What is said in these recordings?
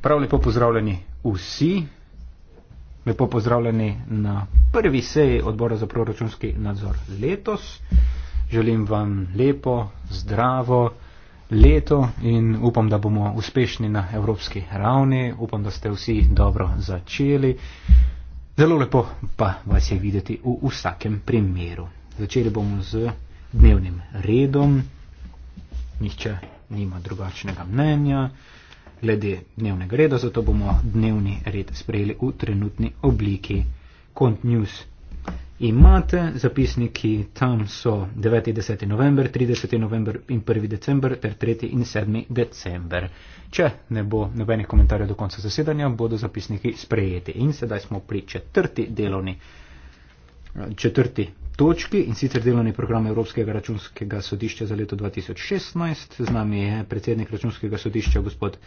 Prav lepo pozdravljeni vsi. Lepo pozdravljeni na prvi seji odbora za proračunski nadzor letos. Želim vam lepo, zdravo leto in upam, da bomo uspešni na evropski ravni. Upam, da ste vsi dobro začeli. Zelo lepo pa vas je videti v vsakem primeru. Začeli bomo z dnevnim redom nihče nima drugačnega mnenja glede dnevnega reda, zato bomo dnevni red sprejeli v trenutni obliki. Kont news imate, zapisniki tam so 9. in 10. november, 30. november in 1. december ter 3. in 7. december. Če ne bo nobenih komentarjev do konca zasedanja, bodo zapisniki sprejeti. In sedaj smo pri četrti delovni, četrti točki in sicer delovni program Evropskega računskega sodišča za leto 2016. Z nami je predsednik računskega sodišča gospod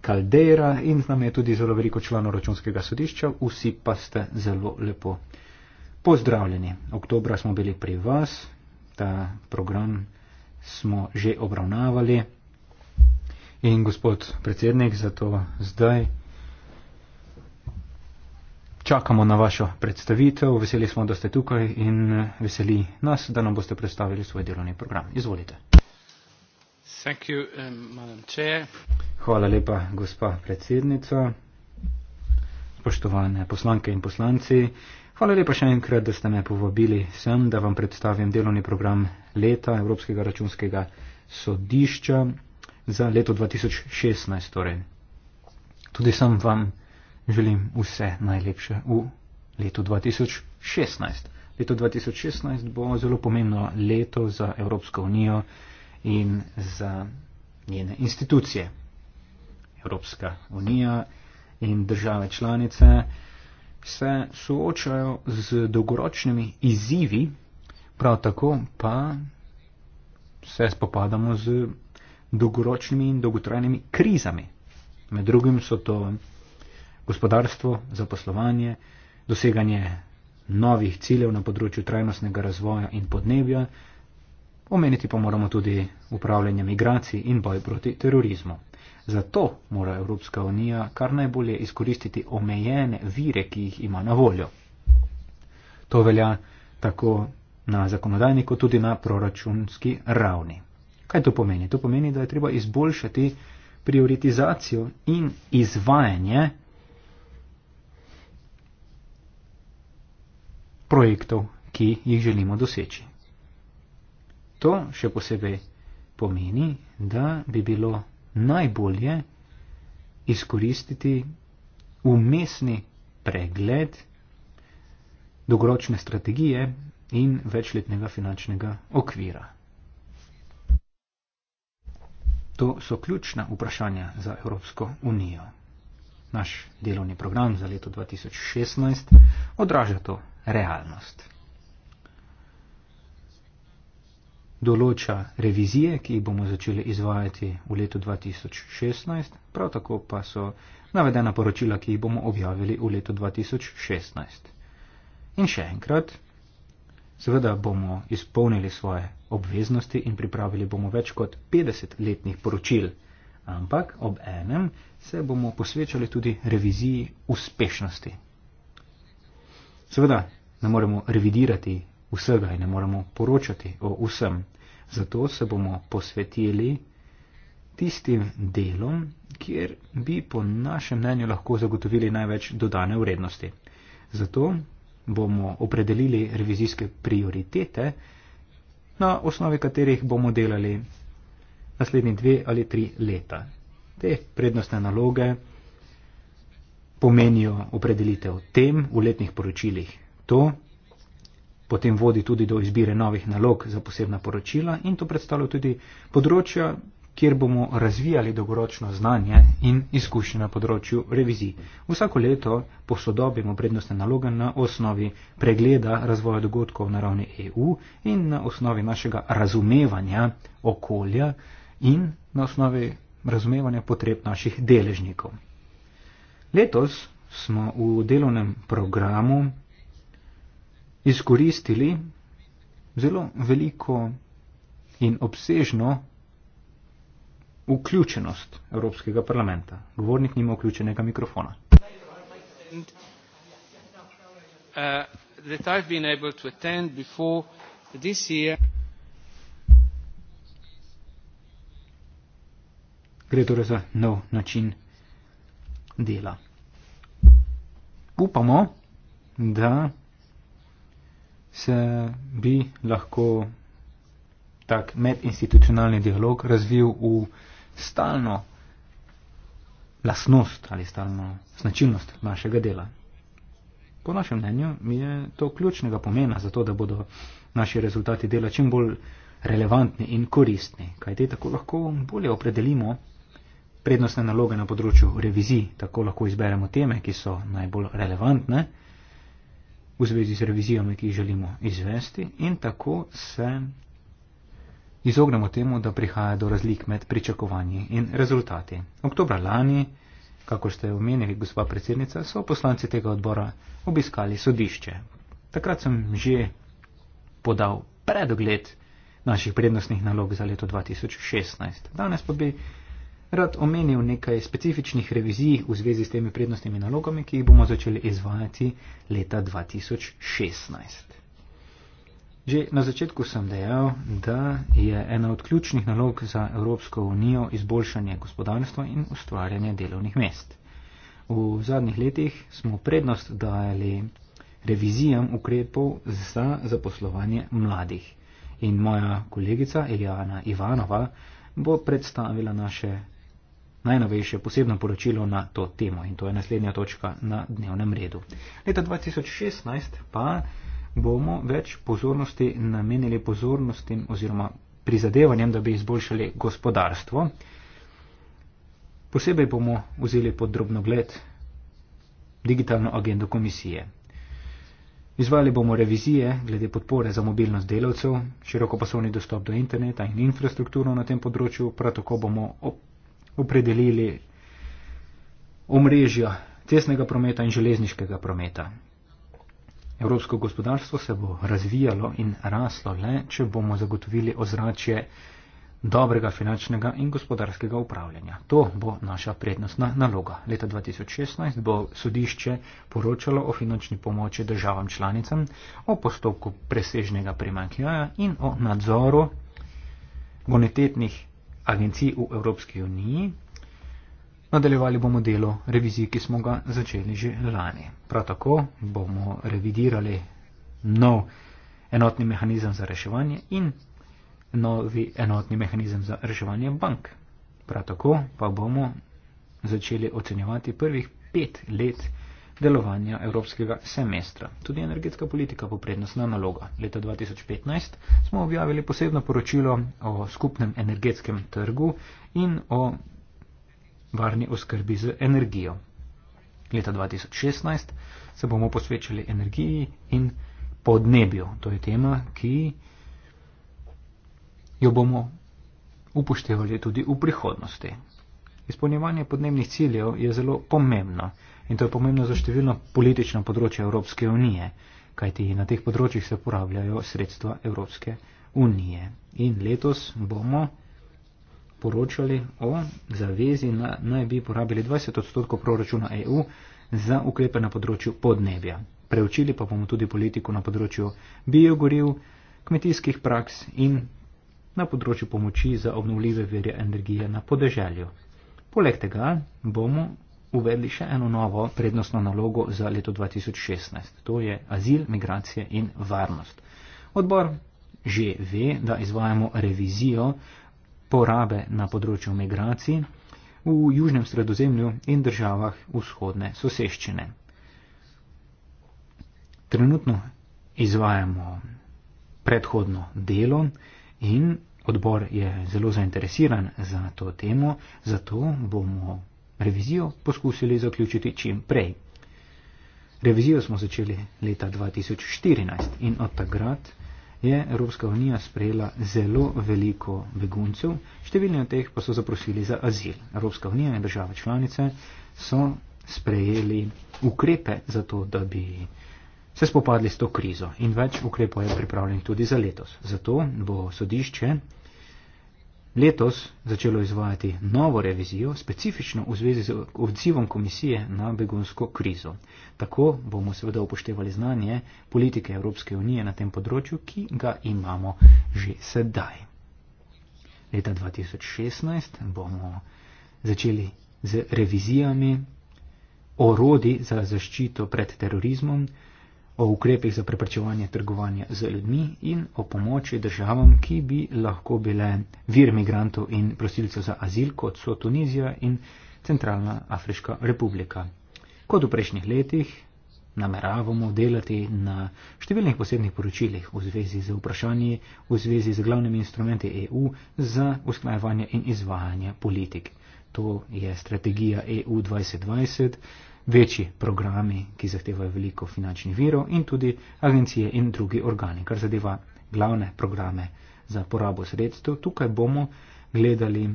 Kaldera in z nami je tudi zelo veliko članov računskega sodišča. Vsi pa ste zelo lepo pozdravljeni. Oktobra smo bili pri vas, ta program smo že obravnavali. In gospod predsednik, zato zdaj čakamo na vašo predstavitev, veseli smo, da ste tukaj in eh, veseli nas, da nam boste predstavili svoj delovni program. Izvolite. Thank you, um, Hvala lepa, gospa predsednica. Spoštovane poslanke in poslanci, hvala lepa še enkrat, da ste me povabili sem, da vam predstavim delovni program leta Evropskega računskega sodišča za leto 2016. Torej. Tudi sem vam želim vse najlepše v letu 2016. Leto 2016 bo zelo pomembno leto za Evropsko unijo in za njene institucije. Evropska unija in države članice se soočajo z dolgoročnimi izzivi, prav tako pa se spopadamo z dolgoročnimi in dolgotrajnimi krizami. Med drugim so to gospodarstvo, zaposlovanje, doseganje novih ciljev na področju trajnostnega razvoja in podnebja, omeniti pa moramo tudi upravljanje migracij in boj proti terorizmu. Zato mora Evropska unija kar najbolje izkoristiti omejene vire, ki jih ima na voljo. To velja tako na zakonodajni, kot tudi na proračunski ravni. Kaj to pomeni? To pomeni, da je treba izboljšati prioritizacijo in izvajanje projektov, ki jih želimo doseči. To še posebej pomeni, da bi bilo najbolje izkoristiti umestni pregled dolgoročne strategije in večletnega finančnega okvira. To so ključna vprašanja za Evropsko unijo. Naš delovni program za leto 2016 odraža to realnost. Določa revizije, ki jih bomo začeli izvajati v letu 2016, prav tako pa so navedena poročila, ki jih bomo objavili v letu 2016. In še enkrat, seveda bomo izpolnili svoje obveznosti in pripravili bomo več kot 50 letnih poročil, ampak ob enem se bomo posvečali tudi reviziji uspešnosti Seveda ne moremo revidirati vsega in ne moremo poročati o vsem. Zato se bomo posvetili tistim delom, kjer bi po našem mnenju lahko zagotovili največ dodane vrednosti. Zato bomo opredelili revizijske prioritete, na osnovi katerih bomo delali naslednji dve ali tri leta. Te prednostne naloge pomenijo opredelitev tem v letnih poročilih. To potem vodi tudi do izbire novih nalog za posebna poročila in to predstavlja tudi področja, kjer bomo razvijali dolgoročno znanje in izkušnje na področju revizij. Vsako leto posodobimo prednostne naloge na osnovi pregleda razvoja dogodkov na ravni EU in na osnovi našega razumevanja okolja in na osnovi razumevanja potreb naših deležnikov. Letos smo v delovnem programu izkoristili zelo veliko in obsežno vključenost Evropskega parlamenta. Govornik nima vključenega mikrofona. Uh, Gre torej za nov način dela. Upamo, da se bi lahko tak medinstitucionalni dialog razvil v stalno lasnost ali stalno značilnost našega dela. Po našem mnenju je to ključnega pomena za to, da bodo naši rezultati dela čim bolj relevantni in koristni, kajte tako lahko bolje opredelimo prednostne naloge na področju revizij, tako lahko izberemo teme, ki so najbolj relevantne v zvezi z revizijami, ki jih želimo izvesti in tako se izognemo temu, da prihaja do razlik med pričakovanji in rezultati. Oktober lani, kako ste omenili, gospa predsednica, so poslanci tega odbora obiskali sodišče. Takrat sem že podal predogled naših prednostnih nalog za leto 2016. Danes pa bi rad omenil nekaj specifičnih revizij v zvezi s temi prednostnimi nalogami, ki jih bomo začeli izvajati leta 2016. Že na začetku sem dejal, da je ena od ključnih nalog za Evropsko unijo izboljšanje gospodarstva in ustvarjanje delovnih mest. V zadnjih letih smo prednost dajali revizijam ukrepov za zaposlovanje mladih. In moja kolegica Iljana Ivanova bo predstavila naše najnovejše posebno poročilo na to temo in to je naslednja točka na dnevnem redu. Leta 2016 pa bomo več pozornosti namenili pozornosti oziroma prizadevanjem, da bi izboljšali gospodarstvo. Posebej bomo vzeli pod drobnogled digitalno agendo komisije. Izvali bomo revizije glede podpore za mobilnost delavcev, širokopasovni dostop do interneta in infrastrukturo na tem področju, prav tako bomo opredelili omrežja cestnega prometa in železniškega prometa. Evropsko gospodarstvo se bo razvijalo in raslo le, če bomo zagotovili ozračje dobrega finančnega in gospodarskega upravljanja. To bo naša prednostna naloga. Leta 2016 bo sodišče poročalo o finančni pomoči državam članicam, o postopku presežnega primankljaja in o nadzoru bonitetnih agencij v Evropski uniji. Nadaljevali bomo delo revizije, ki smo ga začeli že lani. Prav tako bomo revidirali nov enotni mehanizem za reševanje in novi enotni mehanizem za reševanje bank. Prav tako pa bomo začeli ocenjevati prvih pet let delovanja evropskega semestra. Tudi energetska politika bo prednostna naloga. Leta 2015 smo objavili posebno poročilo o skupnem energetskem trgu in o varni oskrbi z energijo. Leta 2016 se bomo posvečali energiji in podnebju. To je tema, ki jo bomo upoštevali tudi v prihodnosti. Izpolnjevanje podnebnih ciljev je zelo pomembno. In to je pomembno za številno politično področje Evropske unije, kajti na teh področjih se uporabljajo sredstva Evropske unije. In letos bomo poročali o zavezi, da na, naj bi porabili 20 odstotkov proračuna EU za ukrepe na področju podnebja. Preučili pa bomo tudi politiko na področju biogoriv, kmetijskih praks in na področju pomoči za obnovljive verje energije na podeželju. Poleg tega bomo uvedli še eno novo prednostno nalogo za leto 2016. To je azil, migracije in varnost. Odbor že ve, da izvajamo revizijo porabe na področju migracij v južnem sredozemlju in državah vzhodne soseščine. Trenutno izvajamo predhodno delo in odbor je zelo zainteresiran za to temo, zato bomo revizijo poskusili zaključiti čim prej. Revizijo smo začeli leta 2014 in od takrat je Evropska unija sprejela zelo veliko beguncev, številni od teh pa so zaprosili za azil. Evropska unija in države članice so sprejeli ukrepe za to, da bi se spopadli s to krizo in več ukrepov je pripravljen tudi za letos. Zato bo sodišče letos začelo izvajati novo revizijo, specifično v zvezi z odzivom komisije na begunsko krizo. Tako bomo seveda upoštevali znanje politike Evropske unije na tem področju, ki ga imamo že sedaj. Leta 2016 bomo začeli z revizijami orodi za zaščito pred terorizmom, o ukrepih za preprečevanje trgovanja z ljudmi in o pomoči državam, ki bi lahko bile vir migrantov in prosilcev za azil, kot so Tunizija in Centralna Afriška republika. Kot v prejšnjih letih, nameravamo delati na številnih posebnih poročilih v zvezi z vprašanji, v zvezi z glavnimi instrumenti EU za usklajevanje in izvajanje politik. To je strategija EU 2020 večji programi, ki zahtevajo veliko finančnih virov in tudi agencije in drugi organi, kar zadeva glavne programe za porabo sredstev. Tukaj bomo gledali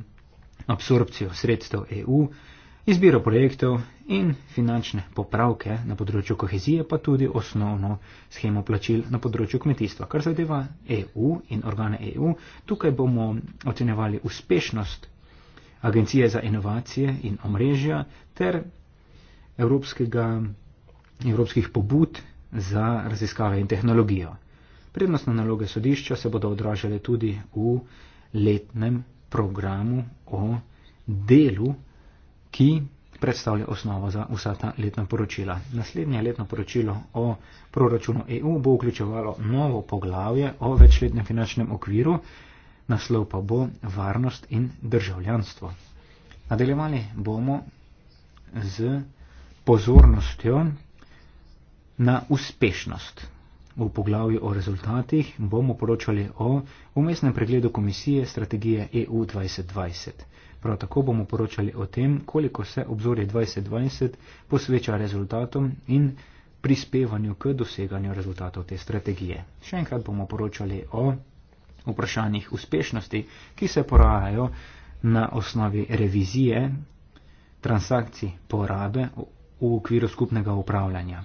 absorpcijo sredstev EU, izbiro projektov in finančne popravke na področju kohezije, pa tudi osnovno schemo plačil na področju kmetijstva. Kar zadeva EU in organe EU, tukaj bomo ocenjevali uspešnost agencije za inovacije in omrežja ter evropskega, evropskih pobud za raziskave in tehnologijo. Prednostne naloge sodišča se bodo odražale tudi v letnem programu o delu, ki predstavlja osnovo za vsa ta letna poročila. Naslednje letno poročilo o proračunu EU bo vključevalo novo poglavje o večletnem finančnem okviru, naslov pa bo varnost in državljanstvo. Nadaljevali bomo z pozornostjo na uspešnost. V poglavju o rezultatih bomo poročali o umestnem pregledu komisije strategije EU 2020. Prav tako bomo poročali o tem, koliko se obzorje 2020 posveča rezultatom in prispevanju k doseganju rezultatov te strategije. Še enkrat bomo poročali o vprašanjih uspešnosti, ki se porajajo na osnovi revizije transakcij porabe v okviru skupnega upravljanja.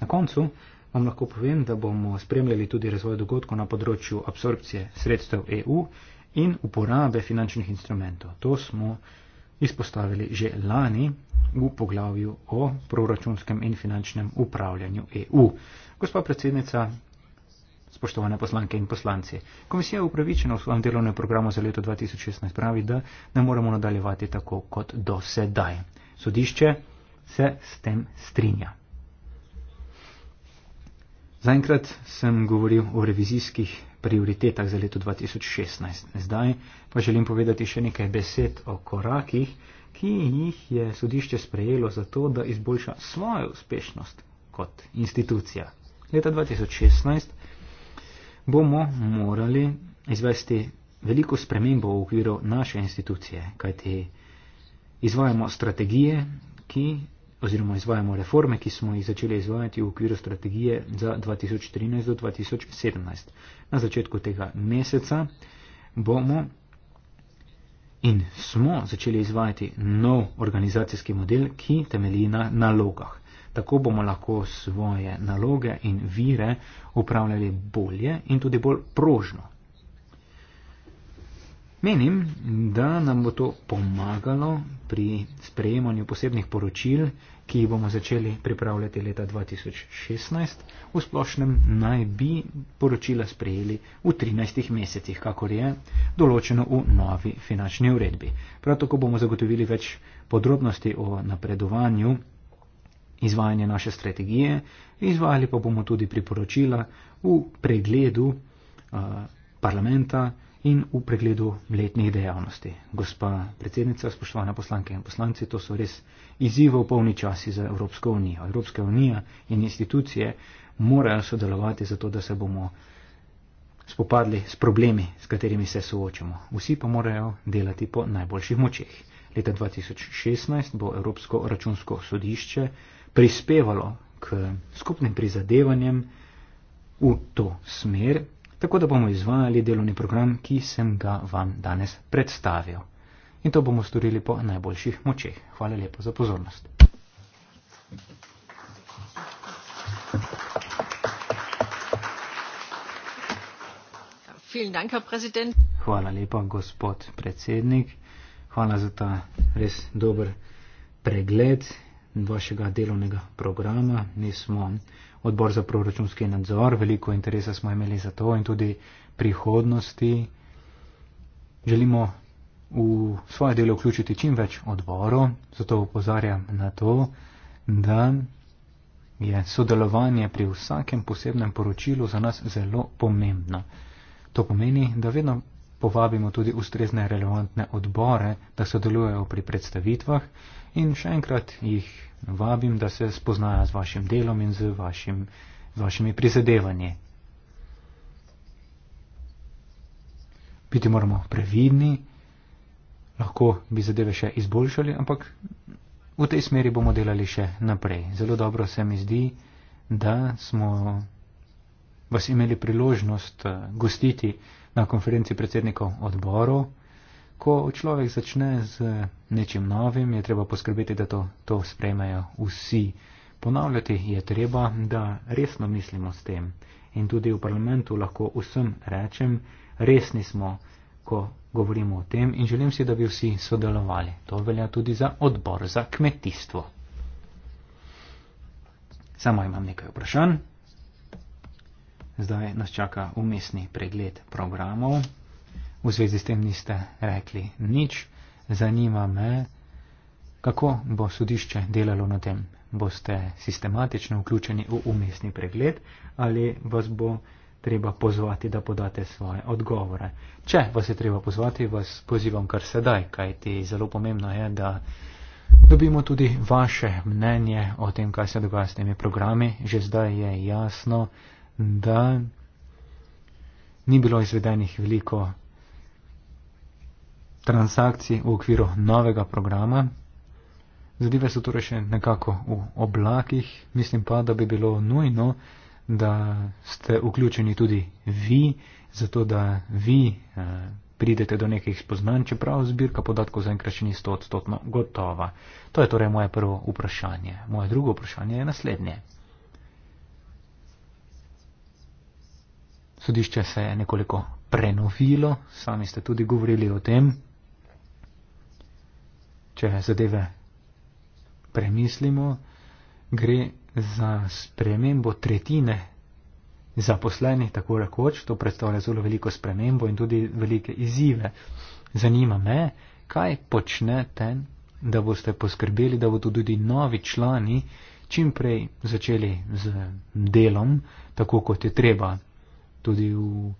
Na koncu vam lahko povem, da bomo spremljali tudi razvoj dogodkov na področju absorpcije sredstev EU in uporabe finančnih instrumentov. To smo izpostavili že lani v poglavju o proračunskem in finančnem upravljanju EU. Gospa predsednica, spoštovane poslanke in poslanci, komisija upravičeno v svojem delovnem programu za leto 2016 pravi, da ne moremo nadaljevati tako kot do sedaj. Sodišče se s tem strinja. Zaenkrat sem govoril o revizijskih prioritetah za leto 2016. Zdaj pa želim povedati še nekaj besed o korakih, ki jih je sodišče sprejelo za to, da izboljša svojo uspešnost kot institucija. Leta 2016 bomo morali izvesti veliko spremembo v okviru naše institucije, kajti izvajamo strategije, ki oziroma izvajamo reforme, ki smo jih začeli izvajati v okviru strategije za 2013 do 2017. Na začetku tega meseca bomo in smo začeli izvajati nov organizacijski model, ki temelji na nalogah. Tako bomo lahko svoje naloge in vire upravljali bolje in tudi bolj prožno. Menim, da nam bo to pomagalo pri sprejemanju posebnih poročil, ki jih bomo začeli pripravljati leta 2016. V splošnem naj bi poročila sprejeli v 13 mesecih, kakor je določeno v novi finančni uredbi. Prav tako bomo zagotovili več podrobnosti o napredovanju izvajanja naše strategije, izvajali pa bomo tudi priporočila v pregledu uh, parlamenta, in v pregledu letnih dejavnosti. Gospa predsednica, spoštovana poslanke in poslanci, to so res izzive v polni časi za Evropsko unijo. Evropska unija in institucije morajo sodelovati zato, da se bomo spopadli s problemi, s katerimi se soočamo. Vsi pa morajo delati po najboljših močeh. Leta 2016 bo Evropsko računsko sodišče prispevalo k skupnim prizadevanjem v to smer, tako da bomo izvajali delovni program, ki sem ga vam danes predstavil. In to bomo storili po najboljših močeh. Hvala lepa za pozornost. Dank, Herr hvala lepa, gospod predsednik. Hvala za ta res dober pregled vašega delovnega programa. Mi smo odbor za proračunski nadzor, veliko interesa smo imeli za to in tudi prihodnosti. Želimo v svoje delo vključiti čim več odborov, zato upozarjam na to, da je sodelovanje pri vsakem posebnem poročilu za nas zelo pomembno. To pomeni, da vedno povabimo tudi ustrezne relevantne odbore, da sodelujejo pri predstavitvah, In še enkrat jih vabim, da se spoznajo z vašim delom in z, vašim, z vašimi prizadevanji. Biti moramo previdni, lahko bi zadeve še izboljšali, ampak v tej smeri bomo delali še naprej. Zelo dobro se mi zdi, da smo vas imeli priložnost eh, gostiti na konferenci predsednikov odborov ko človek začne z nečim novim, je treba poskrbeti, da to, to sprejmejo vsi. Ponavljati je treba, da resno mislimo s tem. In tudi v parlamentu lahko vsem rečem, resni smo, ko govorimo o tem in želim si, da bi vsi sodelovali. To velja tudi za odbor za kmetijstvo. Samo imam nekaj vprašanj. Zdaj nas čaka umestni pregled programov v zvezi s tem niste rekli nič. Zanima me, kako bo sodišče delalo na tem. Boste sistematično vključeni v umestni pregled ali vas bo treba pozvati, da podate svoje odgovore. Če vas je treba pozvati, vas pozivam kar sedaj, kajti zelo pomembno je, da dobimo tudi vaše mnenje o tem, kaj se dogaja s temi programi. Že zdaj je jasno, da ni bilo izvedenih veliko transakcij v okviru novega programa. Zadeve so torej še nekako v oblakih, mislim pa, da bi bilo nujno, da ste vključeni tudi vi, zato da vi eh, pridete do nekih spoznanj, čeprav zbirka podatkov zaenkrat še ni 100-odstotno gotova. To je torej moje prvo vprašanje. Moje drugo vprašanje je naslednje. Sodišče se je nekoliko prenovilo, sami ste tudi govorili o tem če zadeve premislimo, gre za spremembo tretjine zaposlenih, tako rekoč, to predstavlja zelo veliko spremembo in tudi velike izzive. Zanima me, kaj počnete, da boste poskrbeli, da bodo tudi novi člani čim prej začeli z delom, tako kot je treba, tudi v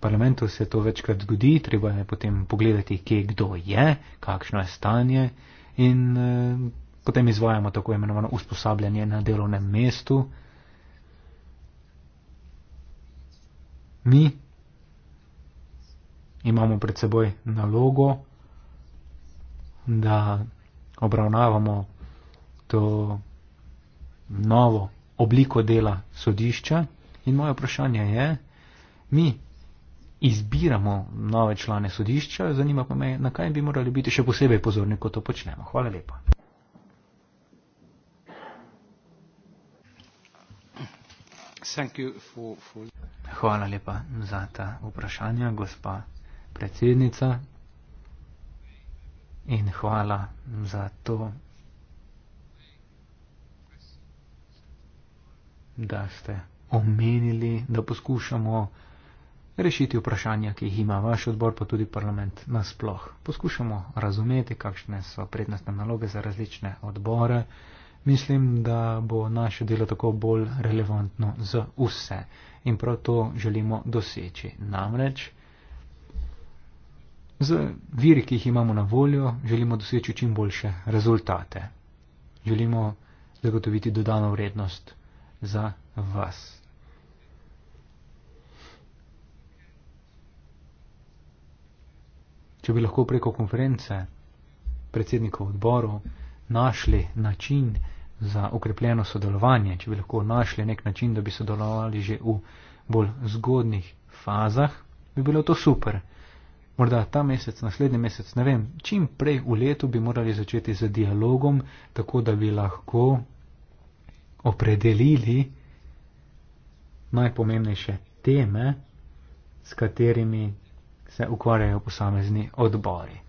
parlamentu se to večkrat zgodi, treba je potem pogledati, kje kdo je, kakšno je stanje in eh, potem izvajamo tako imenovano usposabljanje na delovnem mestu. Mi imamo pred seboj nalogo, da obravnavamo to novo obliko dela sodišča in moje vprašanje je, mi izbiramo nove člane sodišča, zanima pa me, na kaj bi morali biti še posebej pozorni, ko to počnemo. Hvala lepa. Hvala lepa za ta vprašanja, gospa predsednica. In hvala za to, da ste omenili, da poskušamo rešiti vprašanja, ki jih ima vaš odbor, pa tudi parlament nasploh. Poskušamo razumeti, kakšne so prednostne naloge za različne odbore. Mislim, da bo naše delo tako bolj relevantno za vse in prav to želimo doseči. Namreč z viri, ki jih imamo na voljo, želimo doseči čim boljše rezultate. Želimo zagotoviti dodano vrednost za vas. če bi lahko preko konference predsednikov odborov našli način za ukrepljeno sodelovanje, če bi lahko našli nek način, da bi sodelovali že v bolj zgodnih fazah, bi bilo to super. Morda ta mesec, naslednji mesec, ne vem, čim prej v letu bi morali začeti z dialogom, tako da bi lahko opredelili najpomembnejše teme, s katerimi se ukvarjajo posamezni odbori.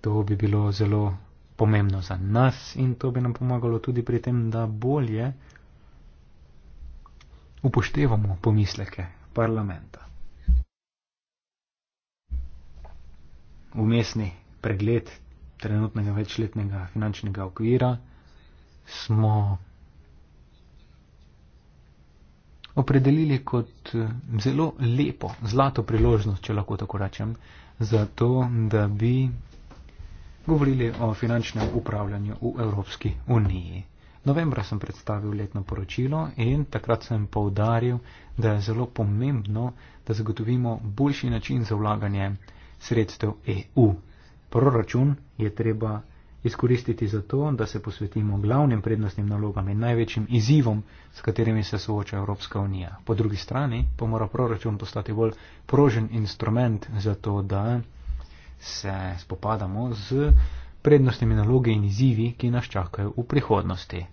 To bi bilo zelo pomembno za nas in to bi nam pomagalo tudi pri tem, da bolje upoštevamo pomisleke parlamenta. Umestni pregled trenutnega večletnega finančnega okvira smo opredelili kot eh, zelo lepo, zlato priložnost, če lahko tako rečem, za to, da bi govorili o finančnem upravljanju v Evropski uniji. Novembra sem predstavil letno poročilo in takrat sem poudaril, da je zelo pomembno, da zagotovimo boljši način za vlaganje sredstev EU. Proračun je treba izkoristiti za to, da se posvetimo glavnim prednostnim nalogam in največjim izzivom, s katerimi se sooča Evropska unija. Po drugi strani pa mora proračun postati bolj prožen instrument za to, da se spopadamo z prednostnimi nalogi in izzivi, ki nas čakajo v prihodnosti.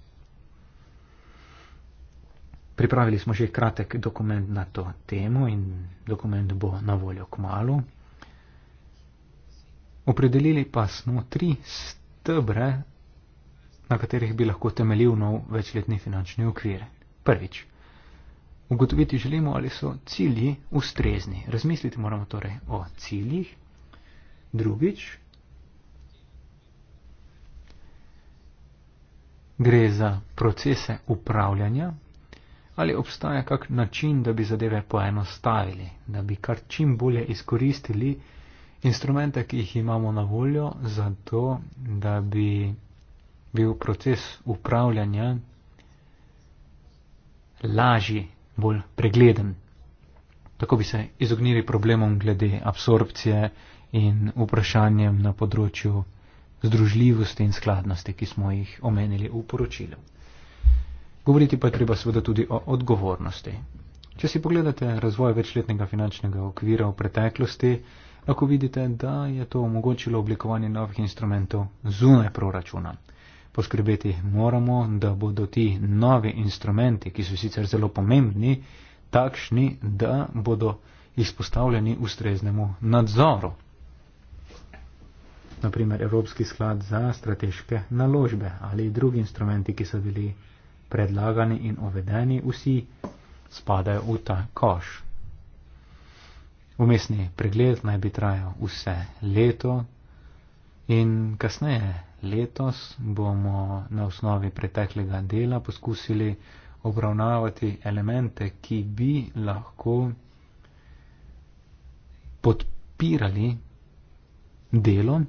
Pripravili smo že kratek dokument na to temo in dokument bo na voljo k malu. Opredelili pa smo tri stvari stebre, na katerih bi lahko temeljil nov večletni finančni okvir. Prvič, ugotoviti želimo, ali so cilji ustrezni. Razmisliti moramo torej o ciljih. Drugič, gre za procese upravljanja, ali obstaja kak način, da bi zadeve poenostavili, da bi kar čim bolje izkoristili instrumente, ki jih imamo na voljo, zato da bi bil proces upravljanja lažji, bolj pregleden. Tako bi se izognili problemom glede absorpcije in vprašanjem na področju združljivosti in skladnosti, ki smo jih omenili v poročilu. Govoriti pa je treba seveda tudi o odgovornosti. Če si pogledate razvoj večletnega finančnega okvira v preteklosti, lahko vidite, da je to omogočilo oblikovanje novih instrumentov zunaj proračuna. Poskrbeti moramo, da bodo ti novi instrumenti, ki so sicer zelo pomembni, takšni, da bodo izpostavljeni ustreznemu nadzoru. Naprimer Evropski sklad za strateške naložbe ali drugi instrumenti, ki so bili predlagani in uvedeni, vsi spadajo v ta koš. Umestni pregled naj bi trajal vse leto in kasneje letos bomo na osnovi preteklega dela poskusili obravnavati elemente, ki bi lahko podpirali delo.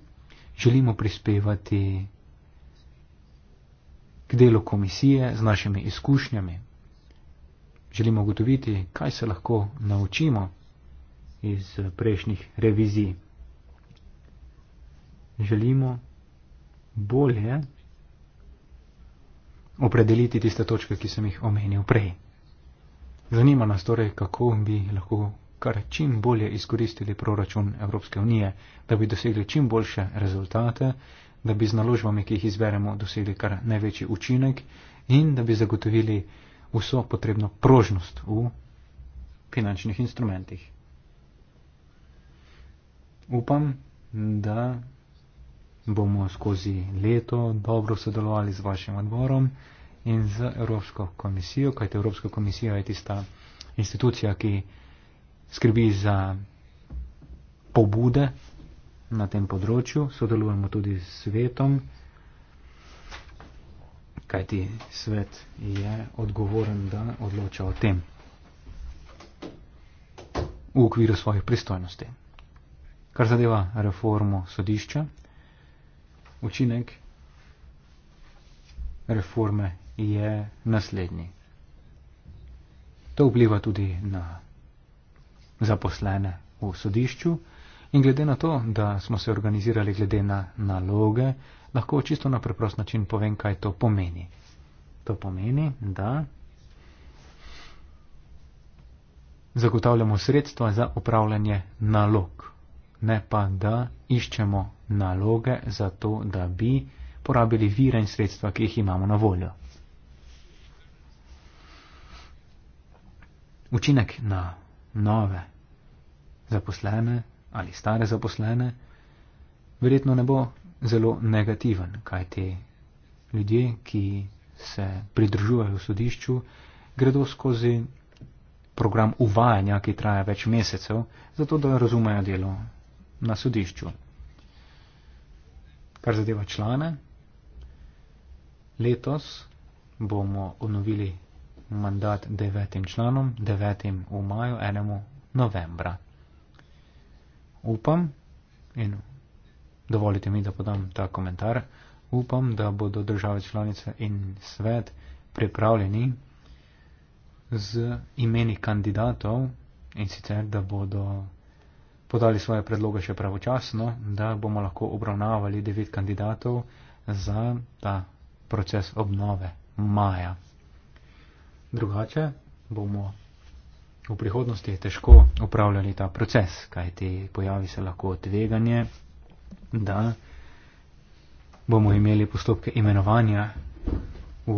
Želimo prispevati k delu komisije z našimi izkušnjami. Želimo ugotoviti, kaj se lahko naučimo iz prejšnjih revizij. Želimo bolje opredeliti tiste točke, ki sem jih omenil prej. Zanima nas torej, kako bi lahko kar čim bolje izkoristili proračun Evropske unije, da bi dosegli čim boljše rezultate, da bi z naložbami, ki jih izberemo, dosegli kar največji učinek in da bi zagotovili vso potrebno prožnost v finančnih instrumentih upam, da bomo skozi leto dobro sodelovali z vašim odborom in z Evropsko komisijo, kajte Evropska komisija je tista institucija, ki skrbi za pobude na tem področju, sodelujemo tudi s svetom, kajti svet je odgovoren, da odloča o tem v okviru svojih pristojnosti. Kar zadeva reformo sodišča, učinek reforme je naslednji. To vpliva tudi na zaposlene v sodišču in glede na to, da smo se organizirali glede na naloge, lahko čisto na preprost način povem, kaj to pomeni. To pomeni, da zagotavljamo sredstva za upravljanje nalog ne pa da iščemo naloge za to, da bi porabili vire in sredstva, ki jih imamo na voljo. Učinek na nove zaposlene ali stare zaposlene verjetno ne bo zelo negativen, kaj te ljudje, ki se pridružujejo sodišču, gredo skozi program uvajanja, ki traja več mesecev, zato da razumejo delo na sodišču. Kar zadeva člane, letos bomo obnovili mandat devetim članom, devetim v maju, enemu novembra. Upam in dovolite mi, da podam ta komentar, upam, da bodo države članice in svet pripravljeni z imeni kandidatov in sicer, da bodo podali svoje predloge še pravočasno, da bomo lahko obravnavali devet kandidatov za ta proces obnove maja. Drugače bomo v prihodnosti težko upravljali ta proces, kajti pojavi se lahko tveganje, da bomo imeli postopke imenovanja v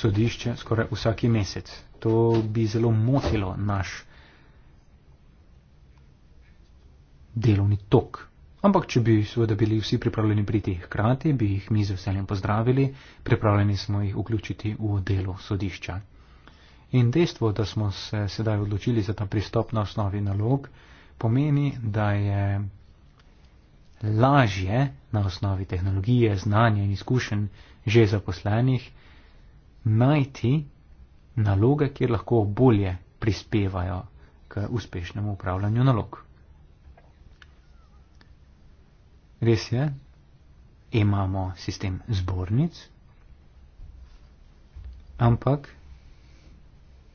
sodišče skoraj vsaki mesec. To bi zelo motilo naš proces delovni tok. Ampak, če bi seveda bili vsi pripravljeni priti hkrati, bi jih mi z veseljem pozdravili, pripravljeni smo jih vključiti v delo sodišča. In dejstvo, da smo se sedaj odločili za ta pristop na osnovi nalog, pomeni, da je lažje na osnovi tehnologije, znanja in izkušenj že zaposlenih najti naloge, kjer lahko bolje prispevajo k uspešnemu upravljanju nalog. Res je, imamo sistem zbornic, ampak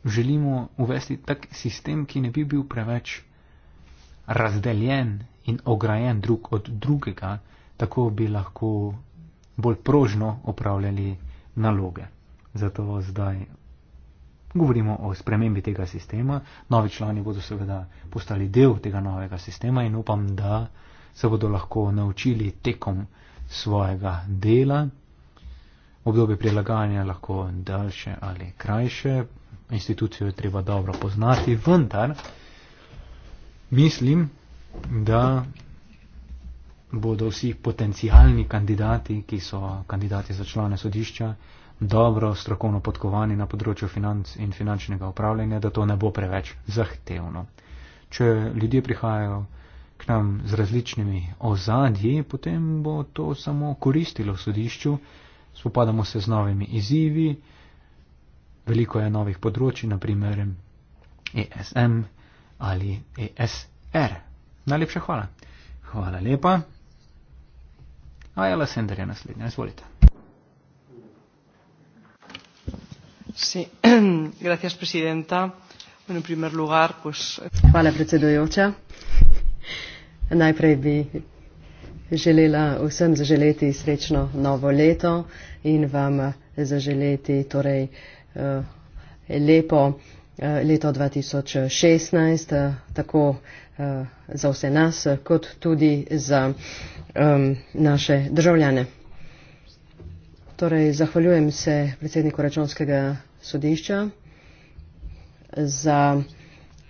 želimo uvesti tak sistem, ki ne bi bil preveč razdeljen in ograjen drug od drugega, tako bi lahko bolj prožno upravljali naloge. Zato zdaj govorimo o spremembi tega sistema. Novi člani bodo seveda postali del tega novega sistema in upam, da se bodo lahko naučili tekom svojega dela. Obdobje prilagajanja lahko daljše ali krajše, institucijo je treba dobro poznati, vendar mislim, da bodo vsi potencijalni kandidati, ki so kandidati za člane sodišča, dobro strokovno podkovani na področju financ in finančnega upravljanja, da to ne bo preveč zahtevno. Če ljudje prihajajo k nam z različnimi ozadji, potem bo to samo koristilo sodišču, spopadamo se z novimi izzivi, veliko je novih področji, naprimer ESM ali ESR. Najlepša hvala. Hvala lepa. Ajala Sender je naslednja, izvolite. Sí. Gracias, presidenta. Bueno, en primer lugar, pues... Hvala, predsedujoča. Najprej bi želela vsem zaželeti srečno novo leto in vam zaželeti torej eh, lepo eh, leto 2016, eh, tako za vse nas, kot tudi za naše državljane. Torej, zahvaljujem se predsedniku računskega sodišča za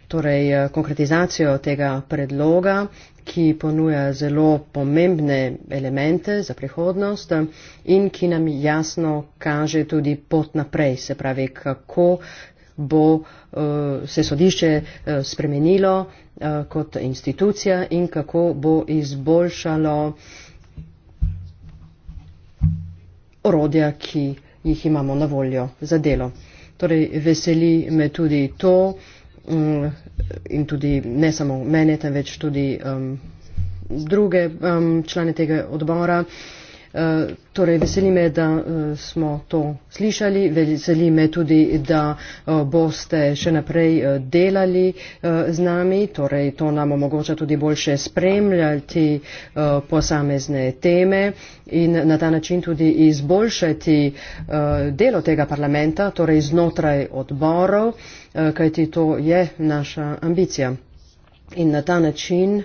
torej eh, konkretizacijo tega predloga, ki ponuja zelo pomembne elemente za prihodnost eh, in ki nam jasno kaže tudi pot naprej, se pravi, kako bo eh, se sodišče spremenilo kot institucija in kako bo izboljšalo orodja, ki jih imamo na voljo za delo. Torej, veseli me tudi to, Mm, in tudi ne samo mene, temveč tudi um, druge um, člane tega odbora. Uh, torej, veseli me, da uh, smo to slišali, veseli me tudi, da uh, boste še naprej uh, delali uh, z nami, torej to nam omogoča tudi boljše spremljati uh, posamezne teme in na ta način tudi izboljšati uh, delo tega parlamenta, torej znotraj odborov. Uh, Eh, kajti to je naša ambicija. In na ta način eh,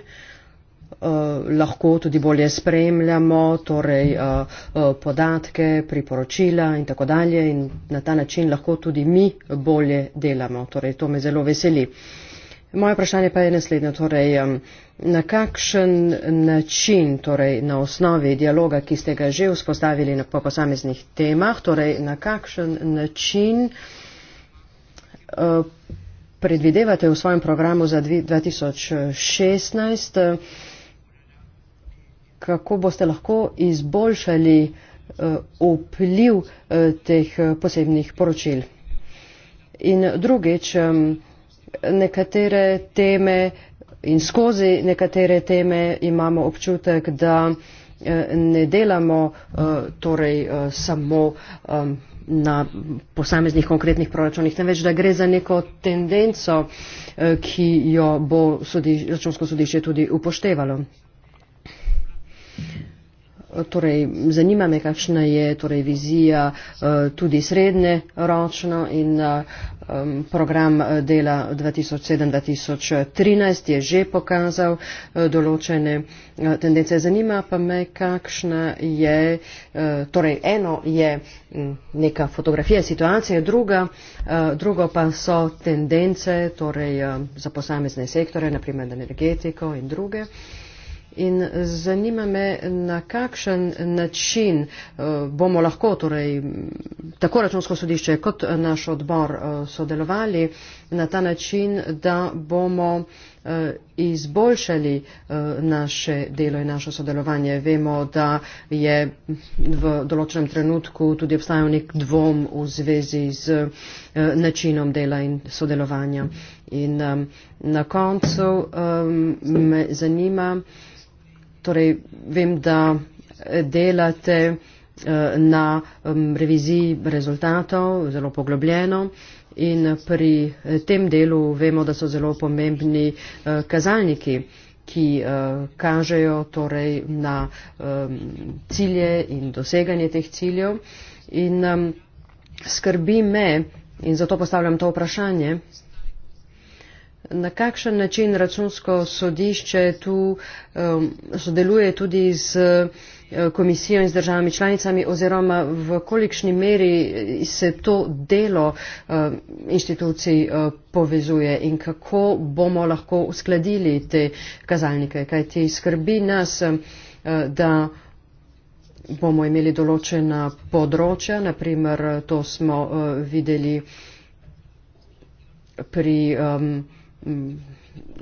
lahko tudi bolje spremljamo torej, eh, podatke, priporočila in tako dalje in na ta način lahko tudi mi bolje delamo. Torej, to me zelo veseli. Moje vprašanje pa je naslednje. Torej, na kakšen način, torej, na osnovi dialoga, ki ste ga že vzpostavili po posameznih temah, torej, na kakšen način. Eh, predvidevate v svojem programu za 2016, eh, kako boste lahko izboljšali eh, vpliv teh posebnih poročil. In drugič, nekatere teme in skozi nekatere teme imamo občutek, da ne delamo torej samo na posameznih konkretnih proračunih, temveč da gre za neko tendenco, eh, ki jo bo računsko sodišče tudi upoštevalo. Torej, zanima me, kakšna je torej, vizija eh, tudi srednje ročno in eh, program eh, dela 2007-2013 je že pokazal določene tendence. Zanima pa me, kakšna je, torej eno je neka fotografija situacije, druga, drugo pa so tendence torej, za posamezne sektore, naprimer energetiko in druge. In zanima me, na kakšen način eh, bomo lahko, torej, tako računsko sodišče kot eh, naš odbor eh, sodelovali na ta način, da bomo izboljšali naše delo in naše sodelovanje. Vemo, da je v določenem trenutku tudi obstajal nek dvom v zvezi z načinom dela in sodelovanja. In na koncu me zanima, torej vem, da delate eh, na um, reviziji rezultatov zelo poglobljeno in pri tem delu vemo, da so zelo pomembni eh, kazalniki, ki eh, kažejo torej na um, cilje in doseganje teh ciljev. In um, skrbi me, in zato postavljam to vprašanje, Na kakšen način računsko sodišče tu um, sodeluje tudi z eh, komisijo in z državami članicami oziroma v kolikšni meri se to delo um, inštitucij um, povezuje in kako bomo lahko uskladili te kazalnike, kaj ti skrbi nas, um, da bomo imeli določena področja, naprimer to smo uh, videli pri um, Mm,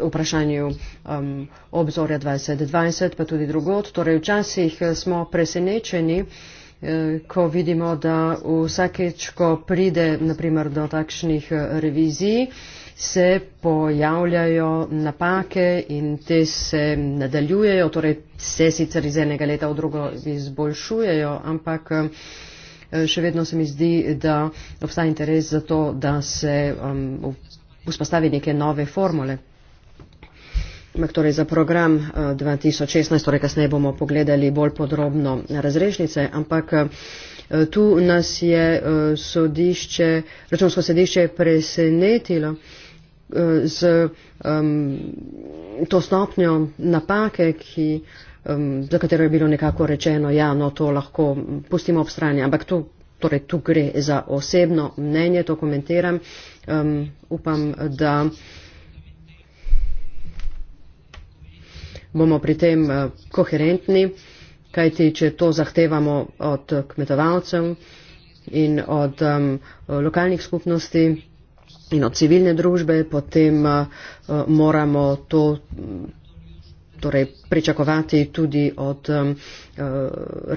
vprašanju um, obzorja 2020, pa tudi drugot. Torej, včasih eh, smo presenečeni, eh, ko vidimo, da vsakeč, ko pride naprimer do takšnih eh, revizij, se pojavljajo napake in te se nadaljujejo, torej se sicer iz enega leta v drugo izboljšujejo, ampak še vedno se mi zdi, da obstaja interes za to, da se um, vzpostaviti neke nove formule. Torej za program 2016, eh, torej kasneje bomo pogledali bolj podrobno razrešnice, ampak eh, tu nas je eh, sodišče, računsko sodišče presenetilo z um, to stopnjo napake, ki, um, za katero je bilo nekako rečeno, ja, no, to lahko pustimo ob strani, ampak tu, torej, tu gre za osebno mnenje, to komentiram. Uh, um, upam, da bomo pri tem eh, koherentni, kajti če to zahtevamo od kmetovalcev in od um, lokalnih skupnosti in od civilne družbe, potem uh, moramo to torej, pričakovati tudi od um,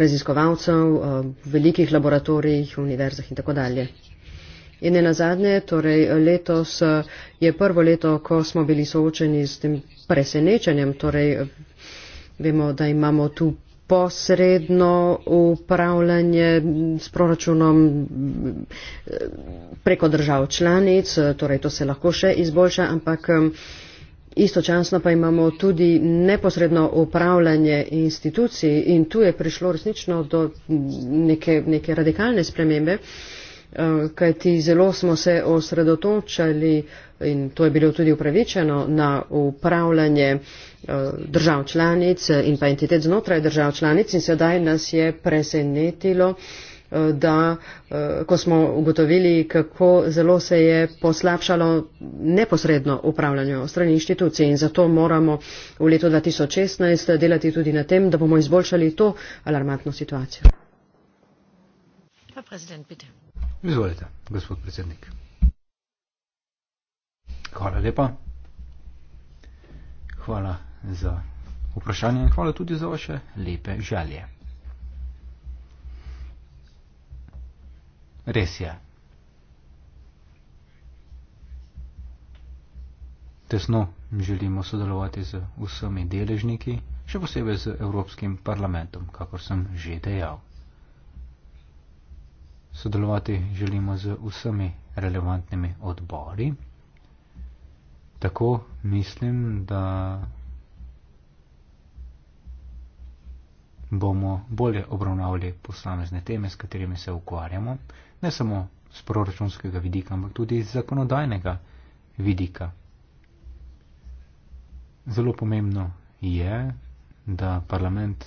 raziskovalcev v uh, velikih laboratorijih, univerzah in tako dalje. In ne nazadnje, torej letos je prvo leto, ko smo bili soočeni s tem presenečenjem, torej vemo, da imamo tu posredno upravljanje s proračunom preko držav članic, torej to se lahko še izboljša, ampak istočasno pa imamo tudi neposredno upravljanje institucij in tu je prišlo resnično do neke, neke radikalne spremembe kajti zelo smo se osredotočali in to je bilo tudi upravičeno na upravljanje eh, držav članic in pa entitet znotraj držav članic in sedaj nas je presenetilo, eh, da eh, ko smo ugotovili, kako zelo se je poslabšalo neposredno upravljanje strani inštitucij in zato moramo v letu 2016 delati tudi na tem, da bomo izboljšali to alarmantno situacijo. Pa, predsednik, pite. Izvolite, gospod predsednik. Hvala lepa. Hvala za vprašanje in hvala tudi za vaše lepe želje. Res je. Tesno želimo sodelovati z vsemi deležniki, še posebej z Evropskim parlamentom, kakor sem že dejal sodelovati želimo z vsemi relevantnimi odbori. Tako mislim, da bomo bolje obravnavali posamezne teme, s katerimi se ukvarjamo, ne samo z proračunskega vidika, ampak tudi z zakonodajnega vidika. Zelo pomembno je, da parlament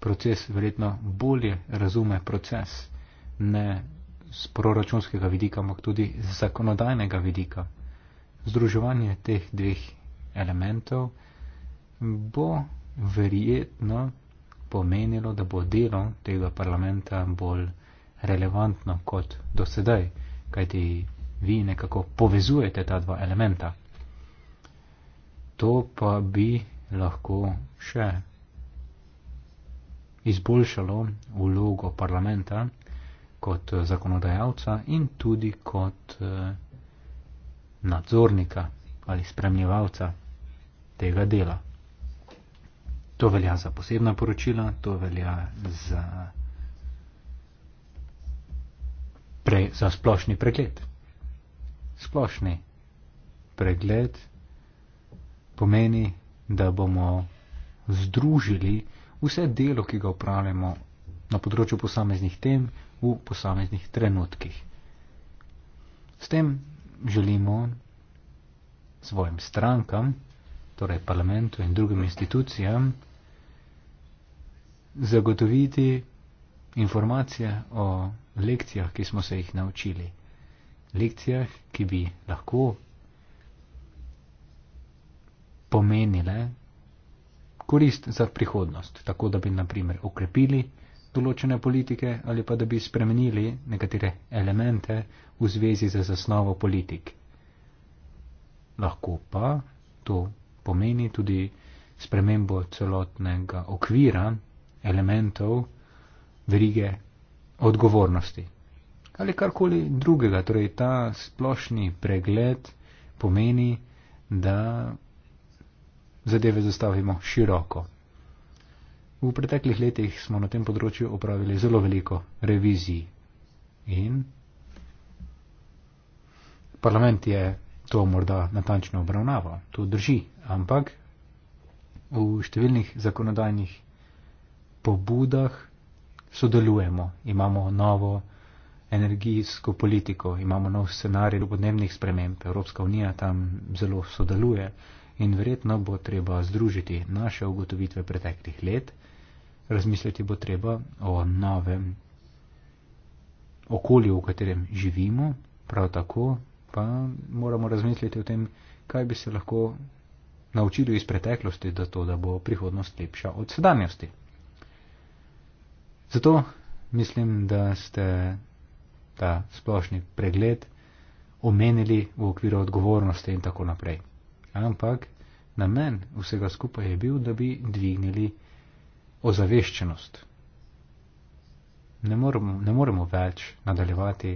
proces verjetno bolje razume proces ne z proračunskega vidika, ampak tudi z zakonodajnega vidika. Združevanje teh dveh elementov bo verjetno pomenilo, da bo delo tega parlamenta bolj relevantno kot do sedaj, kajti vi nekako povezujete ta dva elementa. To pa bi lahko še izboljšalo vlogo parlamenta kot eh, zakonodajalca in tudi kot eh, nadzornika ali spremljevalca tega dela. To velja za posebna poročila, to velja za, pre, za splošni pregled. Splošni pregled pomeni, da bomo združili vse delo, ki ga upravljamo na področju posameznih tem, v posameznih trenutkih. S tem želimo svojim strankam, torej parlamentu in drugim institucijam, zagotoviti informacije o lekcijah, ki smo se jih naučili. Lekcijah, ki bi lahko pomenile korist za prihodnost, tako da bi naprimer okrepili določene politike ali pa da bi spremenili nekatere elemente v zvezi z zasnovo politik. Lahko pa to pomeni tudi spremembo celotnega okvira elementov verige odgovornosti ali karkoli drugega. Torej ta splošni pregled pomeni, da zadeve zastavimo široko. V preteklih letih smo na tem področju opravili zelo veliko revizij in parlament je to morda natančno obravnaval. To drži, ampak v številnih zakonodajnih pobudah sodelujemo. Imamo novo energijsko politiko, imamo nov scenarij podnebnih sprememb. Evropska unija tam zelo sodeluje in verjetno bo treba združiti naše ugotovitve preteklih let. Razmisliti bo treba o novem okolju, v katerem živimo, prav tako pa moramo razmisliti o tem, kaj bi se lahko naučili iz preteklosti, da to, da bo prihodnost lepša od sedanjosti. Zato mislim, da ste ta splošni pregled omenili v okviru odgovornosti in tako naprej. Ampak namen vsega skupaj je bil, da bi dvignili ozaveščenost. Ne moremo, ne moremo več nadaljevati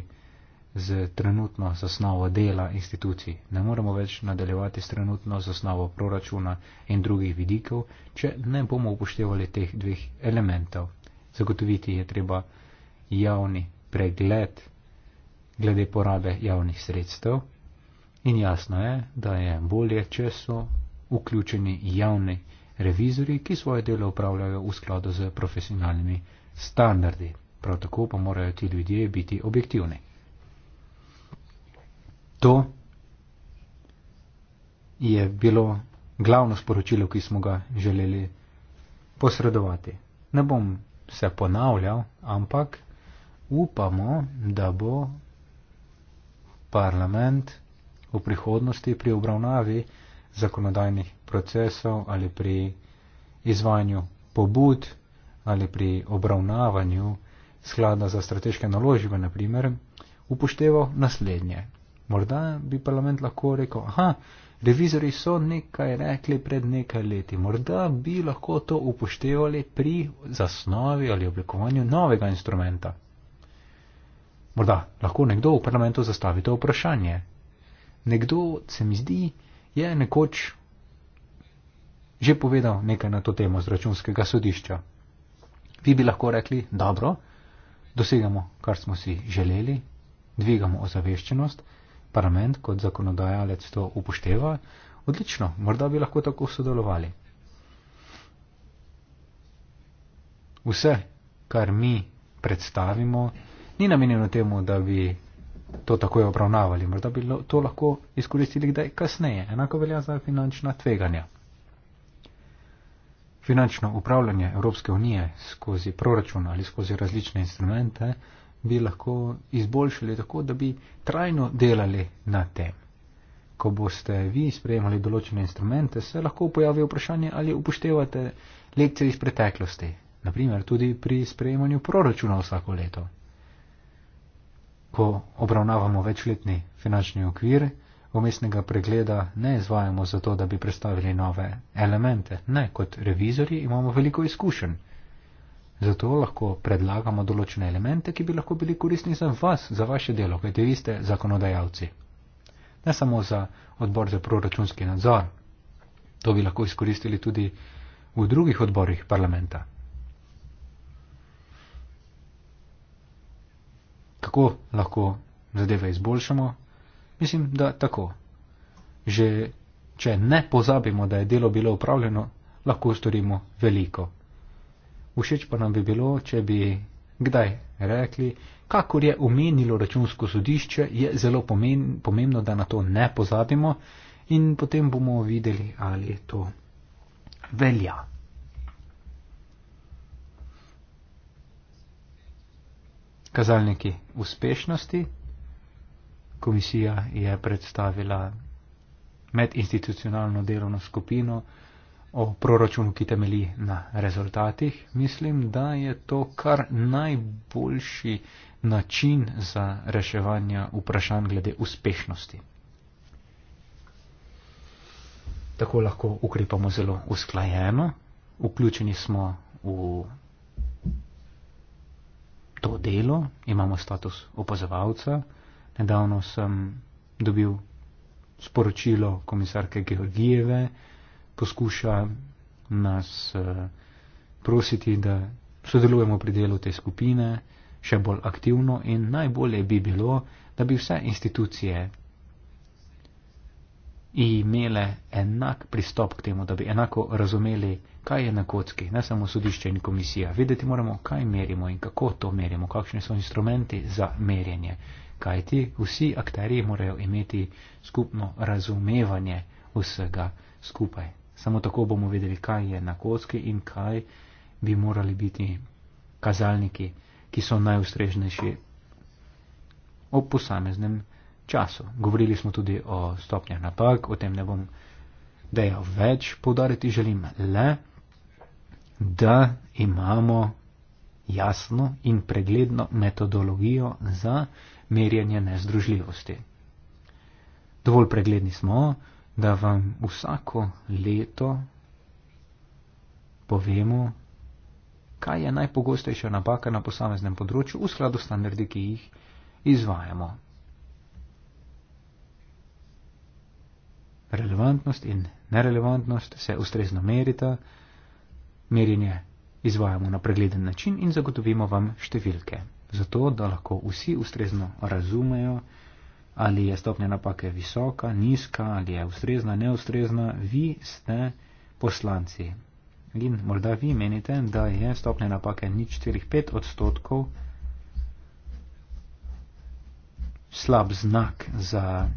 z trenutno zasnovo dela institucij, ne moremo več nadaljevati s trenutno zasnovo proračuna in drugih vidikov, če ne bomo upoštevali teh dveh elementov. Zagotoviti je treba javni pregled glede porabe javnih sredstev in jasno je, da je bolje, če so vključeni javni pregled revizori, ki svoje delo upravljajo v skladu z profesionalnimi standardi. Prav tako pa morajo ti ljudje biti objektivni. To je bilo glavno sporočilo, ki smo ga želeli posredovati. Ne bom se ponavljal, ampak upamo, da bo parlament v prihodnosti pri obravnavi zakonodajnih procesov ali pri izvajanju pobud ali pri obravnavanju sklada za strateške naložbe, naprimer, upošteval naslednje. Morda bi parlament lahko rekel, aha, revizori so nekaj rekli pred nekaj leti, morda bi lahko to upoštevali pri zasnovi ali oblikovanju novega instrumenta. Morda lahko nekdo v parlamentu zastavi to vprašanje. Nekdo, se mi zdi, je nekoč že povedal nekaj na to temo z računskega sodišča. Vi bi lahko rekli, dobro, dosegamo, kar smo si želeli, dvigamo ozaveščenost, parlament kot zakonodajalec to upošteva, odlično, morda bi lahko tako sodelovali. Vse, kar mi predstavimo, ni namenjeno temu, da bi to takoj obravnavali. Morda bi to lahko izkoristili kdaj kasneje. Enako velja za finančna tveganja. Finančno upravljanje Evropske unije skozi proračun ali skozi različne instrumente bi lahko izboljšali tako, da bi trajno delali na tem. Ko boste vi sprejemali določene instrumente, se lahko pojavi vprašanje, ali upoštevate lekcije iz preteklosti, naprimer tudi pri sprejemanju proračuna vsako leto ko obravnavamo večletni finančni okvir, vmesnega pregleda ne izvajamo zato, da bi predstavili nove elemente. Ne, kot revizori imamo veliko izkušenj. Zato lahko predlagamo določene elemente, ki bi lahko bili koristni za vas, za vaše delo, kajte vi ste zakonodajalci. Ne samo za odbor za proračunski nadzor. To bi lahko izkoristili tudi v drugih odborih parlamenta. kako lahko zadeve izboljšamo? Mislim, da tako. Že če ne pozabimo, da je delo bilo upravljeno, lahko storimo veliko. Všeč pa nam bi bilo, če bi kdaj rekli, kakor je omenilo računsko sodišče, je zelo pomen, pomembno, da na to ne pozabimo in potem bomo videli, ali to velja. kazalniki uspešnosti. Komisija je predstavila medinstitucionalno delovno skupino o proračunu, ki temeli na rezultatih. Mislim, da je to kar najboljši način za reševanje vprašanj glede uspešnosti. Tako lahko ukrepamo zelo usklajeno, vključeni smo v to delo, imamo status opazovalca. Nedavno sem dobil sporočilo komisarke Georgijeve, poskuša nas eh, prositi, da sodelujemo pri delu te skupine še bolj aktivno in najbolje bi bilo, da bi vse institucije imele enak pristop k temu, da bi enako razumeli, kaj je na kocki, ne samo sodišče in komisija. Videti moramo, kaj merimo in kako to merimo, kakšni so instrumenti za merjenje. Kaj ti vsi akteri morajo imeti skupno razumevanje vsega skupaj. Samo tako bomo vedeli, kaj je na kocki in kaj bi morali biti kazalniki, ki so najustrežnejši ob posameznem času. Govorili smo tudi o stopnjah napak, o tem ne bom dejal več. Podariti želim le, da imamo jasno in pregledno metodologijo za merjenje nezdružljivosti. Dovolj pregledni smo, da vam vsako leto povemo, kaj je najpogostejša napaka na posameznem področju v skladu s standardi, ki jih izvajamo. relevantnost in nerelevantnost se ustrezno merita, merjenje izvajamo na pregleden način in zagotovimo vam številke, zato da lahko vsi ustrezno razumejo, ali je stopnja napake visoka, nizka, ali je ustrezna, neustrezna, vi ste poslanci. In morda vi menite, da je stopnja napake nič 4-5 odstotkov slab znak za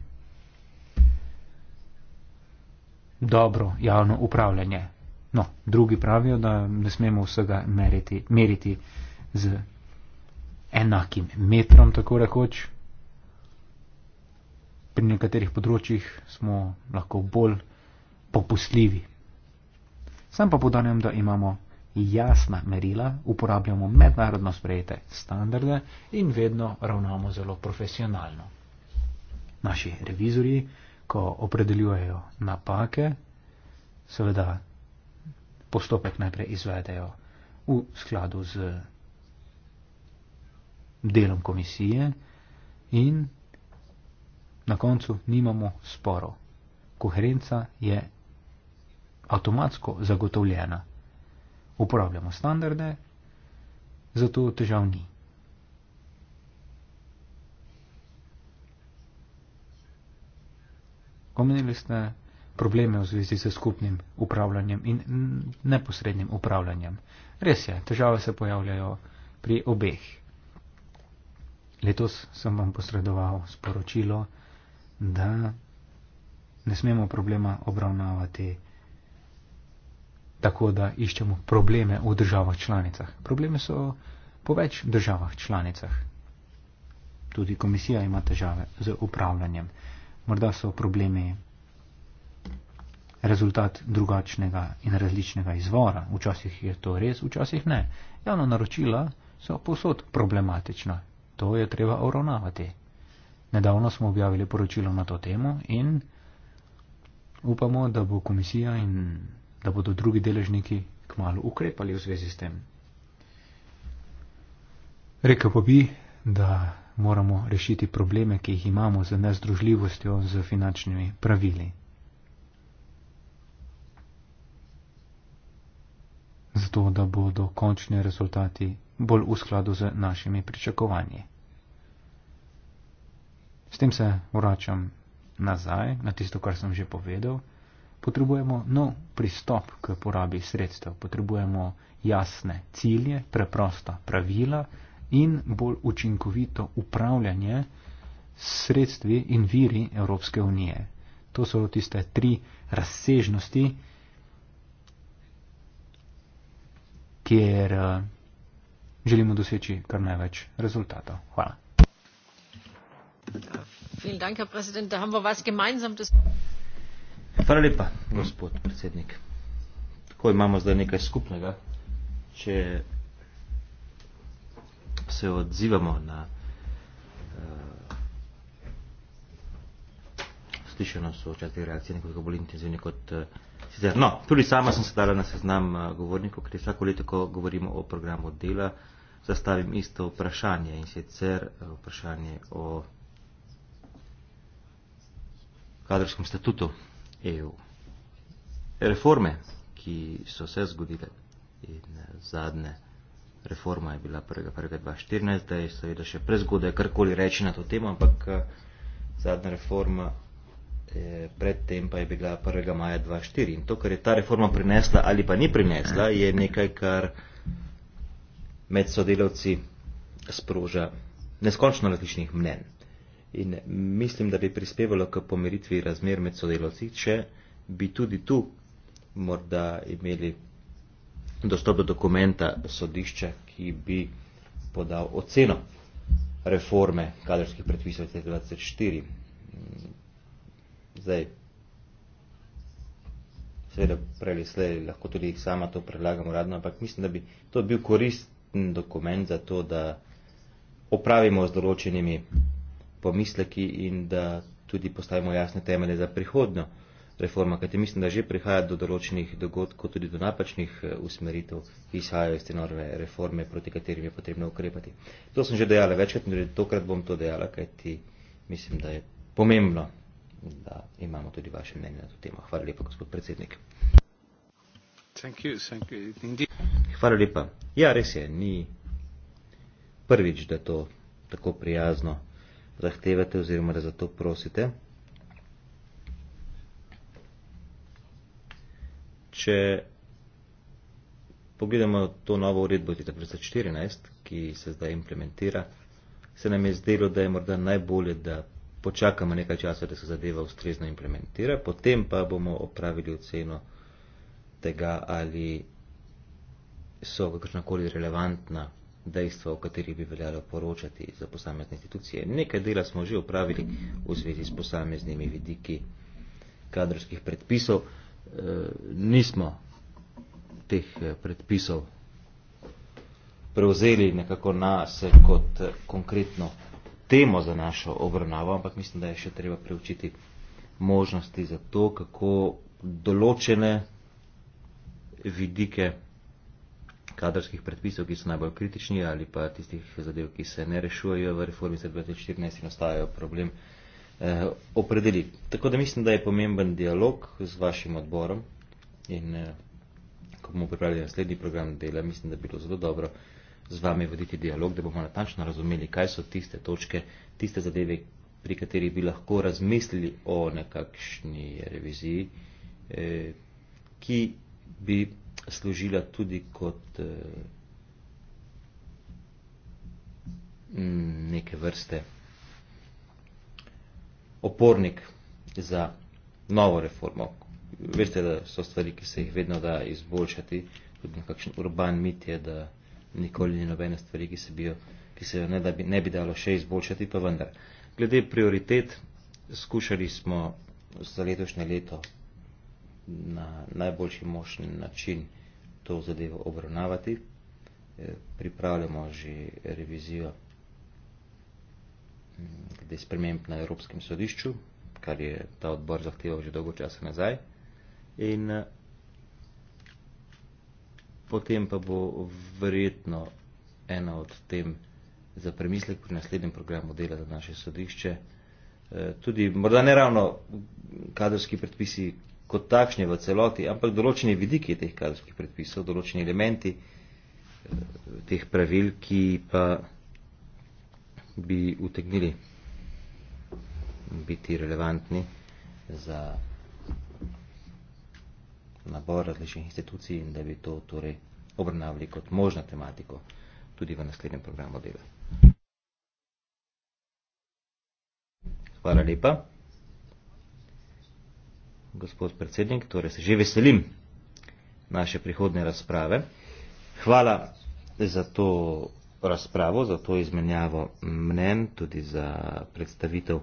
dobro javno upravljanje. No, drugi pravijo, da ne smemo vsega meriti, meriti z enakim metrom, tako rekoč. Pri nekaterih področjih smo lahko bolj popustljivi. Sam pa podanjam, da imamo jasna merila, uporabljamo mednarodno sprejete standarde in vedno ravnamo zelo profesionalno. Naši revizori ko opredeljujejo napake, seveda postopek najprej izvedejo v skladu z delom komisije in na koncu nimamo sporo. Koherenca je avtomatsko zagotovljena. Uporabljamo standarde, zato težav ni. omenili ste probleme v zvezi z skupnim upravljanjem in neposrednim upravljanjem. Res je, težave se pojavljajo pri obeh. Letos sem vam posredoval sporočilo, da ne smemo problema obravnavati tako, da iščemo probleme v državah članicah. Probleme so po več državah članicah. Tudi komisija ima težave z upravljanjem morda so problemi rezultat drugačnega in različnega izvora. Včasih je to res, včasih ne. Javna naročila so posod problematična. To je treba uravnavati. Nedavno smo objavili poročilo na to temo in upamo, da bo komisija in da bodo drugi deležniki kmalo ukrepali v zvezi s tem. Rekel pa bi, da moramo rešiti probleme, ki jih imamo z nezdružljivostjo z finančnimi pravili. Zato, da bodo končni rezultati bolj v skladu z našimi pričakovanji. S tem se vračam nazaj na tisto, kar sem že povedal. Potrebujemo nov pristop k porabi sredstev, potrebujemo jasne cilje, preprosta pravila, in bolj učinkovito upravljanje sredstvi in viri Evropske unije. To so tiste tri razsežnosti, kjer eh, želimo doseči kar največ rezultatov. Hvala. Hvala lepa, gospod predsednik. Tako imamo zdaj nekaj skupnega. Če se odzivamo na uh, slišano soočate reakcije nekoliko bolj intenzivne kot uh, sicer. No, tudi sama sem se dala na seznam uh, govornikov, ker vsako leto, ko govorimo o programu dela, zastavim isto vprašanje in sicer uh, vprašanje o kadrovskem statutu EU. Reforme, ki so se zgodile in zadnje reforma je bila 1.1.2014, da je seveda še prezgodaj karkoli reči na to temo, ampak eh, zadnja reforma eh, predtem pa je bila 1. maja 2004. In to, kar je ta reforma prinesla ali pa ni prinesla, je nekaj, kar med sodelavci sproža neskončno različnih mnenj. In mislim, da bi prispevalo k pomiritvi razmer med sodelavci, če bi tudi tu morda imeli dostop do dokumenta sodišča, ki bi podal oceno reforme kadrovskih predpisov iz 2024. Zdaj, seveda, prej slej, lahko tudi sama to predlagam uradno, ampak mislim, da bi to bil koristen dokument za to, da opravimo z določenimi pomisleki in da tudi postavimo jasne temelje za prihodnost reforma, kajte mislim, da že prihaja do določenih dogodkov, tudi do napačnih eh, usmeritev, ki izhajajo iz te norme reforme, proti katerim je potrebno ukrepati. To sem že dejala večkrat in tudi tokrat bom to dejala, kajte mislim, da je pomembno, da imamo tudi vaše mnenje na to temo. Hvala lepa, gospod predsednik. Thank you, thank you. Hvala lepa. Ja, res je, ni prvič, da to tako prijazno zahtevate oziroma da za to prosite. če pogledamo to novo uredbo iz 2014, ki se zdaj implementira, se nam je zdelo, da je morda najbolje, da počakamo nekaj časa, da se zadeva ustrezno implementira, potem pa bomo opravili oceno tega, ali so kakršnakoli relevantna dejstva, o katerih bi veljalo poročati za posamezne institucije. Nekaj dela smo že upravili v zvezi s posameznimi vidiki kadrovskih predpisov eh, nismo teh eh, predpisov prevzeli nekako na se kot eh, konkretno temo za našo obravnavo, ampak mislim, da je še treba preučiti možnosti za to, kako določene vidike kadrskih predpisov, ki so najbolj kritični ali pa tistih zadev, ki se ne rešujejo v reformi za 2014 in ostajajo problem eh, eh, opredeli. Tako da mislim, da je pomemben dialog z vašim odborom in eh, ko bomo pripravili naslednji program dela, mislim, da bi bilo zelo dobro z vami voditi dialog, da bomo natančno razumeli, kaj so tiste točke, tiste zadeve, pri katerih bi lahko razmislili o nekakšni reviziji, eh, ki bi služila tudi kot eh, neke vrste opornik za novo reformo. Veste, da so stvari, ki se jih vedno da izboljšati, tudi nekakšen urban mit je, da nikoli ni nobene stvari, ki se, bi jo, ki se jo ne, da bi, ne bi dalo še izboljšati, pa vendar. Glede prioritet, skušali smo za letošnje leto na najboljši možen način to zadevo obravnavati. Eh, pripravljamo že revizijo glede sprememb na Evropskem sodišču, kar je ta odbor zahteval že dolgo časa nazaj. In eh, potem pa bo verjetno ena od tem za premislek pri naslednjem programu dela za naše sodišče. Eh, tudi morda ne ravno kadrovski predpisi kot takšni v celoti, ampak določeni vidiki teh kadrovskih predpisov, določeni elementi eh, teh pravil, ki pa bi utegnili biti relevantni za nabor različnih institucij in da bi to torej obravnavali kot možno tematiko tudi v naslednjem programu dela. Hvala lepa. Gospod predsednik, torej se že veselim naše prihodne razprave. Hvala za to razpravo, za to izmenjavo mnen, tudi za predstavitev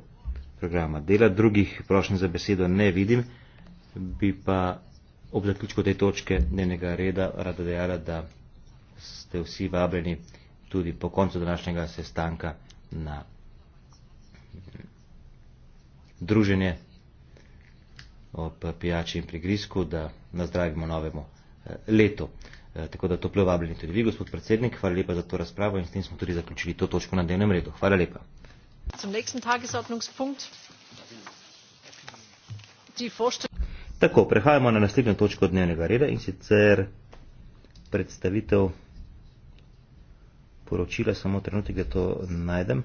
programa dela. Drugih prošen za besedo ne vidim, bi pa ob zaključku te točke dnevnega reda rada dejala, da ste vsi vabljeni tudi po koncu današnjega sestanka na druženje ob pijači in prigrisku, da nazdravimo novemu eh, letu. Eh, tako da toplo vabljeni tudi vi, gospod predsednik. Hvala lepa za to razpravo in s tem smo tudi zaključili to točko na dnevnem redu. Hvala lepa. Tako, prehajamo na naslednjo točko dnevnega reda in sicer predstavitev poročila, samo trenutek, da to najdem.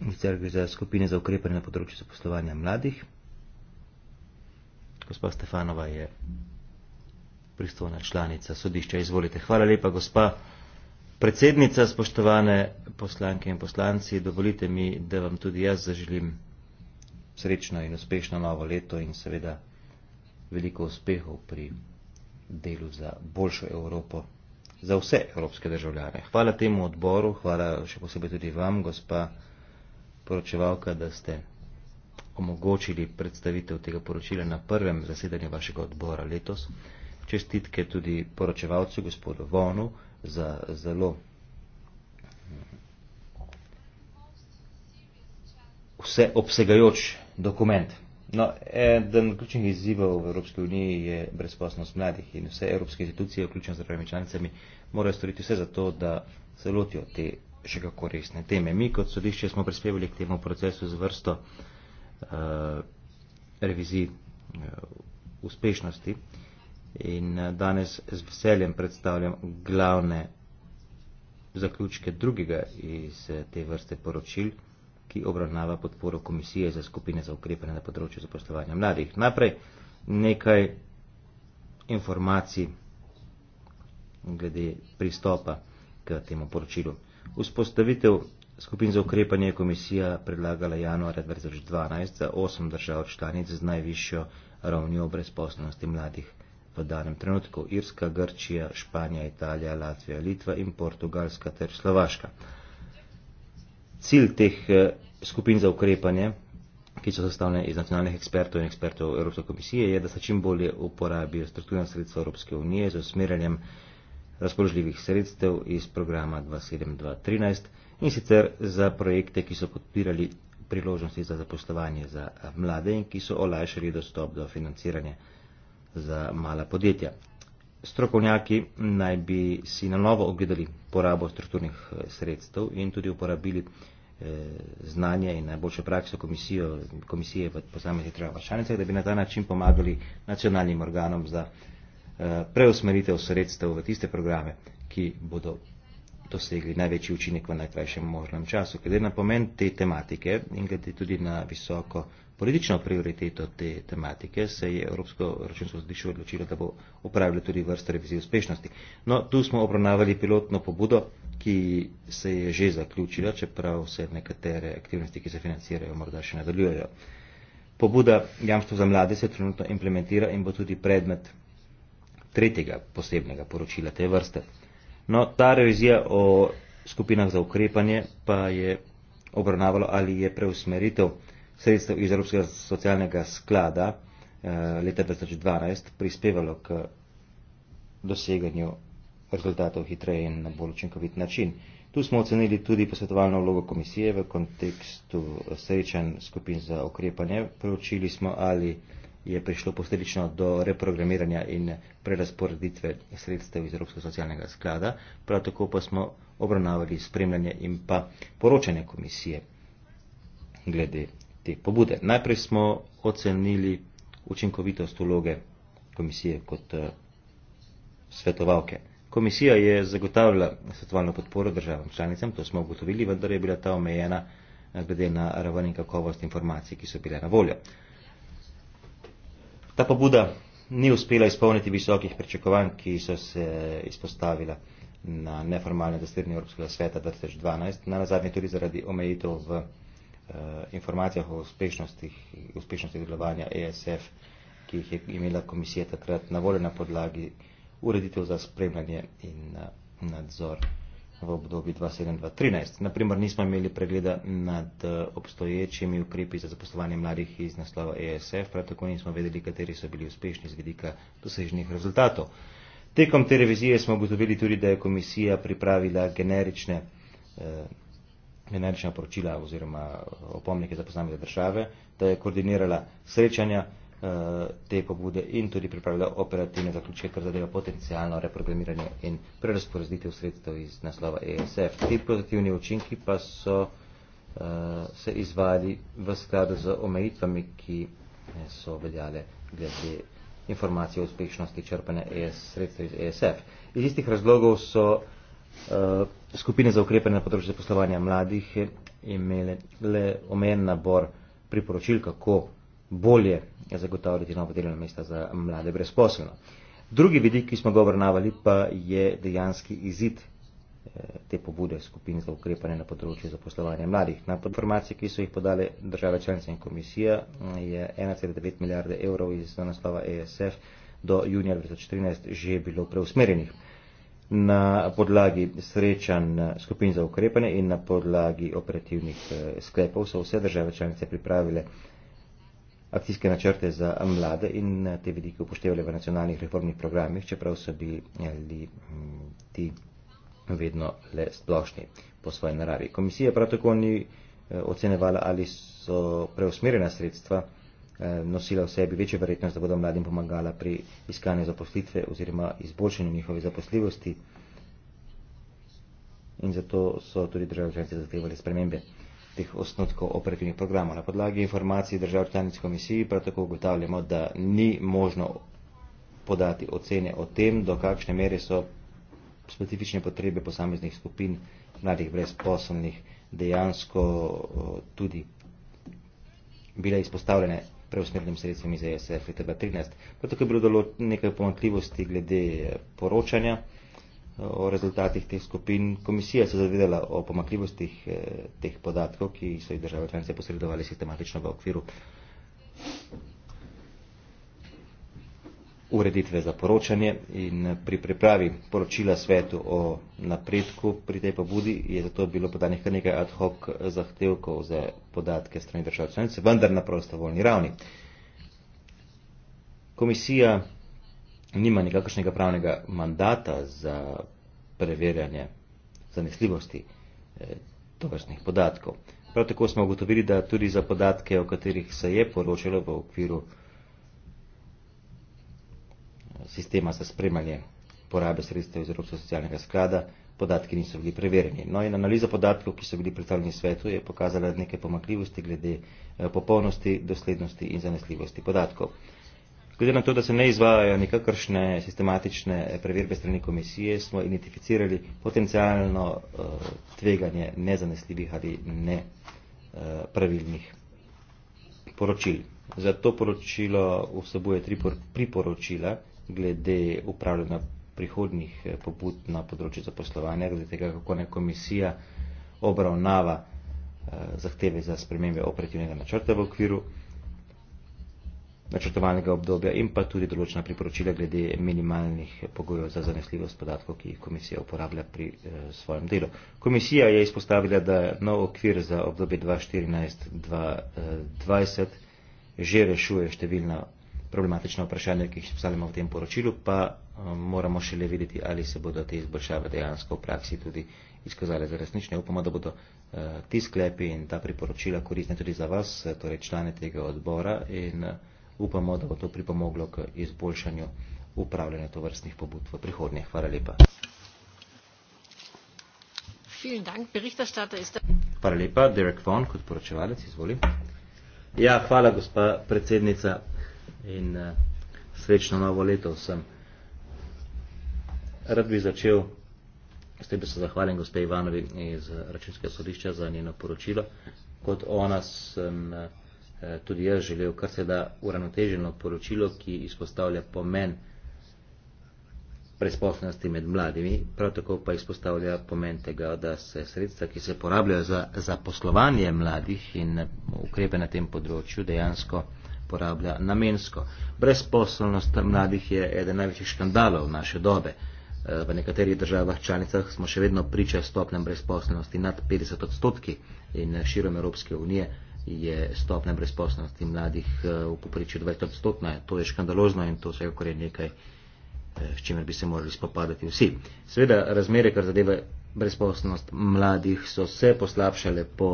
In sicer gre za skupine za ukrepanje na področju zaposlovanja mladih gospa Stefanova je pristojna članica sodišča. Izvolite. Hvala lepa, gospa predsednica, spoštovane poslanke in poslanci. Dovolite mi, da vam tudi jaz zaželim srečno in uspešno novo leto in seveda veliko uspehov pri delu za boljšo Evropo, za vse evropske državljane. Hvala temu odboru, hvala še posebej tudi vam, gospa poročevalka, da ste omogočili predstavitev tega poročila na prvem zasedanju vašega odbora letos. Čestitke tudi poročevalcu gospodu Vonu za zelo mm, vseobsegajoč dokument. No, eden ključnih izzivov v Evropski uniji je brezposnost mladih in vse evropske institucije, vključno z državami članicami, morajo storiti vse za to, da se lotijo te še kako resne teme. Mi kot sodišče smo prispevali k temu procesu z vrsto Eh, revizij eh, uspešnosti in eh, danes z veseljem predstavljam glavne zaključke drugega iz te vrste poročil, ki obravnava podporo Komisije za skupine za ukrepanje na področju zaposlovanja mladih. Naprej nekaj informacij glede pristopa k temu poročilu. Vzpostavitev Skupin za ukrepanje je komisija predlagala januarja 2012 za osem držav članic z najvišjo ravnjo brezposobnosti mladih v danem trenutku - Irska, Grčija, Španija, Italija, Latvija, Litva in Portugalska ter Slovaška. Cilj teh eh, skupin za ukrepanje, ki so sestavljene iz nacionalnih ekspertov in ekspertov Evropske komisije, je, da se čim bolje uporabijo strukturna sredstva Evropske unije z usmerjanjem razpoložljivih sredstev iz programa 27213 in sicer za projekte, ki so podpirali priložnosti za zaposlovanje za eh, mlade in ki so olajšali dostop do financiranja za mala podjetja. Strokovnjaki naj bi si na novo ogledali porabo strukturnih eh, sredstev in tudi uporabili eh, znanje in najboljšo prakso komisijo, komisije v posameznih državah članicah, da bi na ta način pomagali nacionalnim organom za eh, preusmeritev sredstev v tiste programe, ki bodo dosegli največji učinek v najkrajšem možnem času. Glede na pomen te tematike in glede tudi na visoko politično prioriteto te tematike, se je Evropsko računsko zadišče odločilo, da bo upravilo tudi vrste revizije uspešnosti. No, tu smo obravnavali pilotno pobudo, ki se je že zaključila, čeprav se nekatere aktivnosti, ki se financirajo, morda še nadaljujejo. Pobuda jamstvo za mlade se trenutno implementira in bo tudi predmet tretjega posebnega poročila te vrste. No, ta revizija o skupinah za ukrepanje pa je obravnavalo, ali je preusmeritev sredstev iz Evropskega socialnega sklada eh, leta 2012 prispevalo k doseganju rezultatov hitreje in na bolj učinkovit način. Tu smo ocenili tudi posvetovalno vlogo komisije v kontekstu srečanj skupin za okrepanje. Preučili smo, ali je prišlo posledično do reprogramiranja in prerasporeditve sredstev iz Evropskega socialnega sklada, prav tako pa smo obravnavali spremljanje in pa poročanje komisije glede te pobude. Najprej smo ocenili učinkovitost uloge komisije kot eh, svetovalke. Komisija je zagotavljala svetovalno podporo državam članicam, to smo ugotovili, vendar je bila ta omejena eh, glede na raven in kakovost informacij, ki so bile na voljo. Ta pobuda ni uspela izpolniti visokih pričakovanj, ki so se eh, izpostavila na neformalne zasedanje Evropskega sveta 2012, na nazadnje tudi zaradi omejitev v eh, informacijah o uspešnosti delovanja ESF, ki jih je imela komisija takrat na voljo na podlagi ureditev za spremljanje in eh, nadzor v obdobju 2007-2013. Naprimer, nismo imeli pregleda nad eh, obstoječimi ukrepi za zaposlovanje mladih iz naslova ESF, prav tako nismo vedeli, kateri so bili uspešni z vidika doseženih rezultatov. Tekom te revizije smo ugotovili tudi, da je komisija pripravila generične, eh, generična poročila oziroma eh, opomnike za posamezne države, da je koordinirala srečanja Eh, te pobude in tudi pripravila operativne zaključke, kar zadeva potencijalno reprogramiranje in prerasporeditev sredstev iz naslova ESF. Ti pozitivni učinki pa so uh, se izvali v skladu z omejitvami, ki eh, so veljale glede informacije o uspešnosti črpanja ES, sredstev iz ESF. Iz istih razlogov so uh, skupine za ukrepanje na področju zaposlovanja mladih imele le omejen nabor priporočil, kako bolje zagotavljati nove delovne mesta za mlade brezposobno. Drugi vidik, ki smo ga obrnavali, pa je dejanski izid eh, te pobude skupin za ukrepanje na področju zaposlovanja mladih. Na informacije, ki so jih podale države članice in komisija, je 1,9 milijarde evrov iz naslova ESF do junija 2014 že bilo preusmerjenih. Na podlagi srečan skupin za ukrepanje in na podlagi operativnih eh, sklepov so vse države članice pripravile akcijske načrte za mlade in eh, te vidike upoštevali v nacionalnih reformnih programih, čeprav so bili mm, ti vedno le splošni po svoji naravi. Komisija prav tako ni eh, ocenevala, ali so preusmerjena sredstva eh, nosila v sebi večjo verjetnost, da bodo mladim pomagala pri iskanju zaposlitve oziroma izboljšanju njihove zaposljivosti. In zato so tudi državljanci zahtevali spremembe teh osnotkov operativnih programov. Na podlagi informacij držav članic komisiji prav tako ugotavljamo, da ni možno podati ocene o tem, do kakšne mere so specifične potrebe posameznih skupin mladih brezposobnih dejansko tudi bile izpostavljene preusmernim sredstvom iz ESF-13. Prav tako je bilo nekaj pomakljivosti glede eh, poročanja o rezultatih teh skupin. Komisija se zavedala o pomakljivostih eh, teh podatkov, ki so jih države članice posredovali sistematično v okviru ureditve za poročanje in pri pripravi poročila svetu o napredku pri tej pobudi je zato bilo podanih kar nekaj ad hoc zahtevkov za podatke strani države članice, vendar na prostovoljni ravni. Komisija nima nikakršnega pravnega mandata za preverjanje zanesljivosti eh, tovrstnih podatkov. Prav tako smo ugotovili, da tudi za podatke, o katerih se je poročalo v okviru eh, sistema za spremljanje porabe sredstev iz Evropskega socialnega sklada, podatki niso bili preverjeni. No in analiza podatkov, ki so bili predstavljeni svetu, je pokazala nekaj pomakljivosti glede eh, popolnosti, doslednosti in zanesljivosti podatkov. Glede na to, da se ne izvajajo nikakršne sistematične preverbe strani komisije, smo identificirali potencijalno uh, eh, tveganje nezanesljivih ali nepravilnih eh, uh, poročil. Zato poročilo vsebuje tri priporočila glede upravljanja prihodnih eh, pobud na področju zaposlovanja, glede tega, kako ne komisija obravnava uh, zahteve za spremembe operativnega načrta v okviru načrtovalnega obdobja in pa tudi določena priporočila glede minimalnih pogojev za zanesljivost podatkov, ki jih komisija uporablja pri eh, svojem delu. Komisija je izpostavila, da nov okvir za obdobje 2014-2020 že rešuje številna problematična vprašanja, ki jih spostavljamo v tem poročilu, pa eh, moramo šele videti, ali se bodo te izboljšave dejansko v praksi tudi izkazale za resnične. Upamo, da bodo eh, ti sklepi in ta priporočila koristne tudi za vas, eh, torej člane tega odbora. In, eh, upamo, da bo to pripomoglo k izboljšanju upravljanja tovrstnih pobud v prihodnje. Hvala lepa. Hvala lepa. Derek Vaughan kot poročevalec, izvoli. Ja, hvala, gospa predsednica in uh, srečno novo leto vsem. Rad bi začel, s tem bi se zahvalil gospe Ivanovi iz eh, Računskega sodišča za njeno poročilo. Kot ona sem uh, Eh, tudi jaz želel kar se da uravnoteženo poročilo, ki izpostavlja pomen presposlenosti med mladimi, prav tako pa izpostavlja pomen tega, da se sredstva, ki se porabljajo za zaposlovanje mladih in ukrepe na tem področju, dejansko porablja namensko. Brezposelnost mladih je eden največjih škandalov naše dobe. Eh, v nekaterih državah članicah smo še vedno priča stopnjem brezposelnosti nad 50 odstotki in širom Evropske unije je stopnja brezposlenosti mladih eh, v poprečju 20 odstotna. To je škandalozno in to vsekakor je nekaj, eh, s čimer bi se morali spopadati vsi. Seveda, razmere, kar zadeva brezposlenost mladih, so se poslabšale po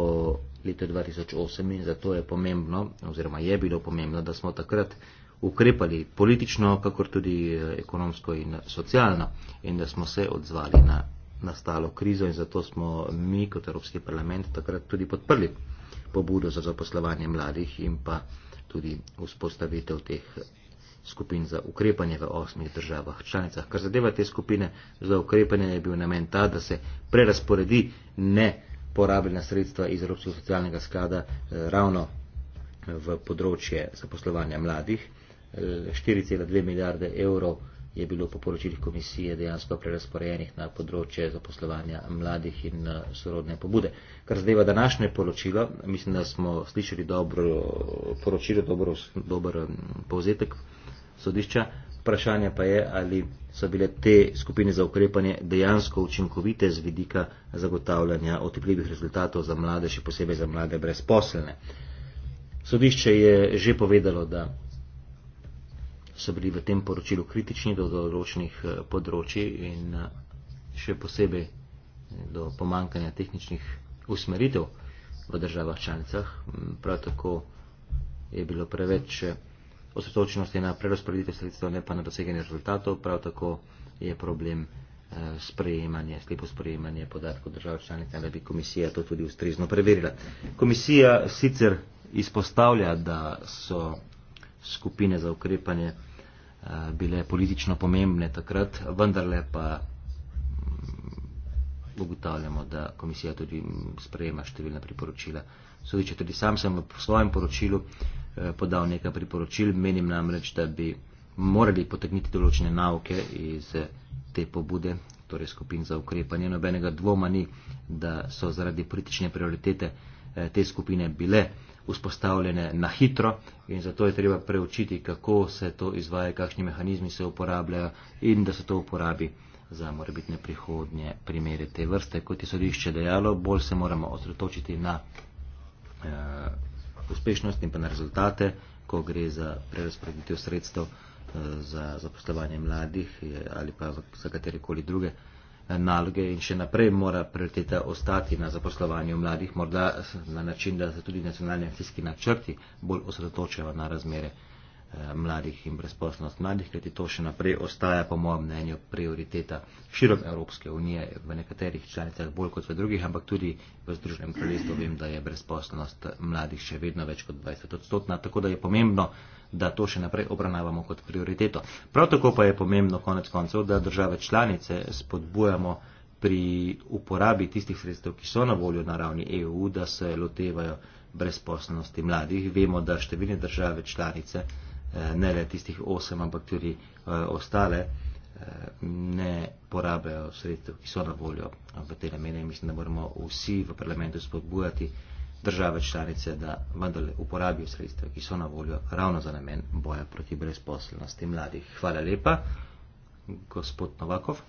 letu 2008 in zato je pomembno, oziroma je bilo pomembno, da smo takrat ukrepali politično, kakor tudi eh, ekonomsko in socialno in da smo se odzvali na nastalo krizo in zato smo mi kot Evropski parlament takrat tudi podprli pobudo za zaposlovanje mladih in pa tudi vzpostavitev teh skupin za ukrepanje v osmih državah članicah. Kar zadeva te skupine za ukrepanje, je bil namen ta, da se prerasporedi neporabljena sredstva iz Evropskega socialnega sklada eh, ravno eh, v področje zaposlovanja mladih. 4,2 eh, milijarde evrov je bilo po poročilih komisije dejansko prerasporejenih na področje zaposlovanja mladih in eh, sorodne pobude. Kar zdaj v današnje poročilo, mislim, da smo slišali dobro poročilo, dobro, dober povzetek sodišča, vprašanje pa je, ali so bile te skupine za ukrepanje dejansko učinkovite z vidika zagotavljanja otepljivih rezultatov za mlade, še posebej za mlade brezposelne. Sodišče je že povedalo, da so bili v tem poročilu kritični do določenih eh, področji in eh, še posebej eh, do pomankanja tehničnih usmeritev v državah članicah. Mm, prav tako je bilo preveč osredotočenosti na prerasporeditev sredstev, ne pa na doseganje rezultatov. Prav tako je problem sprejemanje, slepo sprejemanje podatkov držav članic, da bi komisija to tudi ustrezno preverila. Komisija sicer izpostavlja, da so skupine za ukrepanje eh, bile politično pomembne takrat, vendarle pa mm, ugotavljamo, da komisija tudi mm, sprejema številna priporočila. Sodiče, tudi sam sem v svojem poročilu eh, podal nekaj priporočil, menim namreč, da bi morali potegniti določene nauke iz eh, te pobude, torej skupin za ukrepanje. Nobenega dvoma ni, da so zaradi politične prioritete te skupine bile vzpostavljene na hitro in zato je treba preučiti, kako se to izvaja, kakšni mehanizmi se uporabljajo in da se to uporabi za morebitne prihodnje primere te vrste. Kot je sodišče dejalo, bolj se moramo osredotočiti na eh, uspešnost in pa na rezultate, ko gre za prerazporeditev sredstev eh, za zaposlovanje mladih eh, ali pa za katerekoli druge naloge in še naprej mora prioriteta ostati na zaposlovanju mladih, morda na način, da se tudi nacionalni akcijski načrti bolj osredotočajo na razmere eh, mladih in brezposlenost mladih, kajti to še naprej ostaja, po mojem mnenju, prioriteta širom Evropske unije, v nekaterih članicah bolj kot v drugih, ampak tudi v Združenem kraljestvu vem, da je brezposlenost mladih še vedno več kot 20 odstotna, tako da je pomembno, da to še naprej obravnavamo kot prioriteto. Prav tako pa je pomembno konec koncev, da države članice spodbujamo pri uporabi tistih sredstev, ki so na voljo na ravni EU, da se lotevajo brezposobnosti mladih. Vemo, da številne države članice, eh, ne le tistih osem, ampak tudi eh, ostale, eh, ne porabejo sredstev, ki so na voljo v te namene. Mislim, da moramo vsi v parlamentu spodbujati države članice, da vendarle uporabijo sredstva, ki so na voljo ravno za namen boja proti brezposelnosti mladih. Hvala lepa, gospod Novakov.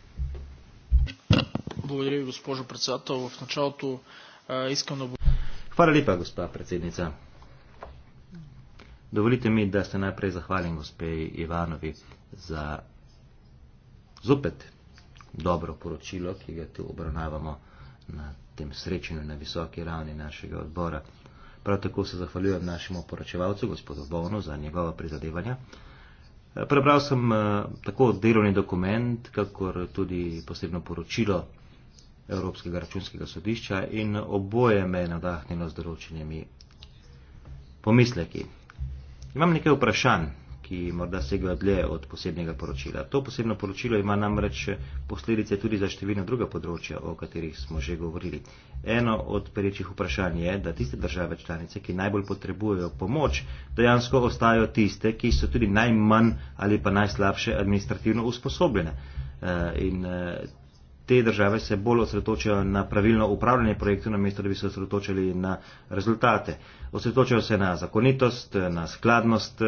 Благодаря ви, госпожо председател. В началото а, искам да... Хвала липа, госпожа председница. Доволите ми да се най-пре захвалим госпе Иванови за зупет добро поручило, кога те обранавамо над tem srečanju na visoki ravni našega odbora. Prav tako se zahvaljujem našemu poročevalcu, gospodu Bovnu, za njegova prizadevanja. Prebral sem eh, tako delovni dokument, kakor tudi posebno poročilo Evropskega računskega sodišča in oboje me je nadahnilo z določenimi pomisleki. Imam nekaj vprašanj ki morda segajo dlje od posebnega poročila. To posebno poročilo ima namreč posledice tudi za številna druga področja, o katerih smo že govorili. Eno od perečih vprašanj je, da tiste države članice, ki najbolj potrebujejo pomoč, dejansko ostajajo tiste, ki so tudi najmanj ali pa najslabše administrativno usposobljene. Eh, in eh, te države se bolj osredotočajo na pravilno upravljanje projektov, namesto da bi se osredotočili na rezultate. Osredotočajo se na zakonitost, na skladnost eh,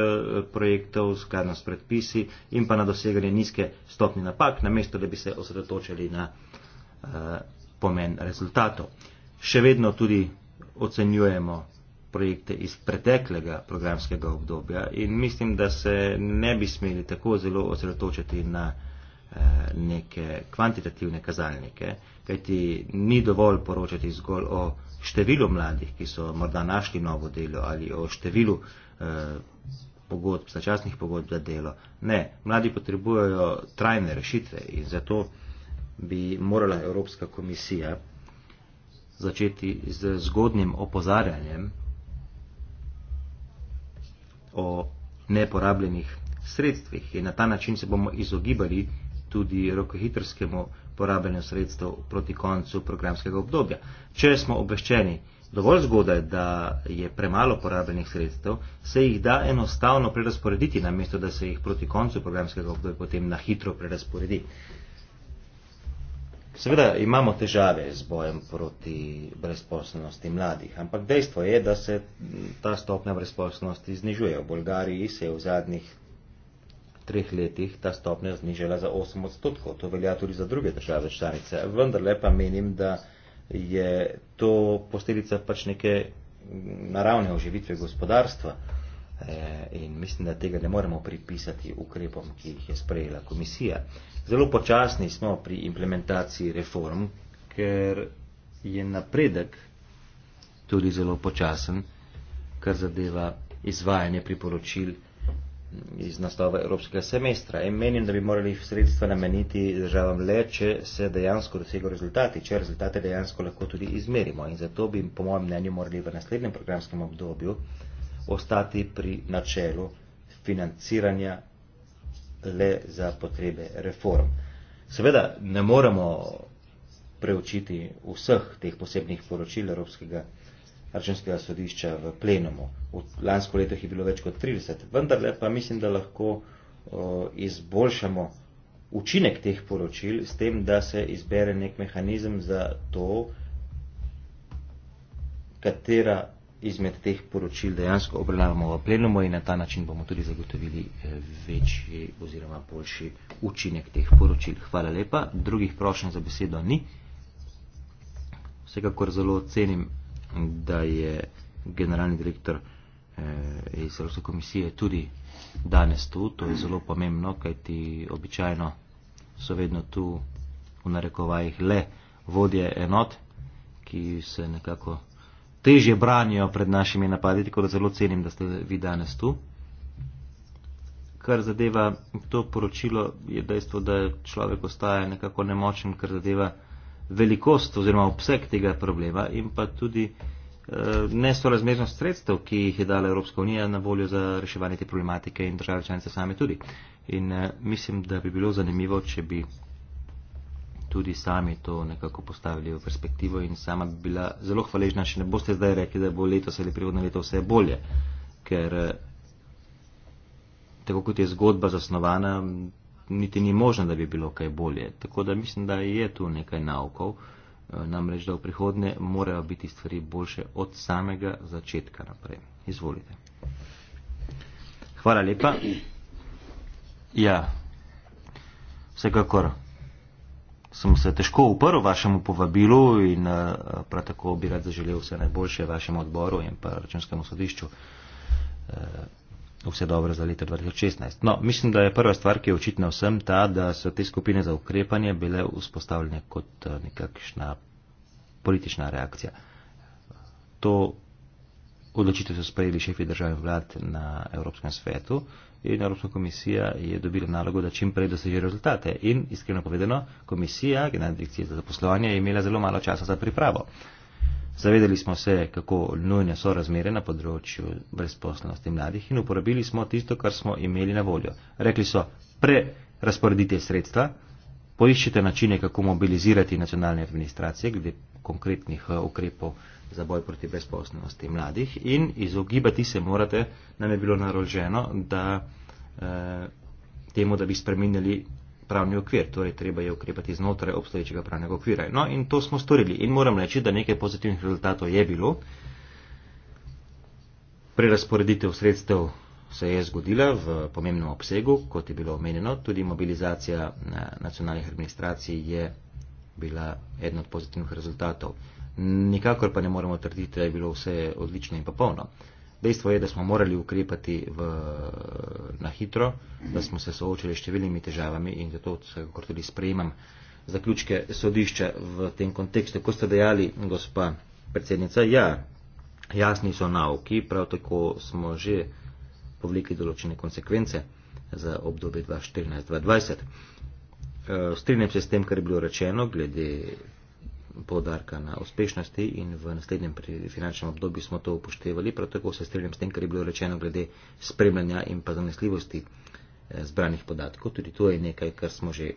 projektov, skladnost predpisi in pa na doseganje nizke stopni napak, namesto da bi se osredotočili na uh, pomen rezultatov. Še vedno tudi ocenjujemo projekte iz preteklega programskega obdobja in mislim, da se ne bi smeli tako zelo osredotočiti na rezultate. Eh, neke kvantitativne kazalnike, kajti ni dovolj poročati zgolj o številu mladih, ki so morda našli novo delo ali o številu eh, pogodb, začasnih pogodb za delo. Ne, mladi potrebujejo trajne rešitve in zato bi morala Evropska komisija začeti z zgodnim opozarjanjem o neporabljenih sredstvih in na ta način se bomo izogibali tudi rokohitrskemu porabljanju sredstev proti koncu programskega obdobja. Če smo obveščeni dovolj zgodaj, da je premalo porabljenih sredstev, se jih da enostavno prerasporediti, namesto da se jih proti koncu programskega obdobja potem na hitro prerasporedi. Seveda imamo težave z bojem proti brezposobnosti mladih, ampak dejstvo je, da se ta stopnja brezposobnosti znižuje. V Bolgariji se je v zadnjih treh letih ta stopnja znižala za 8 odstotkov. To velja tudi za druge države članice. Vendar lepa menim, da je to posledica pač neke naravne oživitve gospodarstva eh, in mislim, da tega ne moremo pripisati ukrepom, ki jih je sprejela komisija. Zelo počasni smo pri implementaciji reform, ker je napredek tudi zelo počasen, kar zadeva izvajanje priporočil iz naslova evropskega semestra. In menim, da bi morali sredstva nameniti državam le, če se dejansko dosegajo rezultati, če rezultate dejansko lahko tudi izmerimo. In zato bi, po mojem mnenju, morali v naslednjem programskem obdobju ostati pri načelu financiranja le za potrebe reform. Seveda ne moremo preučiti vseh teh posebnih poročil Evropskega računskega sodišča v plenumu. V lansko leto jih je bilo več kot 30, vendar le pa mislim, da lahko uh, izboljšamo učinek teh poročil s tem, da se izbere nek mehanizem za to, katera izmed teh poročil dejansko obravnavamo v plenumu in na ta način bomo tudi zagotovili e, večji oziroma boljši učinek teh poročil. Hvala lepa. Drugih prošenj za besedo ni. Vsekakor zelo cenim da je generalni direktor eh, iz Evropske komisije tudi danes tu. To je zelo pomembno, kaj ti običajno so vedno tu v narekovajih le vodje enot, ki se nekako težje branijo pred našimi napadi, tako da zelo cenim, da ste vi danes tu. Kar zadeva to poročilo, je dejstvo, da človek ostaja nekako nemočen, kar zadeva velikost oziroma obseg tega problema in pa tudi eh, nesorazmernost sredstev, ki jih je dala Evropska unija na voljo za reševanje te problematike in države članice same tudi. In eh, mislim, da bi bilo zanimivo, če bi tudi sami to nekako postavili v perspektivo in sama bi bila zelo hvaležna, če ne boste zdaj rekli, da bo letos ali prihodno leto vse bolje, ker eh, tako kot je zgodba zasnovana, niti ni možno, da bi bilo kaj bolje. Tako da mislim, da je tu nekaj naukov, eh, namreč da v prihodnje morajo biti stvari boljše od samega začetka naprej. Izvolite. Hvala lepa. Ja, vsekakor sem se težko uprl vašemu povabilu in eh, prav tako bi rad zaželel vse najboljše vašemu odboru in pa računskemu sodišču. Eh, vse dobro za leto 2016. No, mislim, da je prva stvar, ki je očitna vsem ta, da so te skupine za ukrepanje bile vzpostavljene kot eh, nekakšna politična reakcija. To odločitev so sprejeli šefi držav in vlad na Evropskem svetu in Evropska komisija je dobila nalogo, da čim prej doseže rezultate. In iskreno povedano, komisija, generalna direkcija za zaposlovanje, je imela zelo malo časa za pripravo. Uh, Zavedali smo se, kako nujne so razmere na področju brezposlenosti mladih in uporabili smo tisto, kar smo imeli na voljo. Rekli so, prerasporedite sredstva, poiščite načine, kako mobilizirati nacionalne administracije glede konkretnih eh, ukrepov za boj proti brezposlenosti mladih in izogibati se morate, nam je bilo naroženo, da eh, temu, da bi spremenili pravni okvir, torej treba je ukrepati znotraj obstoječega pravnega okvira. No in to smo storili in moram reči, da nekaj pozitivnih rezultatov je bilo. Prerasporeditev sredstev se je zgodila v pomembnem obsegu, kot je bilo omenjeno, tudi mobilizacija eh, nacionalnih administracij je bila eden od pozitivnih rezultatov. Nikakor pa ne moremo trditi, da je bilo vse odlično in popolno. Dejstvo je, da smo morali ukrepati v, na hitro, da smo se soočili s številnimi težavami in zato kot tudi sprejemam zaključke sodišča v tem kontekstu. Ko ste dejali, gospa predsednica, ja, jasni so navki, prav tako smo že povlekli določene konsekvence za obdobje 2014-2020. Eh, strinjam se s tem, kar je bilo rečeno glede podarka na uspešnosti in v naslednjem finančnem obdobju smo to upoštevali, prav tako se strinjam s tem, kar je bilo rečeno glede spremljanja in pa zanesljivosti eh, zbranih podatkov, tudi to je nekaj, kar smo že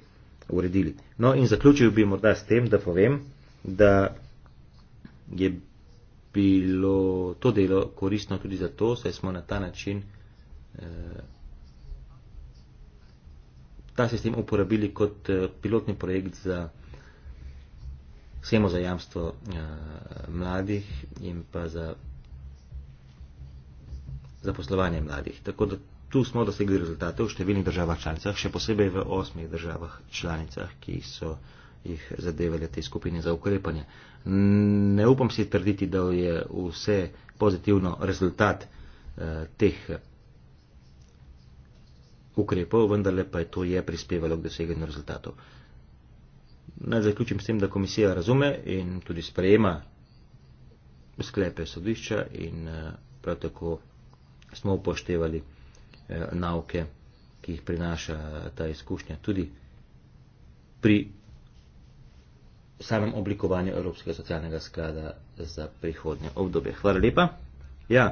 uredili. No in zaključil bi morda s tem, da povem, da je bilo to delo koristno tudi zato, saj smo na ta način eh, ta sistem uporabili kot eh, pilotni projekt za shemo za jamstvo uh, mladih in pa za zaposlovanje mladih. Tako da tu smo dosegli rezultate v številnih državah članicah, še posebej v osmih državah članicah, ki so jih zadevali te skupine za ukrepanje. Ne upam si trditi, da je vse pozitivno rezultat uh, teh ukrepov, vendarle pa je to je prispevalo k doseganju rezultatov. Uh, Naj zaključim s tem, da komisija razume in tudi sprejema sklepe sodišča in eh, prav tako smo upoštevali eh, nauke, ki jih prinaša eh, ta izkušnja tudi pri samem oblikovanju Evropskega socialnega sklada za prihodnje obdobje. Hvala lepa. Ja.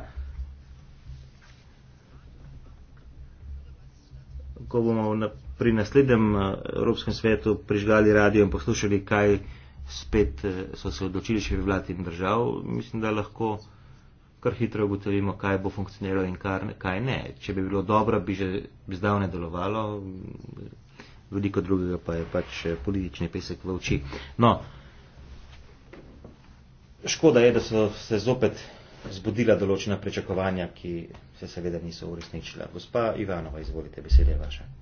Ko bomo v naprej pri naslednjem eh, Evropskem svetu prižgali radio in poslušali, kaj spet eh, so se odločili še vladi in držav, mislim, da lahko kar hitro ugotovimo, kaj bo funkcioniralo in kar, kaj ne. Če bi bilo dobro, bi že zdavne delovalo, veliko drugega pa je pač eh, politični pesek v oči. No, škoda je, da so se zopet zbudila določena prečakovanja, ki se seveda niso uresničila. Gospa Ivanova, izvolite, besede je vaša.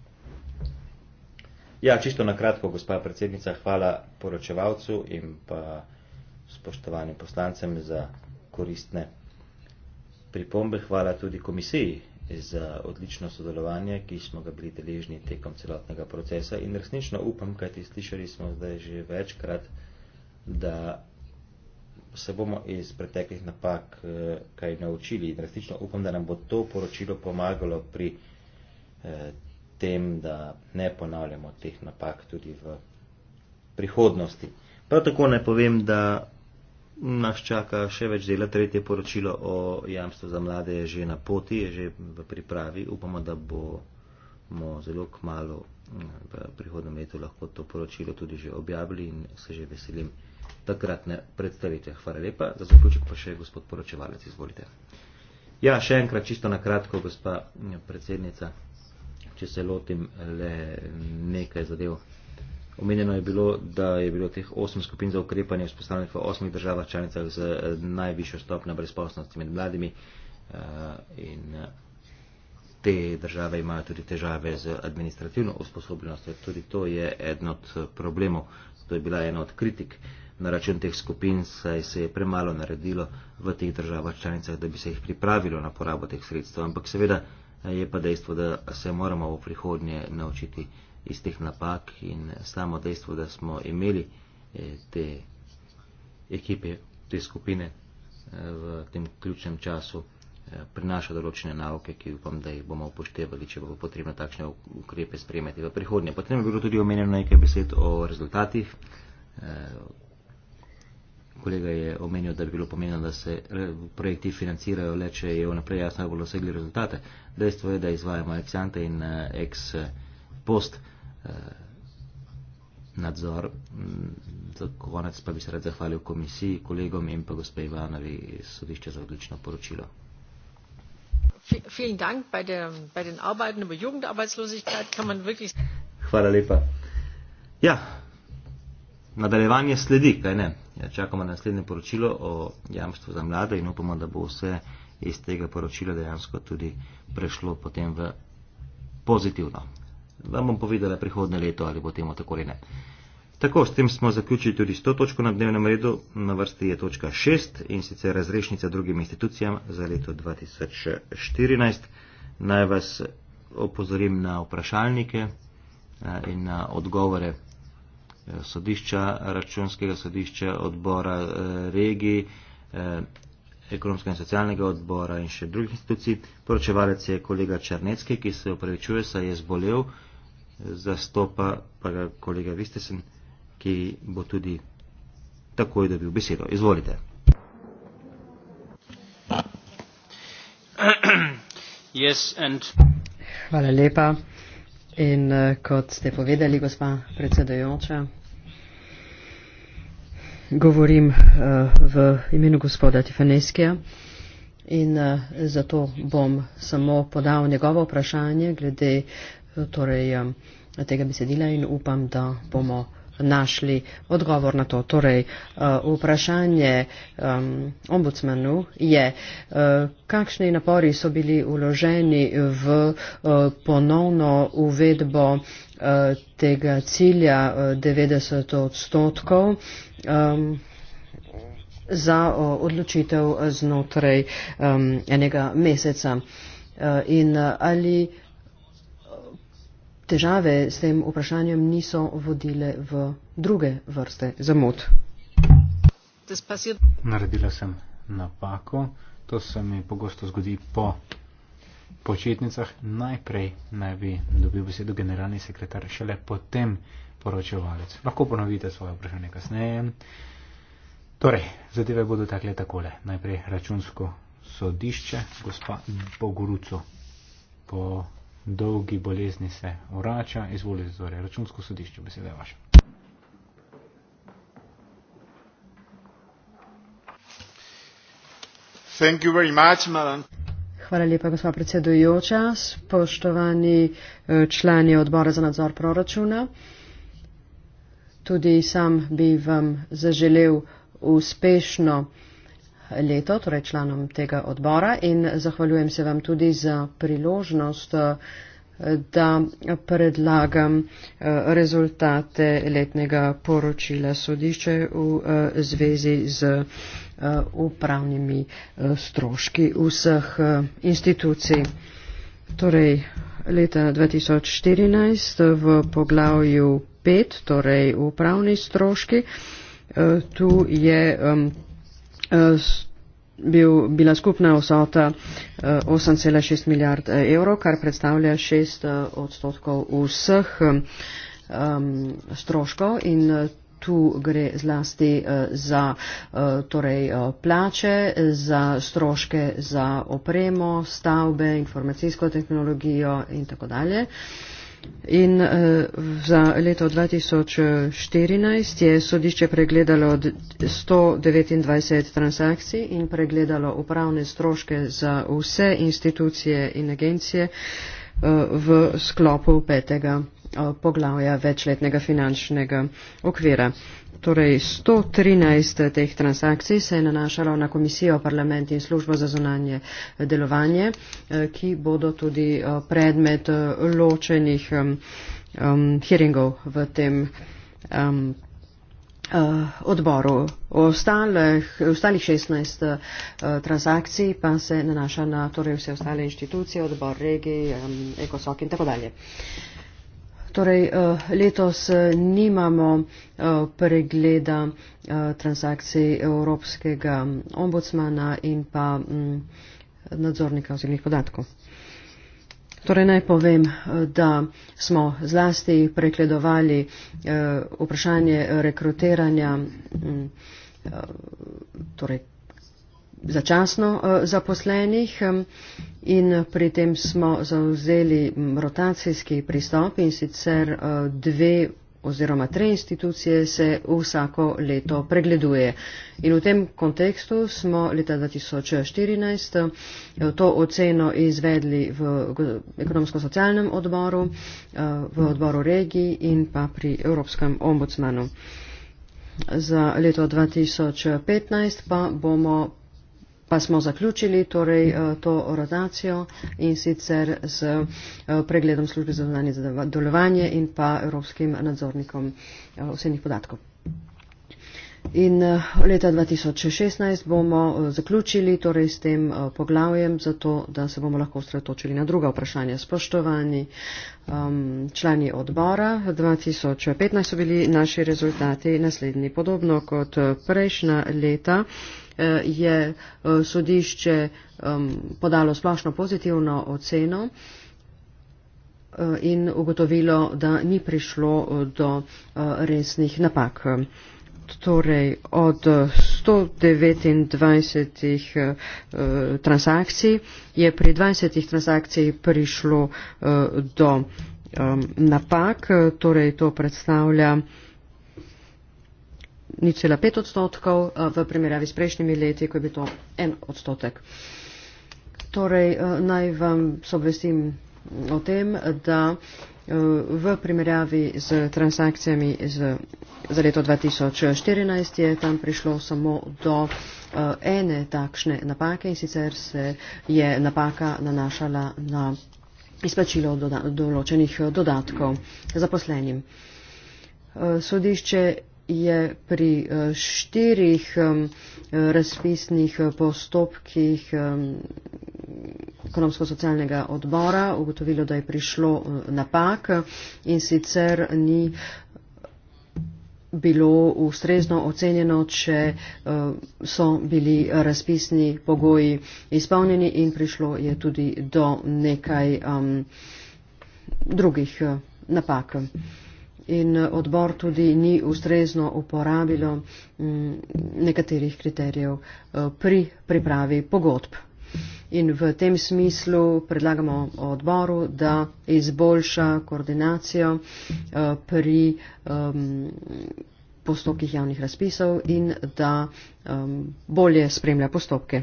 Ja, čisto na kratko, gospa predsednica, hvala poročevalcu in pa spoštovanim poslancem za koristne pripombe. Hvala tudi komisiji za odlično sodelovanje, ki smo ga bili deležni tekom celotnega procesa in resnično upam, kajti slišali smo zdaj že večkrat, da se bomo iz preteklih napak eh, kaj naučili in resnično upam, da nam bo to poročilo pomagalo pri eh, tem, da ne ponavljamo teh napak tudi v prihodnosti. Prav tako ne povem, da nas čaka še več dela. Tretje poročilo o jamstvu za mlade je že na poti, je že v pripravi. Upamo, da bomo zelo kmalo mm, v prihodnem letu lahko to poročilo tudi že objavili in se že veselim takratne predstavitve. Hvala lepa. Za zaključek pa še gospod poročevalec, izvolite. Ja, še enkrat čisto na kratko, gospa mm, predsednica, če se lotim le nekaj zadev. Omenjeno je bilo, da je bilo teh osem skupin za ukrepanje vzpostavljenih v osmih državah članicah z najvišjo stopnjo brezposobnosti med mladimi eh, in eh, te države imajo tudi težave z administrativno usposobljenostjo. Tudi to je eden od problemov, to je bila ena od kritik na račun teh skupin, saj se je premalo naredilo v teh državah članicah, da bi se jih pripravilo na porabo teh sredstev. Ampak seveda je pa dejstvo, da se moramo v prihodnje naučiti iz teh napak in samo dejstvo, da smo imeli eh, te ekipe, te skupine eh, v tem ključnem času, eh, prinaša določene nauke, ki upam, da jih bomo upoštevali, če bo potrebno takšne ukrepe spremeti v prihodnje. Potrebno je bilo tudi omenjeno nekaj besed o rezultatih, Kolega je omenil, da bi bilo pomembno, da se eh, projekti financirajo le, če je vnaprej jasno, da bodo dosegli rezultate. Dejstvo je, da izvajamo ex-ante in eh, ex-post eh, nadzor. Mm, za konec pa bi se rad zahvalil komisiji, kolegom in pa gospe Ivanovi iz sodišča za odlično poročilo. Hvala lepa. Ja nadaljevanje sledi, kaj ne? Ja, čakamo na naslednje poročilo o jamstvu za mlade in upamo, da bo vse iz tega poročila dejansko tudi prešlo potem v pozitivno. Vam bom povedala prihodne leto ali bo temu tako ali ne. Tako, s tem smo zaključili tudi s to točko na dnevnem redu. Na vrsti je točka 6 in sicer razrešnica drugim institucijam za leto 2014. Naj vas opozorim na vprašalnike eh, in na odgovore sodišča, računskega sodišča, odbora eh, regij, eh, ekonomskega in socialnega odbora in še drugih institucij. Poročevalec je kolega Črnecki, ki se upravičuje, saj je zbolel, zastopa pa ga kolega Vistesen, ki bo tudi takoj dobil besedo. Izvolite. Yes, and... Hvala lepa. In eh, kot ste povedali, gospa predsedojoča, govorim eh, v imenu gospoda Tifaneskija in eh, zato bom samo podal njegovo vprašanje glede eh, torej, tega besedila in upam, da bomo našli odgovor na to. Torej, vprašanje um, ombudsmanu je, kakšni napori so bili uloženi v uh, ponovno uvedbo uh, tega cilja uh, 90 odstotkov uh, um, za odločitev znotraj um, enega meseca. Uh, in uh, ali težave s tem vprašanjem niso vodile v druge vrste zamud? Naredila sem napako, to se mi pogosto zgodi po počitnicah. Najprej naj bi dobil besedo generalni sekretar, šele potem poročevalec. Lahko ponovite svoje vprašanje kasneje. Torej, zadeve bodo takole takole. Najprej računsko sodišče, gospa Boguruco, po dolgi bolezni se vrača. Izvolite, torej, računsko sodišče, beseda je vaša. Thank you very much, Hvala lepa, gospod predsedujoča, spoštovani eh, člani odbora za nadzor proračuna. Uh, tudi sam bi vam zaželel uspešno leto, torej članom tega odbora in zahvaljujem se vam tudi za priložnost, eh, da predlagam eh, rezultate letnega poročila sodišče v eh, zvezi z upravnimi stroški vseh institucij. Torej, leta 2014 v poglavju 5, torej upravni stroški. Eh, tu je eh, bil, bila skupna vsota 8,6 eh, milijard evrov, kar predstavlja 6 odstotkov vseh stroškov in tu gre zlasti eh, za eh, torej, eh, plače, za stroške za opremo, stavbe, informacijsko tehnologijo in tako dalje. In za leto 2014 je sodišče pregledalo 129 transakcij in pregledalo upravne stroške za vse institucije in agencije v sklopu petega Eh, poglavja večletnega finančnega okvira. Torej, 113 eh, teh transakcij se je nanašalo na komisijo, parlament in službo za zunanje eh, delovanje, ki bodo tudi predmet ločenih um, hearingov v tem um, odboru. Ostalih 16 transakcij pa se nanaša na torej, vse ostale inštitucije, odbor regij, um, ekosok in tako dalje. Torej, eh, letos eh, nimamo eh, pregleda transakcij Evropskega mm, ombudsmana in pa mm, nadzornika osebnih podatkov. Torej, naj povem, da smo zlasti pregledovali vprašanje rekrutiranja. Mm, torej, začasno eh, zaposlenih in pri tem smo zauzeli rotacijski pristop in sicer eh, dve oziroma tre institucije se vsako leto pregleduje. In v tem kontekstu smo leta 2014 eh, to oceno izvedli v ekonomsko-socialnem odboru, v odboru regiji in pa pri Evropskem ombudsmanu. Za leto 2015 pa bomo Pa smo zaključili torej, eh, to rotacijo in sicer z eh, pregledom službe za zadanje delovanje in pa evropskim nadzornikom eh, osebnih podatkov. In leta 2016 bomo zaključili torej s tem poglavjem, zato da se bomo lahko ustretočili na druga vprašanja. Spoštovani um, člani odbora, 2015 so bili naši rezultati naslednji podobno kot prejšnja leta. Uh, Eh, je eh, sodišče podalo splošno pozitivno oceno eh, in ugotovilo, da ni prišlo do resnih napak. Torej, od 129 uh, transakcij je pri 20 transakcij prišlo uh, do um, napak, torej to predstavlja uh, 0,5 odstotkov eh, v primerjavi s prejšnjimi leti, ko je bil to en odstotek. Torej, eh, naj vam sobvestim o tem, da eh, v primerjavi z transakcijami z, za leto 2014 je tam prišlo samo do ene takšne napake in sicer se je napaka nanašala na izplačilo določenih dodatkov zaposlenim. Sodišče je pri eh, štirih razpisnih postopkih ekonomsko-socialnega odbora ugotovilo, da je prišlo eh, napak in sicer ni bilo ustrezno ocenjeno, če eh, so bili razpisni pogoji izpolnjeni in prišlo je tudi do nekaj drugih napak in odbor tudi ni ustrezno uporabilo mm, nekaterih kriterijev eh, pri pripravi pogodb. In v tem smislu predlagamo odboru, da izboljša koordinacijo eh, pri um, postopkih javnih razpisov in da um, bolje spremlja postopke.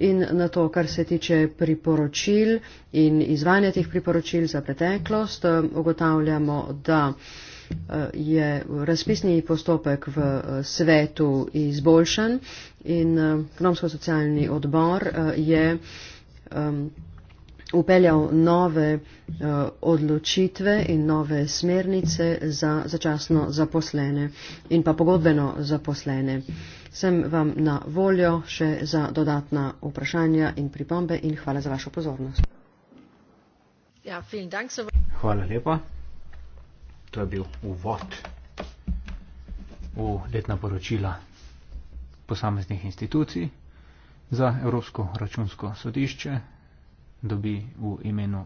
In na to, kar se tiče priporočil in izvanja teh priporočil za preteklost, um, ugotavljamo, da uh, je razpisni postopek v uh, svetu izboljšan in um, Gnomsko-socialni odbor uh, je. Um, upeljal nove uh, odločitve in nove smernice za začasno zaposlene in pa pogodbeno zaposlene. Sem vam na voljo še za dodatna vprašanja in pripombe in hvala za vašo pozornost. Ja, dank, so... Hvala lepa. To je bil uvod v letna poročila posameznih institucij za Evropsko računsko sodišče dobi v imenu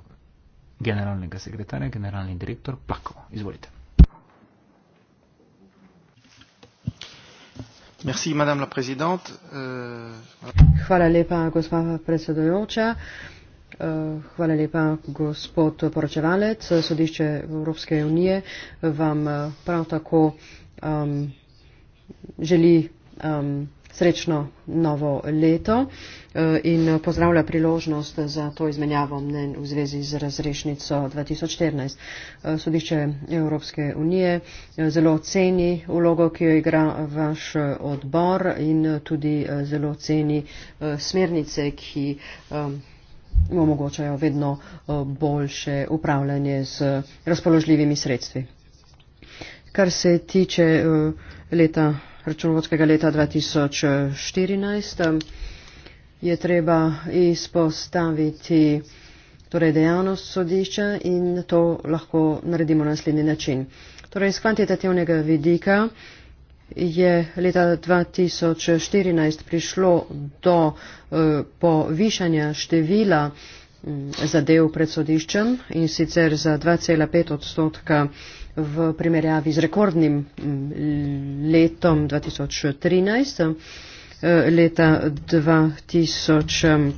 generalnega sekretarja, generalni direktor Plako. Izvolite. Merci, la uh... Hvala lepa, gospa predsedujoča. Euh, hvala lepa, gospod poročevalec. Sodišče Evropske unije vam eh, prav tako um, želi um, srečno novo leto eh, in pozdravlja priložnost za to izmenjavo mnen v zvezi z razrešnico 2014. Eh, sodišče Evropske unije eh, zelo ceni ulogo, ki jo igra vaš odbor in tudi zelo ceni smernice, ki omogočajo vedno boljše upravljanje z razpoložljivimi sredstvi. Kar se tiče leta računovodskega leta 2014 je treba izpostaviti torej dejavnost sodišča in to lahko naredimo na naslednji način. Torej, iz kvantitativnega vidika je leta 2014 prišlo do eh, povišanja števila zadev pred sodiščem in sicer za 2,5 odstotka v primerjavi z rekordnim mm, letom 2013. Eh, leta 2014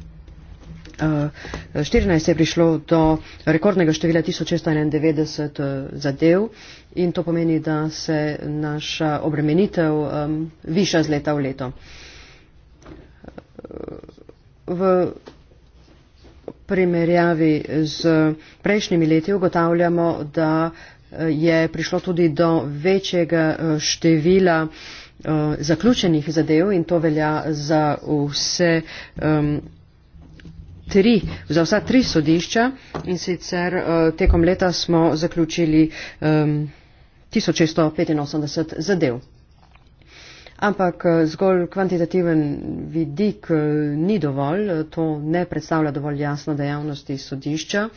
eh, eh, je prišlo do rekordnega števila 1691 zadev in to pomeni, da se naša obremenitev viša z leta v leto. V primerjavi z prejšnjimi leti ugotavljamo, da je prišlo tudi do večjega eh, števila eh, zaključenih zadev in to velja za, vse, um, tri, za vsa tri sodišča in sicer uh, tekom leta smo zaključili um, 1685 zadev. Ampak zgolj kvantitativen vidik ni dovolj, to ne predstavlja dovolj jasno dejavnosti sodišča.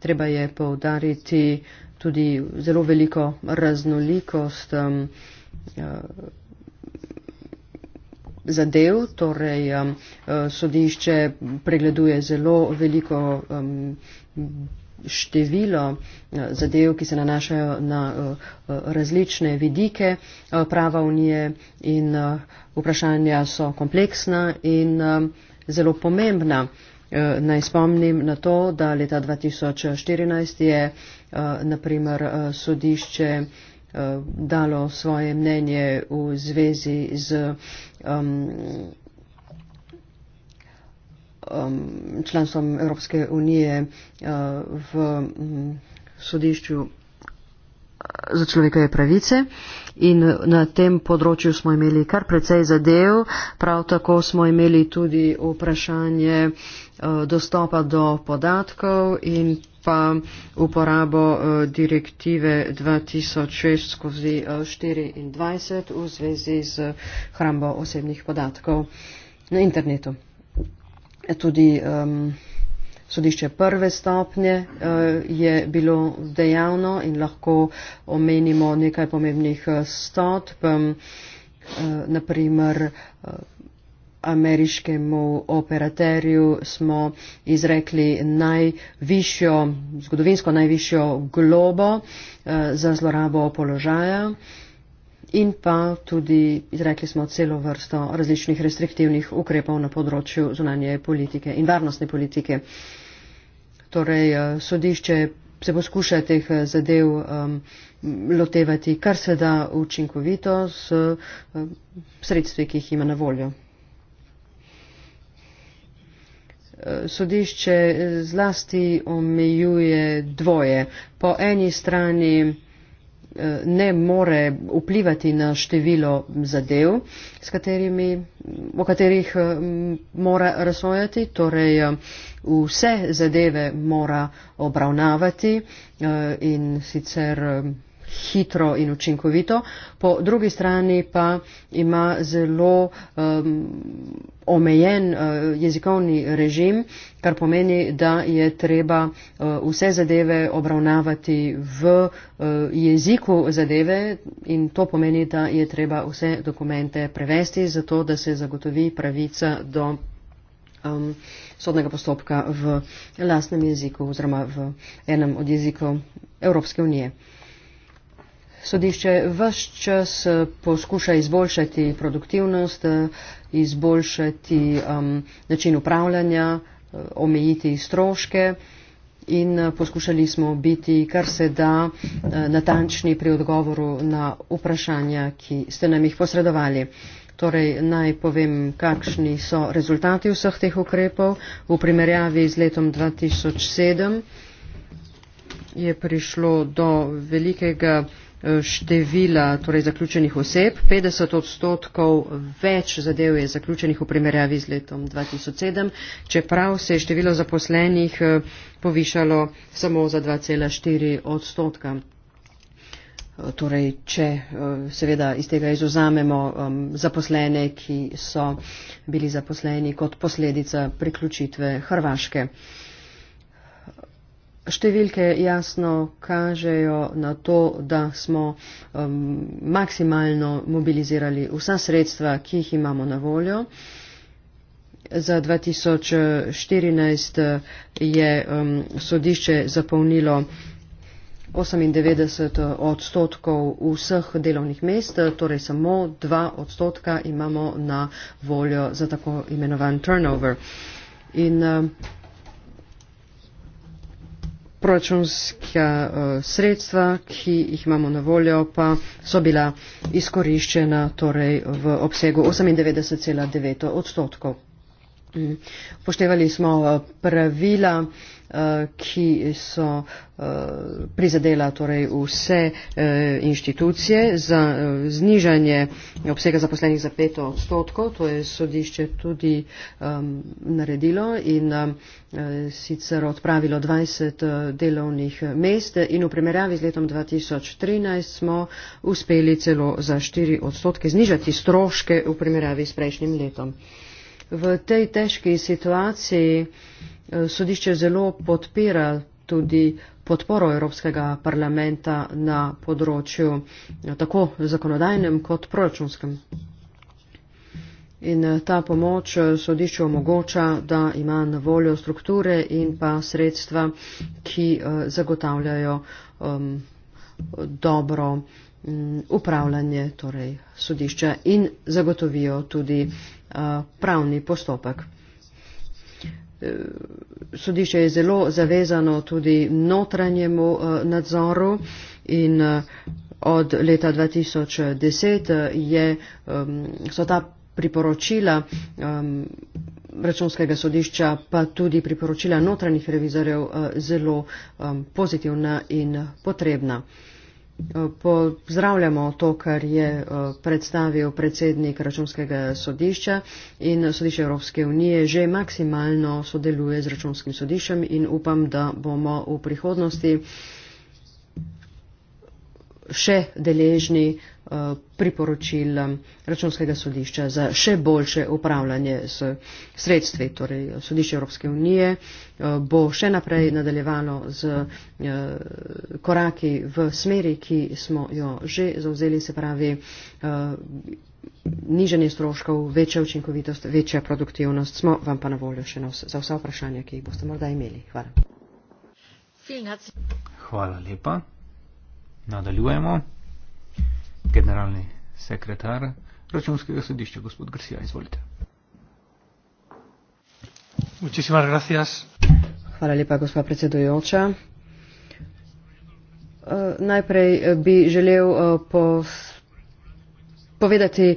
Treba je poudariti uh, tudi zelo veliko raznolikost um, uh, zadev, torej um, uh, sodišče pregleduje zelo veliko um, število uh, zadev, ki se nanašajo na različne vidike prava unije in vprašanja so kompleksna in um, zelo pomembna. Eh, naj spomnim na to, da leta 2014 je eh, naprimer eh, sodišče dalo svoje mnenje v zvezi z um, um, članstvom Evropske unije uh, v um, sodišču za človekove pravice in na tem področju smo imeli kar precej zadev, prav tako smo imeli tudi vprašanje eh, dostopa do podatkov in pa uporabo eh, direktive 2006 skozi 24 eh, v zvezi z hrambo osebnih podatkov na internetu. Tudi, um, Sodišče prve stopnje eh, je bilo dejavno in lahko omenimo nekaj pomembnih eh, stotb, eh, naprimer ameriškemu operaterju smo izrekli najvišjo, zgodovinsko najvišjo globo za zlorabo položaja in pa tudi izrekli smo celo vrsto različnih restriktivnih ukrepov na področju zunanje politike in varnostne politike. Torej, eh, sodišče se poskuša teh eh, zadev um, lotevati kar se da učinkovito s um, sredstvi, ki jih ima na voljo. Sodišče zlasti omejuje dvoje. Po eni strani ne more vplivati na število zadev, katerimi, o katerih mora razsojati, torej vse zadeve mora obravnavati eh, in sicer hitro in učinkovito, po drugi strani pa ima zelo um, omejen uh, jezikovni režim, kar pomeni, da je treba uh, vse zadeve obravnavati v uh, jeziku zadeve in to pomeni, da je treba vse dokumente prevesti, zato da se zagotovi pravica do. Um, sodnega postopka v lastnem jeziku oziroma v enem od jezikov Evropske unije. Sodišče vse čas eh, poskuša izboljšati produktivnost, eh, izboljšati um, način upravljanja, eh, omejiti stroške in poskušali smo biti kar se da natančni pri odgovoru na vprašanja, ki ste nam jih posredovali. Torej, naj povem, kakšni so rezultati vseh teh ukrepov. V primerjavi z letom 2007 je prišlo do velikega Eh, števila torej zaključenih oseb. 50 odstotkov več zadev je zaključenih v primerjavi z letom 2007, čeprav se je število zaposlenih eh, povišalo samo za 2,4 odstotka. Eh, torej, če seveda iz tega izuzamemo zaposlene, ki so bili zaposleni kot posledica priključitve Hrvaške. Številke jasno kažejo na to, da smo um, maksimalno mobilizirali vsa sredstva, ki jih imamo na voljo. Za 2014 je um, sodišče zapolnilo 98 odstotkov vseh delovnih mest, torej samo 2 odstotka imamo na voljo za tako imenovan turnover. In, um, proračunska uh, sredstva, ki jih imamo na voljo, pa so bila izkoriščena torej, v obsegu 98,9 odstotkov. Poštevali smo eh, pravila, eh, ki so eh, prizadela torej vse inštitucije za znižanje obsega zaposlenih za pet odstotkov. To je sodišče tudi ehm, naredilo in sicer odpravilo 20 delovnih mest in v primerjavi z letom 2013 smo uspeli celo za 4 odstotke znižati stroške v primerjavi s prejšnjim letom v tej težki situaciji eh, sodišče zelo podpira tudi podporo Evropskega parlamenta na področju eh, tako zakonodajnem kot proračunskem. In eh, ta pomoč sodišču omogoča, da ima na voljo strukture in pa sredstva, ki zagotavljajo um, dobro um, upravljanje torej, sodišča in zagotovijo tudi um, Eh, pravni postopek. Eh, sodišče je zelo zavezano tudi notranjemu eh, nadzoru in od leta 2010 je, so ta priporočila računskega sodišča, pa tudi priporočila notranjih revizorjev zelo pozitivna in potrebna. Eh, pozdravljamo to, kar je eh, predstavil predsednik računskega sodišča in sodišče Evropske unije že maksimalno sodeluje z računskim sodiščem in upam, da bomo v prihodnosti uh, še deležni eh, priporočil eh, računskega sodišča za še boljše upravljanje s sredstvi. Torej, sodišče Evropske unije eh, bo še naprej nadaljevalo z koraki v smeri, ki smo jo že zauzeli, se pravi niženje stroškov, večja učinkovitost, večja produktivnost. Smo vam pa na voljo še na vse, za vsa vprašanja, ki jih boste morda imeli. Hvala. Hvala lepa. Nadaljujemo. Generalni sekretar računskega sodišča, gospod Grsija, izvolite. Hvala lepa, gospod predsedujoča. Eh, najprej eh, bi želel eh, po povedati eh,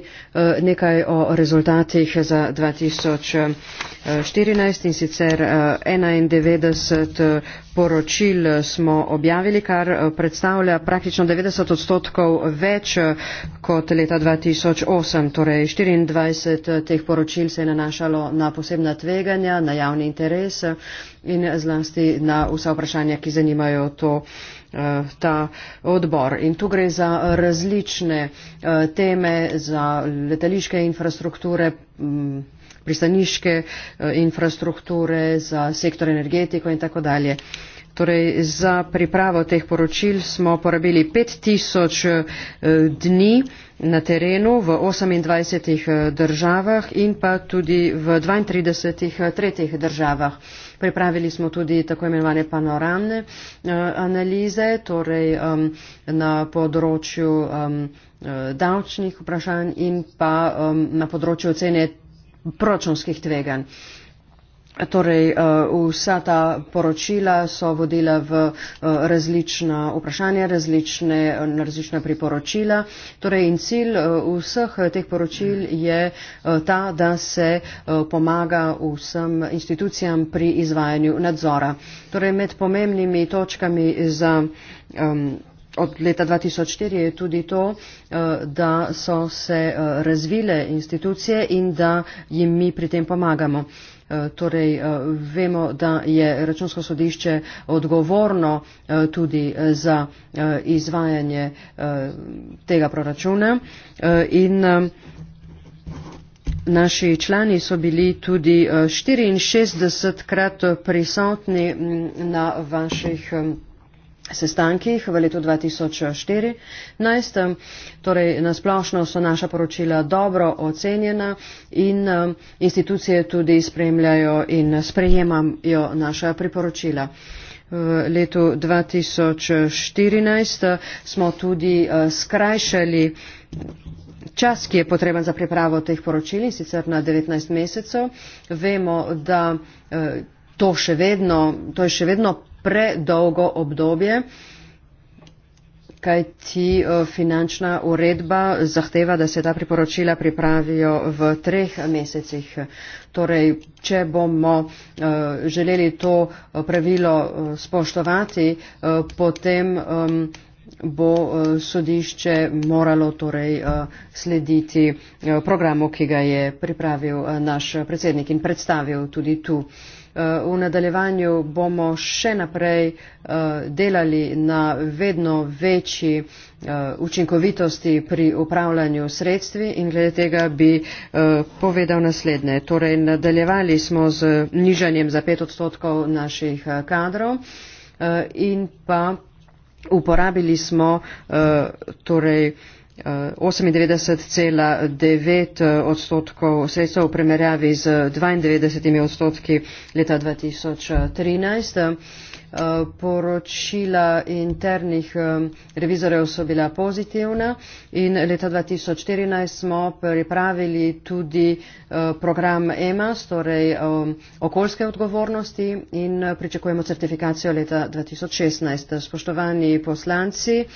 nekaj o rezultatih za 2014 in sicer 91 eh, eh, poročil smo objavili, kar predstavlja praktično 90 odstotkov več kot leta 2008. Torej 24 teh poročil se je nanašalo na posebna tveganja, na javni interes in zlasti na vsa vprašanja, ki zanimajo to. Eh, ta odbor. In tu gre za različne eh, teme, za letališke infrastrukture, mm, pristaniške eh, infrastrukture, za sektor energetiko in tako dalje. Torej, za pripravo teh poročil smo porabili 5000 eh, dni na terenu v 28 eh, državah in pa tudi v 32 eh, tretjih državah. Pripravili smo tudi tako imenovane panoramne analize, torej na področju davčnih vprašanj in pa na področju ocene proračunskih tveganj. Torej, eh, vsa ta poročila so vodila v eh, različna vprašanja, različne, različna priporočila. Torej, in cilj eh, vseh teh poročil je ta, da se pomaga vsem institucijam pri izvajanju nadzora. Torej, med pomembnimi točkami za. Um, Od leta 2004 je tudi to, da so se razvile institucije in da jim mi pri tem pomagamo. Eh, torej, eh, vemo, da je računsko sodišče odgovorno eh, tudi za izvajanje tega proračuna. In naši člani so bili tudi 64 krat prisotni mm, na vaših sestankih v letu 2014. Torej, nasplošno so naša poročila dobro ocenjena in institucije tudi spremljajo in sprejemajo naša priporočila. V letu 2014 smo tudi e, skrajšali čas, ki je potreben za pripravo teh poročil, sicer na 19 mesecev. Vemo, da e, to še vedno, to je še vedno predolgo obdobje, kajti eh, finančna uredba zahteva, da se ta priporočila pripravijo v treh mesecih. Torej, če bomo eh, želeli to eh, pravilo spoštovati, potem bo sodišče moralo torej slediti programu, ki ga je pripravil naš predsednik in predstavil tudi tu. Eh, v nadaljevanju bomo še naprej eh, delali na vedno večji eh, učinkovitosti pri upravljanju sredstvi in glede tega bi povedal naslednje. Torej, nadaljevali smo z nižanjem za pet odstotkov naših kadrov in pa uporabili smo torej, 98,9 eh, eh, eh, odstotkov sredstev v primerjavi z 92 odstotki leta 2013. Poročila internih revizorjev so bila pozitivna in leta 2014 smo pripravili tudi program EMAS, torej okoljske odgovornosti in pričakujemo certifikacijo leta 2016. Spoštovani poslanci,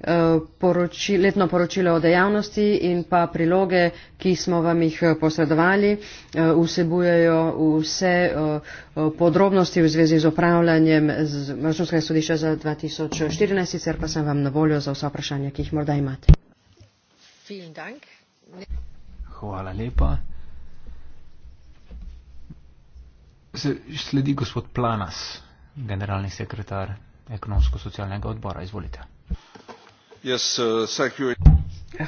Eh, poroči, letno poročilo o dejavnosti in pa priloge, ki smo vam jih eh, posredovali, eh, vsebujejo vse podrobnosti v zvezi z upravljanjem Računskega sodišča za 2014, sicer pa sem vam na voljo za vsa vprašanja, ki jih morda imate. Hvala lepa. Se sledi gospod Planas, generalni sekretar ekonomsko-socialnega odbora. Izvolite. Uh,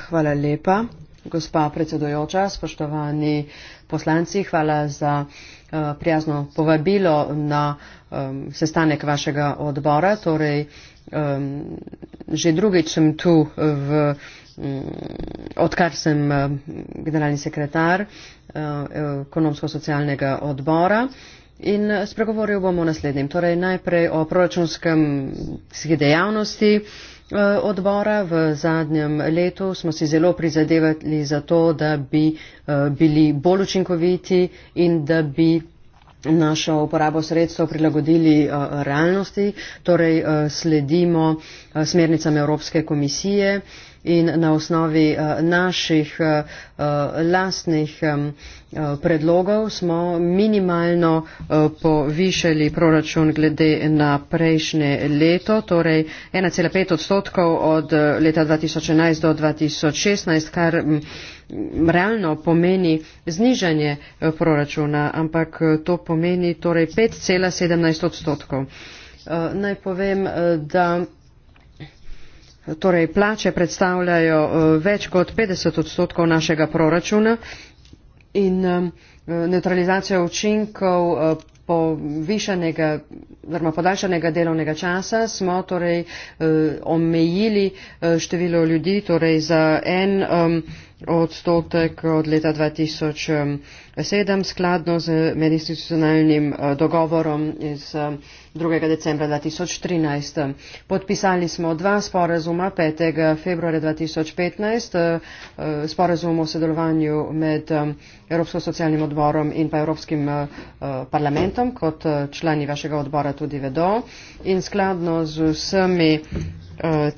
hvala lepa, gospa predsedojoča, spoštovani poslanci, hvala za uh, prijazno povabilo na um, sestanek vašega odbora. Torej, um, že drugič sem tu, v, mm, odkar sem uh, generalni sekretar ekonomsko-socialnega odbora. In spregovoril bomo o naslednjem. Torej najprej o proračunskem dejavnosti, Eh, odbora. V zadnjem letu smo si zelo prizadevali za to, da bi eh, bili bolj učinkoviti in da bi našo uporabo sredstev prilagodili eh, realnosti, torej sledimo smernicam Evropske komisije in na osnovi eh, naših eh, eh, lastnih predlogov smo minimalno povišali proračun glede na prejšnje leto, torej 1,5 odstotkov od leta 2011 do 2016, kar realno pomeni znižanje proračuna, ampak to pomeni torej 5,17 odstotkov. Naj povem, da torej plače predstavljajo eh, več kot petdeset odstotkov našega proračuna in eh, neutralizacija učinkov eh, povišanega oziroma podaljšanega delovnega časa smo torej omejili število ljudi torej za en um, odstotek od leta 2007 skladno z medinstitucionalnim eh, dogovorom iz 2. Eh, decembra 2013. Podpisali smo dva sporazuma 5. februarja 2015, eh, sporazum o sodelovanju med Evropsko socialnim odborom in pa Evropskim parlamentom, kot člani vašega odbora tudi vedo. In skladno z vsemi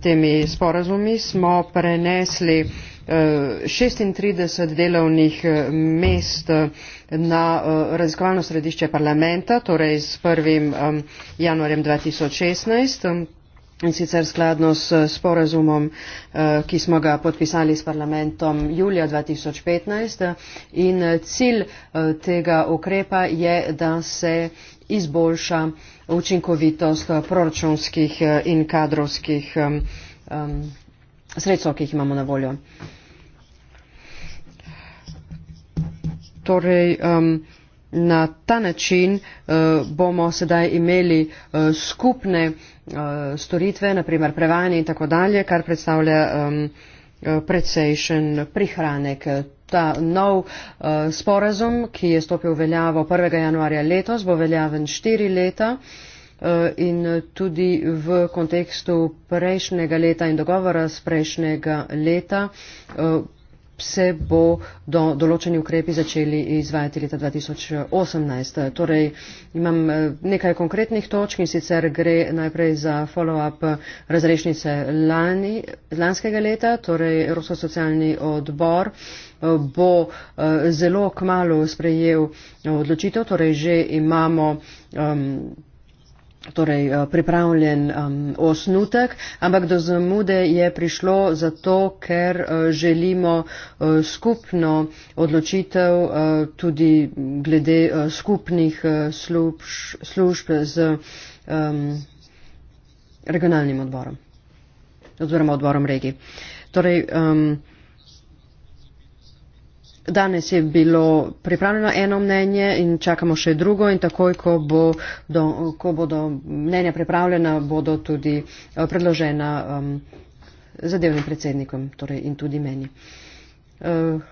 temi sporazumi smo prenesli 36 eh, delovnih eh, mest eh, na raziskovalno središče parlamenta, torej s 1. januarjem 2016 in sicer skladno s sporazumom, ki smo ga podpisali s parlamentom julija 2015. In cilj tega ukrepa je, da se izboljša učinkovitost proračunskih in kadrovskih um, sredstva, ki jih imamo na voljo. Torej, um, na ta način uh, bomo sedaj imeli uh, skupne uh, storitve, naprimer prevajanje in tako dalje, kar predstavlja um, uh, precejšen prihranek. Ta nov uh, sporazum, ki je stopil v veljavo 1. januarja letos, bo veljaven 4 leta. Uh, Eh, in tudi v kontekstu prejšnjega leta in dogovora z prejšnjega leta eh, se bo do določeni ukrepi začeli izvajati leta 2018. Eh, torej imam nekaj konkretnih točk in sicer gre najprej za follow-up razrešnice lani, lanskega leta. Torej Evropsko socialni odbor bo zelo kmalo sprejel odločitev, torej že imamo. Um, torej, eh, pripravljen um, osnutek, ampak do zamude je prišlo zato, ker uh, želimo uh, skupno odločitev uh, tudi glede uh, skupnih uh, služb, služb z um, regionalnim odborom oziroma odborom regij. Torej, um, Danes je bilo pripravljeno eno mnenje in čakamo še drugo in takoj, ko, bo do, ko bodo mnenja pripravljena, bodo tudi eh, predložena um, zadevnim predsednikom torej, in tudi meni. Uh,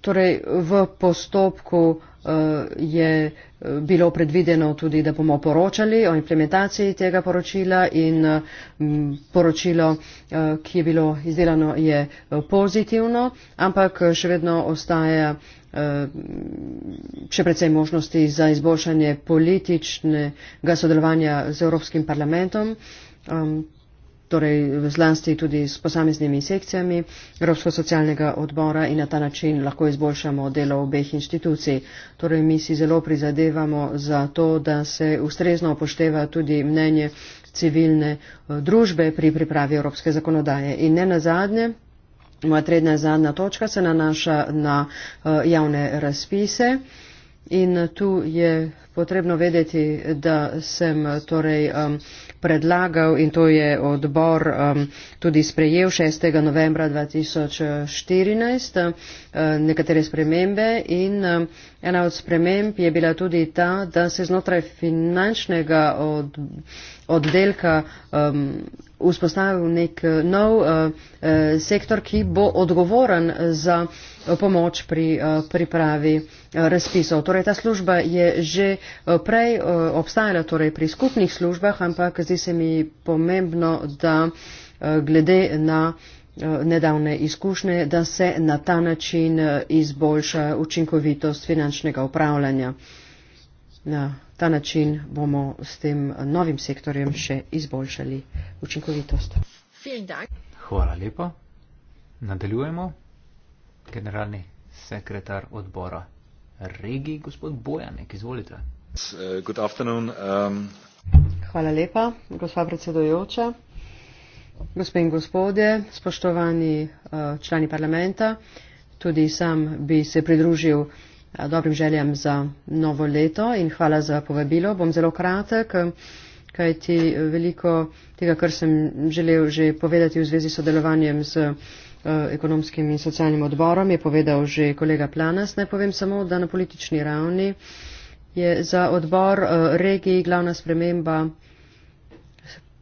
torej, v postopku uh, je bilo predvideno tudi, da bomo poročali o implementaciji tega poročila in mm, poročilo, eh, ki je bilo izdelano, je eh, pozitivno, ampak eh, še vedno ostaja še predvsej možnosti za izboljšanje političnega sodelovanja z Evropskim parlamentom. Ehm, torej zlasti tudi s posameznimi sekcijami Evropsko-socialnega odbora in na ta način lahko izboljšamo delo obeh inštitucij. Torej mi si zelo prizadevamo za to, da se ustrezno upošteva tudi mnenje civilne eh, družbe pri pripravi evropske zakonodaje. In ne nazadnje, moja tredna zadnja točka se nanaša na eh, javne razpise. In tu je potrebno vedeti, da sem torej um, predlagal in to je odbor um, tudi sprejel 6. novembra 2014 uh, nekatere spremembe in um, ena od sprememb je bila tudi ta, da se znotraj finančnega od, oddelka um, vzpostavil nek uh, nov uh, uh, sektor, ki bo odgovoren za uh, pomoč pri uh, pripravi uh, razpisov. Torej, ta služba je že Eh, prej eh, obstajala torej pri skupnih službah, ampak zdi se mi pomembno, da eh, glede na nedavne izkušnje, da se na ta način izboljša učinkovitost finančnega upravljanja. Na ta način bomo s tem novim sektorjem še izboljšali učinkovitost. Hvala lepa. Nadaljujemo. Generalni sekretar odbora regiji, gospod Bojanek. Izvolite. Eh, um... Hvala lepa, gospod predsedojoče, gospe in gospodje, spoštovani eh, člani parlamenta. Tudi sam bi se pridružil eh, dobrim željam za novo leto in hvala za povabilo. Bom zelo kratek, kajti veliko tega, kar sem želel že povedati v zvezi s sodelovanjem z. Eh, ekonomskim in socialnim odborom, je povedal že kolega Planas. Naj povem samo, da na politični ravni je za odbor eh, regiji glavna sprememba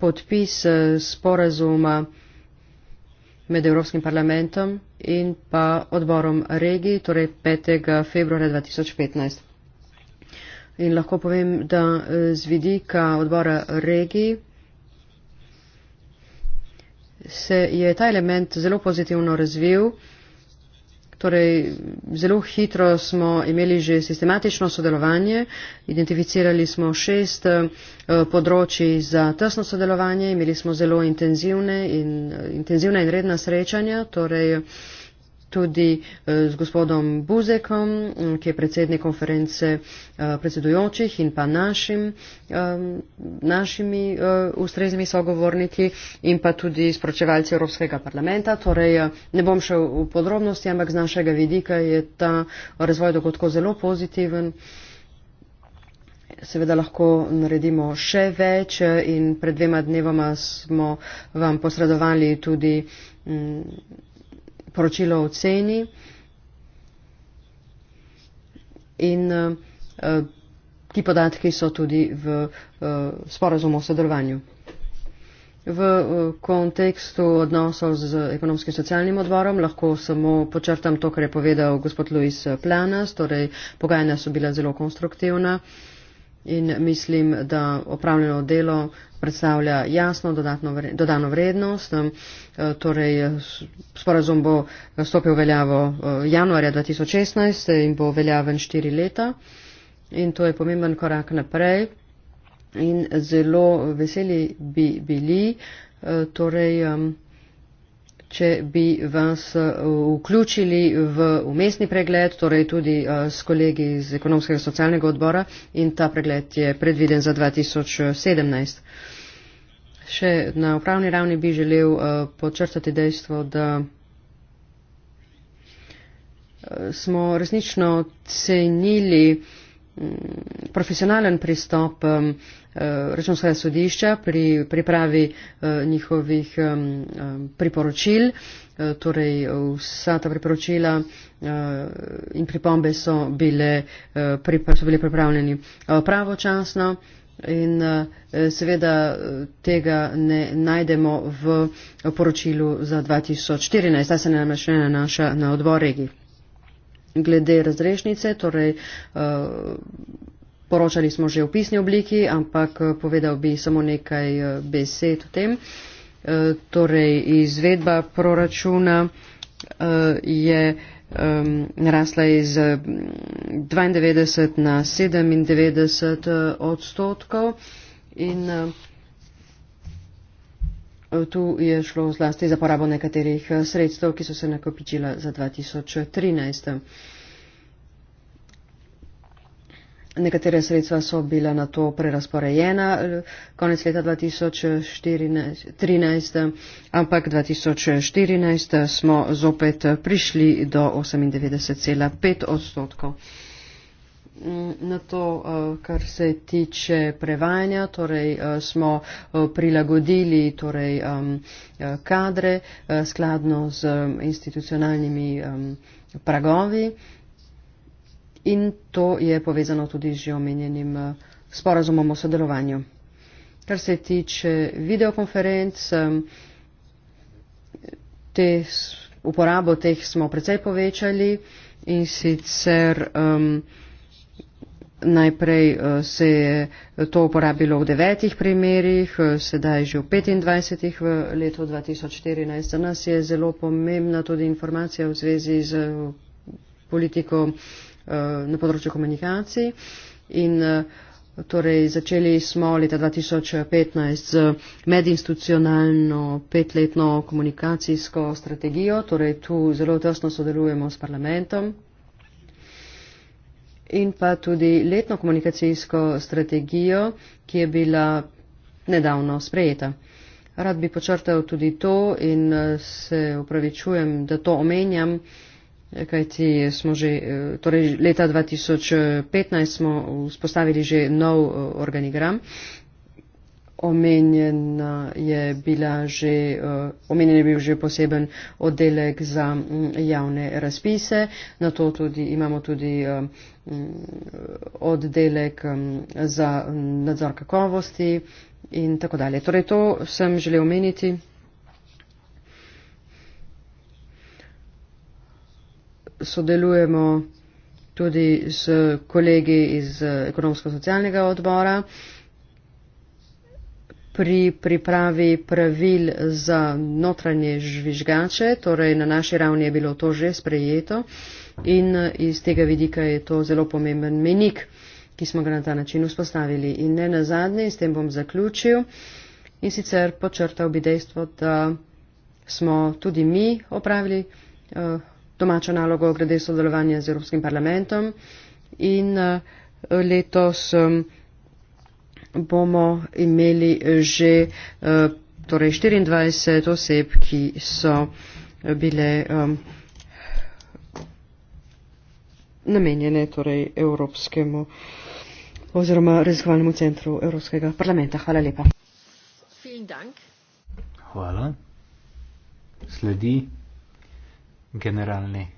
podpis eh, sporazuma med Evropskim parlamentom in pa odborom regiji, torej 5. februarja 2015. In lahko povem, da z vidika odbora regiji se je ta element zelo pozitivno razvil. Torej, zelo hitro smo imeli že sistematično sodelovanje, identificirali smo šest eh, področji za tesno sodelovanje, imeli smo zelo intenzivne in, eh, intenzivne in redna srečanja. Torej, tudi eh, z gospodom Buzekom, ki je predsednik konference eh, predsedujočih in pa našim, našimi eh, ustreznimi sogovorniki in pa tudi s pročevalci Evropskega parlamenta. Torej, ne bom šel v podrobnosti, ampak z našega vidika je ta razvoj dogodkov zelo pozitiven. Seveda lahko naredimo še več in pred dvema dnevoma smo vam posredovali tudi poročilo o ceni in eh, eh, ti podatki so tudi v eh, sporazumu o sodelovanju. V kontekstu odnosov z ekonomskim socialnim odborom lahko samo počrtam to, kar je povedal gospod Luis Planas, torej pogajanja so bila zelo konstruktivna. In mislim, da opravljeno delo predstavlja jasno dodatno, dodano vrednost. Um, eh, torej, sporazum bo stopil veljavo eh, januarja 2016 in bo veljaven štiri leta. In to je pomemben korak naprej. In zelo veseli bi bili. Eh, torej, um, če bi vas eh, vključili v umestni pregled, torej tudi eh, s kolegi iz ekonomskega socialnega odbora in ta pregled je predviden za 2017. Še na upravni ravni bi želel eh, počrtati dejstvo, da smo resnično cenili mm, profesionalen pristop um, Eh, računskega sodišča pri pripravi eh, njihovih eh, priporočil. Torej, vsa ta priporočila in pripombe so bile, so bile pripravljeni pravočasno. In seveda tega ne najdemo v poročilu za 2014, ta se ne nanaša na odbor regi. Glede razrešnice, torej poročali smo že v pisni obliki, ampak eh, povedal bi samo nekaj eh, besed o tem. Eh, torej, izvedba proračuna je narasla iz 92 mm, na 97 odstotkov in tu je šlo zlasti za porabo nekaterih sredstev, ki so se nakopičila za 2013. Nekatere sredstva so bila na to prerasporejena konec leta 2014, 2013, ampak 2014 smo zopet prišli do 98,5 odstotkov. Na to, kar se tiče prevajanja, torej smo prilagodili torej, kadre skladno z institucionalnimi pragovi in to je povezano tudi z že omenjenim eh, sporazumom o sodelovanju. Kar se tiče videokonferenc, te, uporabo teh smo precej povečali in sicer um, najprej uh, se je to uporabilo v devetih primerih, uh, sedaj že v 25 v letu 2014. Za nas je zelo pomembna tudi informacija v zvezi z politiko uh, Eh, na področju komunikacij. In, eh, torej, začeli smo leta 2015 z medinstitucionalno petletno komunikacijsko strategijo, torej tu zelo tesno sodelujemo s parlamentom in pa tudi letno komunikacijsko strategijo, ki je bila nedavno sprejeta. Rad bi počrtal tudi to in eh, se upravičujem, da to omenjam, kajti smo že, eh, torej leta 2015 smo vzpostavili že nov eh, organigram. Omenjena je bila že, eh, omenjen je bil že poseben oddelek za mm, javne razpise, na to tudi imamo tudi mm, oddelek mm, za nadzor kakovosti in tako dalje. Torej to sem želel omeniti. sodelujemo tudi s kolegi iz eh, ekonomsko-socialnega odbora pri pripravi pravil za notranje žvižgače, torej na naši ravni je bilo to že sprejeto in eh, iz tega vidika je to zelo pomemben menik, ki smo ga na ta način vzpostavili. In ne nazadnje, s tem bom zaključil in sicer počrtal bi dejstvo, da smo tudi mi opravili uh, domačo nalogo glede sodelovanja z Evropskim parlamentom in eh, letos bomo imeli eh, že eh, torej 24 oseb, ki so bile namenjene torej Evropskemu oziroma raziskovalnemu centru Evropskega parlamenta. Hvala lepa. Hvala. Sledi generalni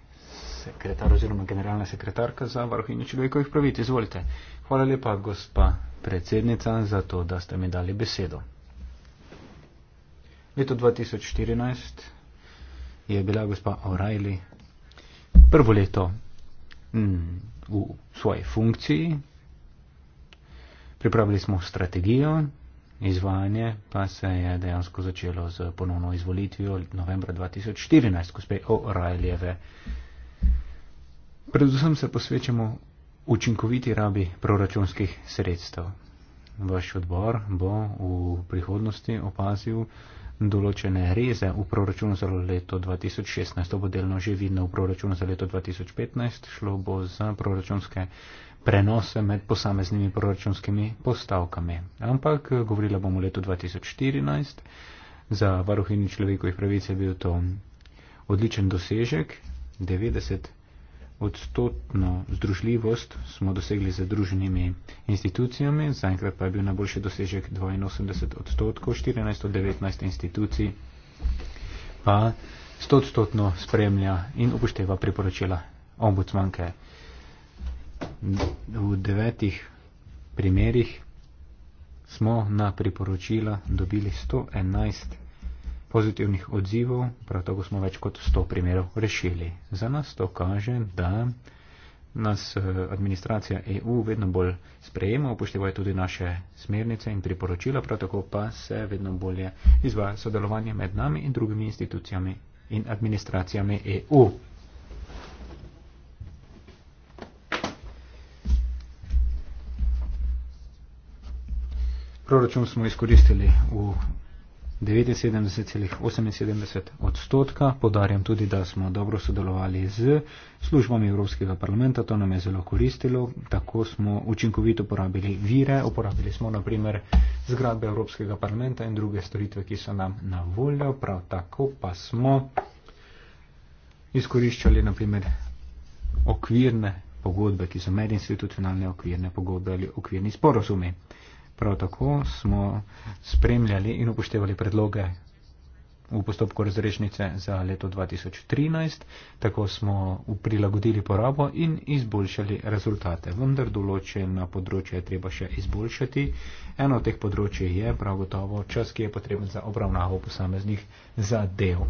sekretar oziroma generalna sekretarka za varuhinjo človekovih pravic. Izvolite. Hvala lepa, gospa predsednica, za to, da ste mi dali besedo. Leto 2014 je bila gospa O'Reilly prvo leto mm, v svoji funkciji. Pripravili smo strategijo, izvajanje pa se je dejansko začelo z ponovno izvolitvijo novembra 2014, ko spet o Rajljeve. Predvsem se posvečamo učinkoviti rabi proračunskih sredstev. Vaš odbor bo v prihodnosti opazil določene reze v proračunu za leto 2016. To bo delno že vidno v proračunu za leto 2015. Šlo bo za proračunske prenose med posameznimi proračunskimi postavkami. Ampak eh, govorila bom o letu 2014. Za varuhini človekovih pravic je bil to odličen dosežek. 90 odstotno združljivost smo dosegli z združenimi institucijami, zaenkrat pa je bil najboljši dosežek 82 odstotkov, 14 od 19 institucij pa 100 odstotno spremlja in upošteva priporočila ombudsmanke v devetih primerjih smo na priporočila dobili 111 pozitivnih odzivov, prav tako smo več kot 100 primerov rešili. Za nas to kaže, da nas eh, administracija EU vedno bolj sprejema, upoštevajo tudi naše smernice in priporočila, prav tako pa se vedno bolje izvaja sodelovanje med nami in drugimi institucijami in administracijami EU. proračun smo izkoristili v 79,78 odstotka. Podarjam tudi, da smo dobro sodelovali z službami Evropskega parlamenta, to nam je zelo koristilo. Tako smo učinkovito uporabili vire, uporabili smo naprimer zgradbe Evropskega parlamenta in druge storitve, ki so nam na voljo. Prav tako pa smo izkoriščali naprimer okvirne pogodbe, ki so medinstitucionalne okvirne pogodbe ali okvirni sporozumi. Prav tako smo spremljali in upoštevali predloge v postopku razrešnice za leto 2013, tako smo prilagodili porabo in izboljšali rezultate. Vendar določena področja je treba še izboljšati. Eno od teh področji je prav gotovo čas, ki je potreben za obravnavo posameznih zadev.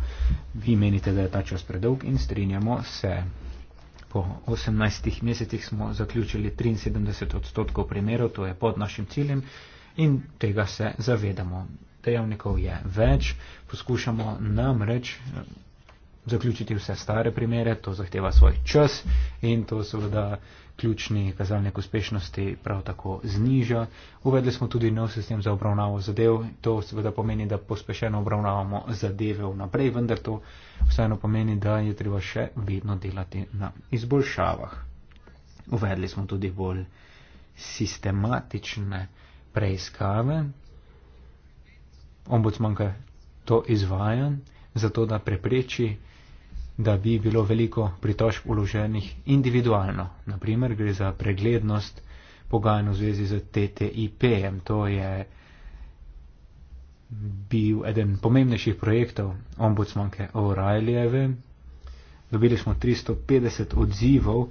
Vi menite, da je ta čas predolg in strinjamo se. Po 18 mesecih smo zaključili 73 odstotkov primerov, to je pod našim ciljem in tega se zavedamo. Dejavnikov je več, poskušamo nam reč eh, zaključiti vse stare primere, to zahteva svoj čas in to seveda ključni kazalnik uspešnosti prav tako zniža. Uvedli smo tudi nov sistem za obravnavo zadev. To seveda pomeni, da pospešeno obravnavamo zadeve vnaprej, vendar to vseeno pomeni, da je treba še vedno delati na izboljšavah. Uvedli smo tudi bolj sistematične preiskave. Ombudsmanka to izvaja, zato da prepreči da bi bilo veliko pritožb uloženih individualno. Naprimer, gre za preglednost pogajanj v zvezi z TTIP-em. To je bil eden pomembnejših projektov ombudsmanke O'Reillyjeve. Dobili smo 350 odzivov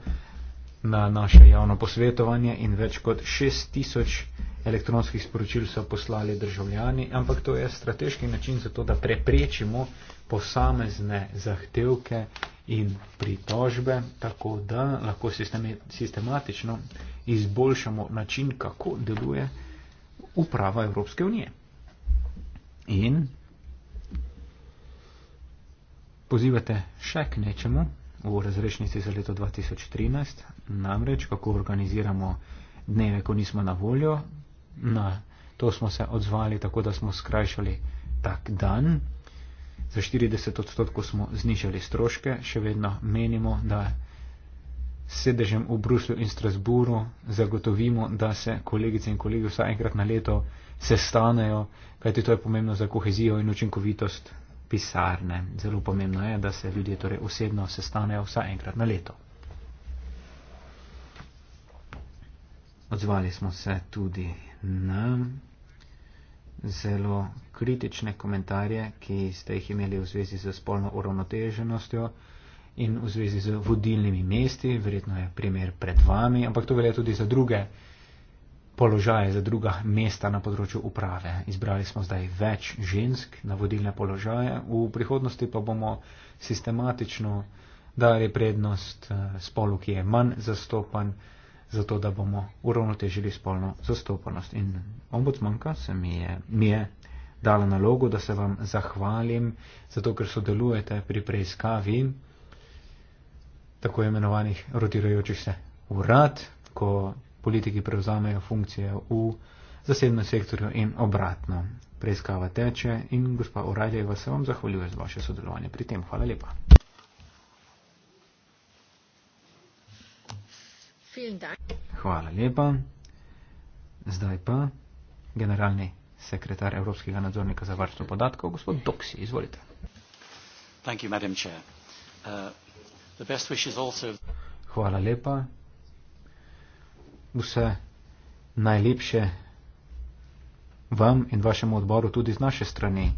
na naše javno posvetovanje in več kot 6000 elektronskih sporočil so poslali državljani, ampak to je strateški način za to, da preprečimo posamezne zahtevke in pritožbe, tako da lahko sistematično izboljšamo način, kako deluje uprava Evropske unije. In pozivate še k nečemu v razrešnici za leto 2013, namreč kako organiziramo dneve, ko nismo na voljo. Na to smo se odzvali tako, da smo skrajšali tak dan, Za 40 odstotkov smo znižali stroške, še vedno menimo, da sedežem v Bruslju in Strasburu zagotovimo, da se kolegice in kolegi vsaj enkrat na leto sestanejo, kajti to je pomembno za kohezijo in učinkovitost pisarne. Zelo pomembno je, da se ljudje torej osebno sestanejo vsaj enkrat na leto. Odzvali smo se tudi na zelo kritične komentarje, ki ste jih imeli v zvezi z spolno uravnoteženostjo in v zvezi z vodilnimi mesti, verjetno je primer pred vami, ampak to velja tudi za druge položaje, za druga mesta na področju uprave. Izbrali smo zdaj več žensk na vodilne položaje, v prihodnosti pa bomo sistematično dali prednost eh, spolu, ki je manj zastopan zato da bomo uravnotežili spolno zastopanost. In ombudsmanka se mi je, mi je dala nalogo, da se vam zahvalim, zato ker sodelujete pri preiskavi tako imenovanih rotirajočih se urad, ko politiki prevzamejo funkcije v zasebnem sektorju in obratno. Preiskava teče in gospa Urajljeva se vam zahvaljuje za vaše sodelovanje pri tem. Hvala lepa. Hvala lepa. Zdaj pa generalni sekretar Evropskega nadzornika za varstvo podatkov, gospod Doksi. Izvolite. Thank you, madam chair. Uh, the best wishes also... Hvala lepa. Vse najlepše vam in vašemu odboru tudi z naše strani.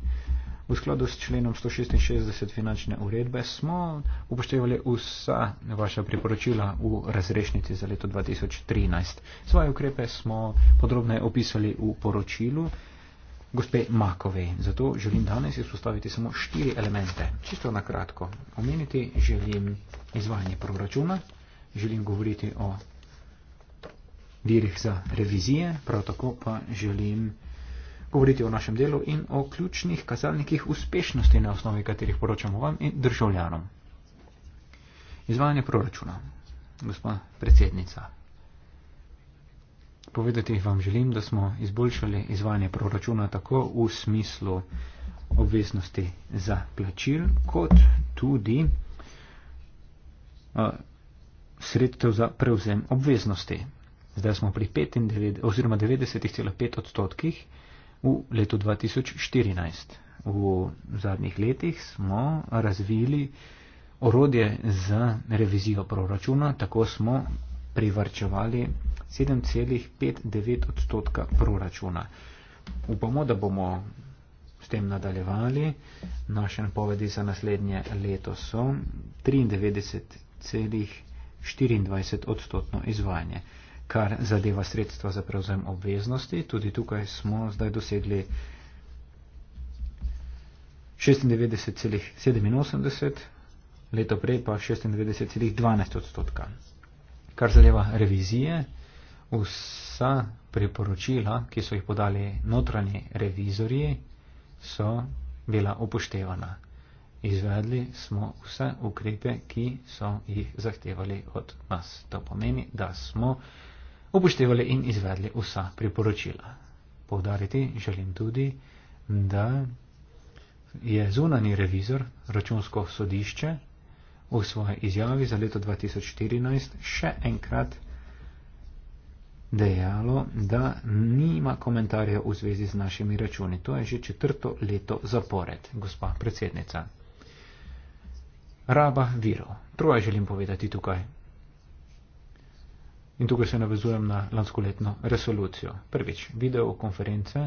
V skladu s členom 166 finančne uredbe smo upoštevali vsa vaša priporočila v razrešnici za leto 2013. Svoje ukrepe smo podrobno opisali v poročilu gospe Makovej. Zato želim danes izpostaviti samo štiri elemente. Čisto na kratko omeniti želim izvajanje proračuna, želim govoriti o virih za revizije, prav tako pa želim govoriti o našem delu in o ključnih kazalnikih uspešnosti, na osnovi katerih poročamo vam in državljanom. Izvajanje proračuna, gospa predsednica. Povedati vam želim, da smo izboljšali izvajanje proračuna tako v smislu obveznosti za plačil, kot tudi uh, sredstev za prevzem obveznosti. Zdaj smo pri 95, oziroma 90,5 odstotkih, v letu 2014. V zadnjih letih smo razvili orodje za revizijo proračuna, tako smo privrčevali 7,59 odstotka proračuna. Upamo, da bomo s tem nadaljevali. Naše napovedi za naslednje leto so 93,24 odstotno izvajanje kar zadeva sredstva za prevzem obveznosti. Tudi tukaj smo zdaj dosedli 96,87, leto prej pa 96,12 odstotka. Kar zadeva revizije, vsa priporočila, ki so jih podali notranji revizorji, so bila upoštevana. Izvedli smo vse ukrepe, ki so jih zahtevali od nas. To pomeni, da smo upoštevali in izvedli vsa priporočila. Povdariti želim tudi, da je zunani revizor računsko sodišče v svoji izjavi za leto 2014 še enkrat dejalo, da nima komentarja v zvezi z našimi računi. To je že četrto leto zapored, gospa predsednica. Raba virov. Troje želim povedati tukaj. In tukaj se navezujem na lanskoletno resolucijo. Prvič, videokonference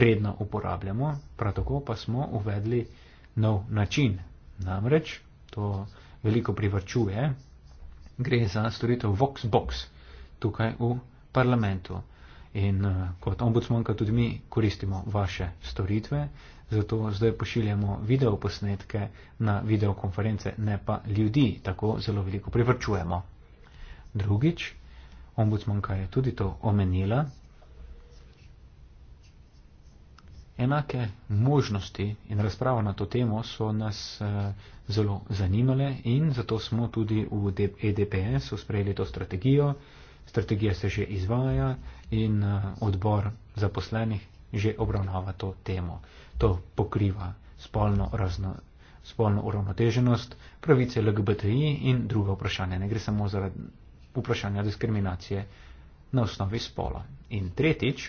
redno uporabljamo, prav tako pa smo uvedli nov način. Namreč to veliko privrčuje, gre za storitev Voxbox tukaj v parlamentu. In eh, kot ombudsmanka tudi mi koristimo vaše storitve, zato zdaj pošiljamo videoposnetke na videokonference, ne pa ljudi, tako zelo veliko privrčujemo. Drugič, ombudsmanka je tudi to omenila, enake možnosti in razprava na to temo so nas uh, zelo zanimale in zato smo tudi v EDPS sprejeli to strategijo. Strategija se že izvaja in uh, odbor zaposlenih že obravnava to temo. To pokriva spolno, razno, spolno uravnoteženost, pravice LGBTI in druga vprašanja. Ne gre samo zaradi vprašanja diskriminacije na osnovi spola. In tretjič,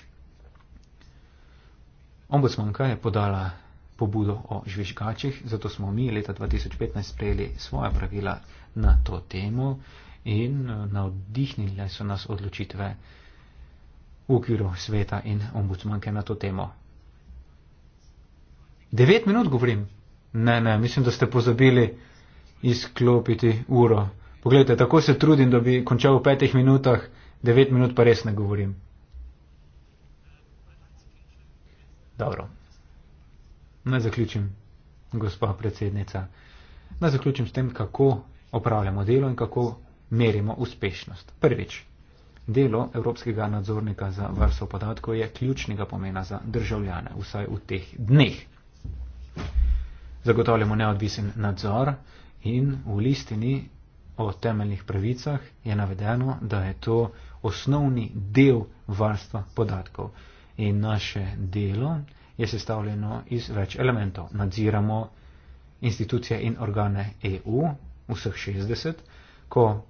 ombudsmanka je podala pobudo o žvižgačih, zato smo mi leta 2015 sprejeli svoja pravila na to temo in eh, navdihnile so nas odločitve v okviru sveta in ombudsmanke na to temo. Devet minut govorim. Ne, ne, mislim, da ste pozabili izklopiti uro. Poglejte, tako se trudim, da bi končal v petih minutah, devet minut pa res ne govorim. Dobro. Naj zaključim, gospa predsednica. Naj zaključim s tem, kako opravljamo delo in kako merimo uspešnost. Prvič. Delo Evropskega nadzornika za varstvo podatkov je ključnega pomena za državljane, vsaj v teh dneh. Zagotavljamo neodvisen nadzor in v listini o temeljnih pravicah je navedeno, da je to osnovni del varstva podatkov. In naše delo je sestavljeno iz več elementov. Nadziramo institucije in organe EU, vseh 60, ko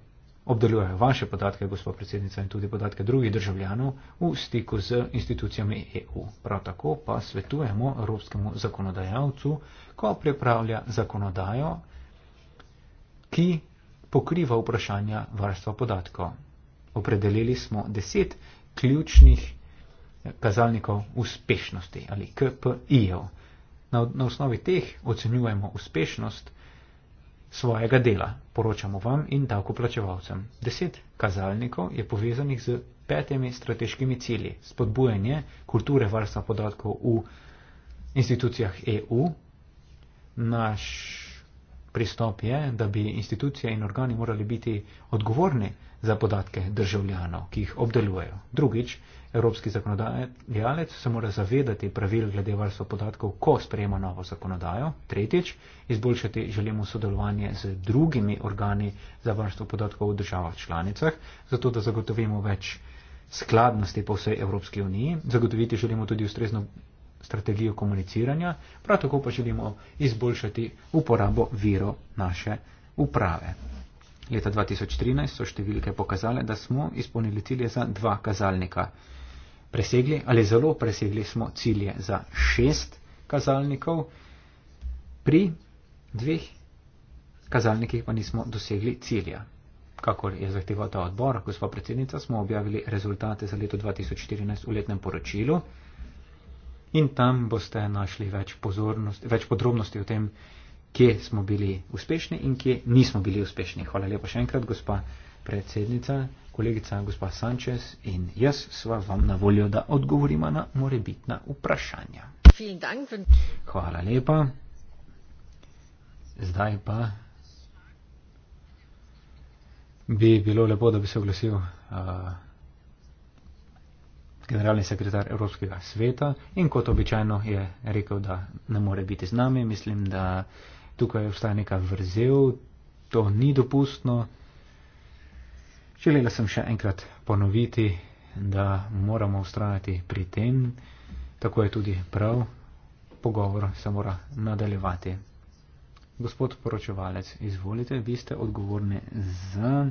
obdelujejo vaše podatke, gospod predsednica, in tudi podatke drugih državljanov v stiku z institucijami EU. Prav tako pa svetujemo evropskemu zakonodajalcu, ko pripravlja zakonodajo, ki pokriva vprašanja varstva podatkov. Opredelili smo deset ključnih kazalnikov uspešnosti ali KPI-jev. Na, na osnovi teh ocenjujemo uspešnost svojega dela, poročamo vam in davkoplačevalcem. Deset kazalnikov je povezanih z petimi strateškimi cilji. Spodbujanje kulture varstva podatkov v institucijah EU, naš pristop je, da bi institucije in organi morali biti odgovorni za podatke državljanov, ki jih obdelujejo. Drugič, evropski zakonodajalec se mora zavedati pravil glede varstva podatkov, ko sprejema novo zakonodajo. Tretjič, izboljšati želimo sodelovanje z drugimi organi za varstvo podatkov v državah članicah, zato da zagotovimo več skladnosti po vsej Evropski uniji. Zagotoviti želimo tudi ustrezno strategijo komuniciranja, prav tako pa želimo izboljšati uporabo viro naše uprave. Leta 2013 so številke pokazale, da smo izpolnili cilje za dva kazalnika. Presegli ali zelo presegli smo cilje za šest kazalnikov, pri dveh kazalnikih pa nismo dosegli cilja. Kakor je zahteval ta odbor, gospa predsednica, smo objavili rezultate za leto 2014 v letnem poročilu in tam boste našli več, več podrobnosti o tem, kje smo bili uspešni in kje nismo bili uspešni. Hvala lepa še enkrat, gospa predsednica, kolegica gospa Sanchez in jaz sva vam na voljo, da odgovorima na morebitna vprašanja. Hvala lepa. Zdaj pa bi bilo lepo, da bi se oglasil. Uh, generalni sekretar Evropskega sveta in kot običajno je rekel, da ne more biti z nami. Mislim, da tukaj obstaja neka vrzel, to ni dopustno. Želela sem še enkrat ponoviti, da moramo ustrajati pri tem, tako je tudi prav, pogovor se mora nadaljevati. Gospod poročevalec, izvolite, vi ste odgovorni za,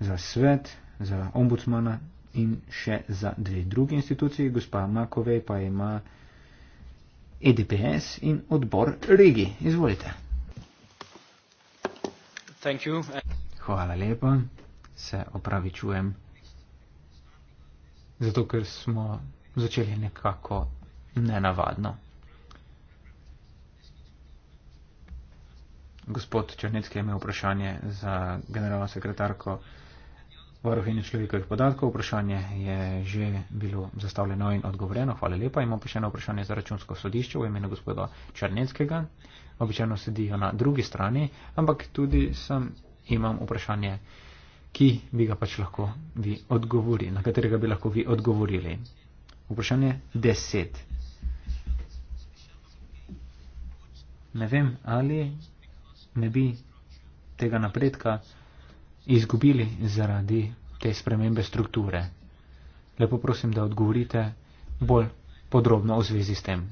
za svet, za ombudsmana in še za dve druge institucije. Gospa Makove pa ima EDPS in odbor regi. Izvolite. Hvala lepa. Se opravičujem. Zato, ker smo začeli nekako nenavadno. Gospod Črnecki je imel vprašanje za generalno sekretarko varuhinje človekovih podatkov. Vprašanje je že bilo zastavljeno in odgovorjeno. Hvala lepa. Imamo še eno vprašanje za računsko sodišče v imenu gospoda Črneckega. Običajno sedijo na drugi strani, ampak tudi sem imam vprašanje, ki bi ga pač lahko vi odgovorili, na katerega bi lahko vi odgovorili. Vprašanje 10. Ne vem, ali ne bi tega napredka izgubili zaradi te spremembe strukture? Lepo prosim, da odgovorite bolj podrobno v zvezi s tem.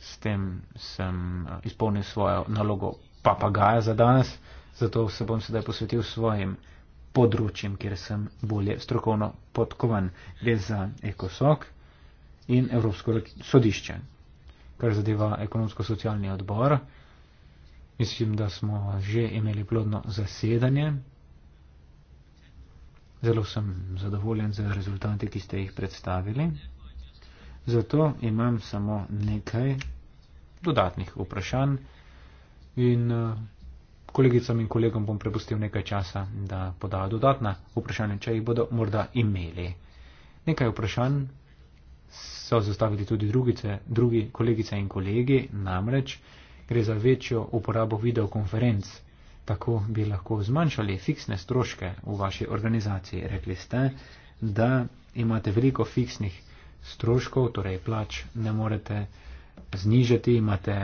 S tem sem eh, izpolnil svojo nalogo papagaja za danes, zato se bom sedaj posvetil svojim področjem, kjer sem bolje strokovno podkovan. Gre za ekosok in Evropsko sodišče. Kar zadeva ekonomsko-socialni odbor, Mislim, da smo že imeli plodno zasedanje. Zelo sem zadovoljen z za rezultati, ki ste jih predstavili. Zato imam samo nekaj dodatnih vprašanj in eh, kolegicam in kolegom bom prepustil nekaj časa, da podajo dodatna vprašanja, če jih bodo morda imeli. Nekaj vprašanj so zastavili tudi drugice, drugi kolegice in kolegi, namreč gre za večjo uporabo videokonferenc. Tako bi lahko zmanjšali fiksne stroške v vaši organizaciji. Rekli ste, da imate veliko fiksnih stroškov, torej plač ne morete znižati, imate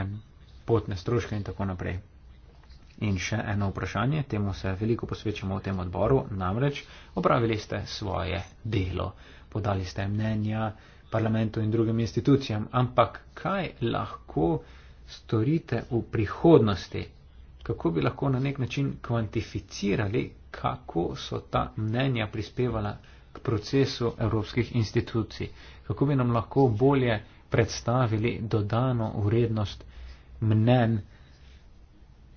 potne stroške in tako naprej. In še eno vprašanje, temu se veliko posvečamo v tem odboru, namreč opravili ste svoje delo, podali ste mnenja parlamentu in drugim institucijam, ampak kaj lahko storite v prihodnosti, kako bi lahko na nek način kvantificirali, kako so ta mnenja prispevala k procesu evropskih institucij, kako bi nam lahko bolje predstavili dodano vrednost mnen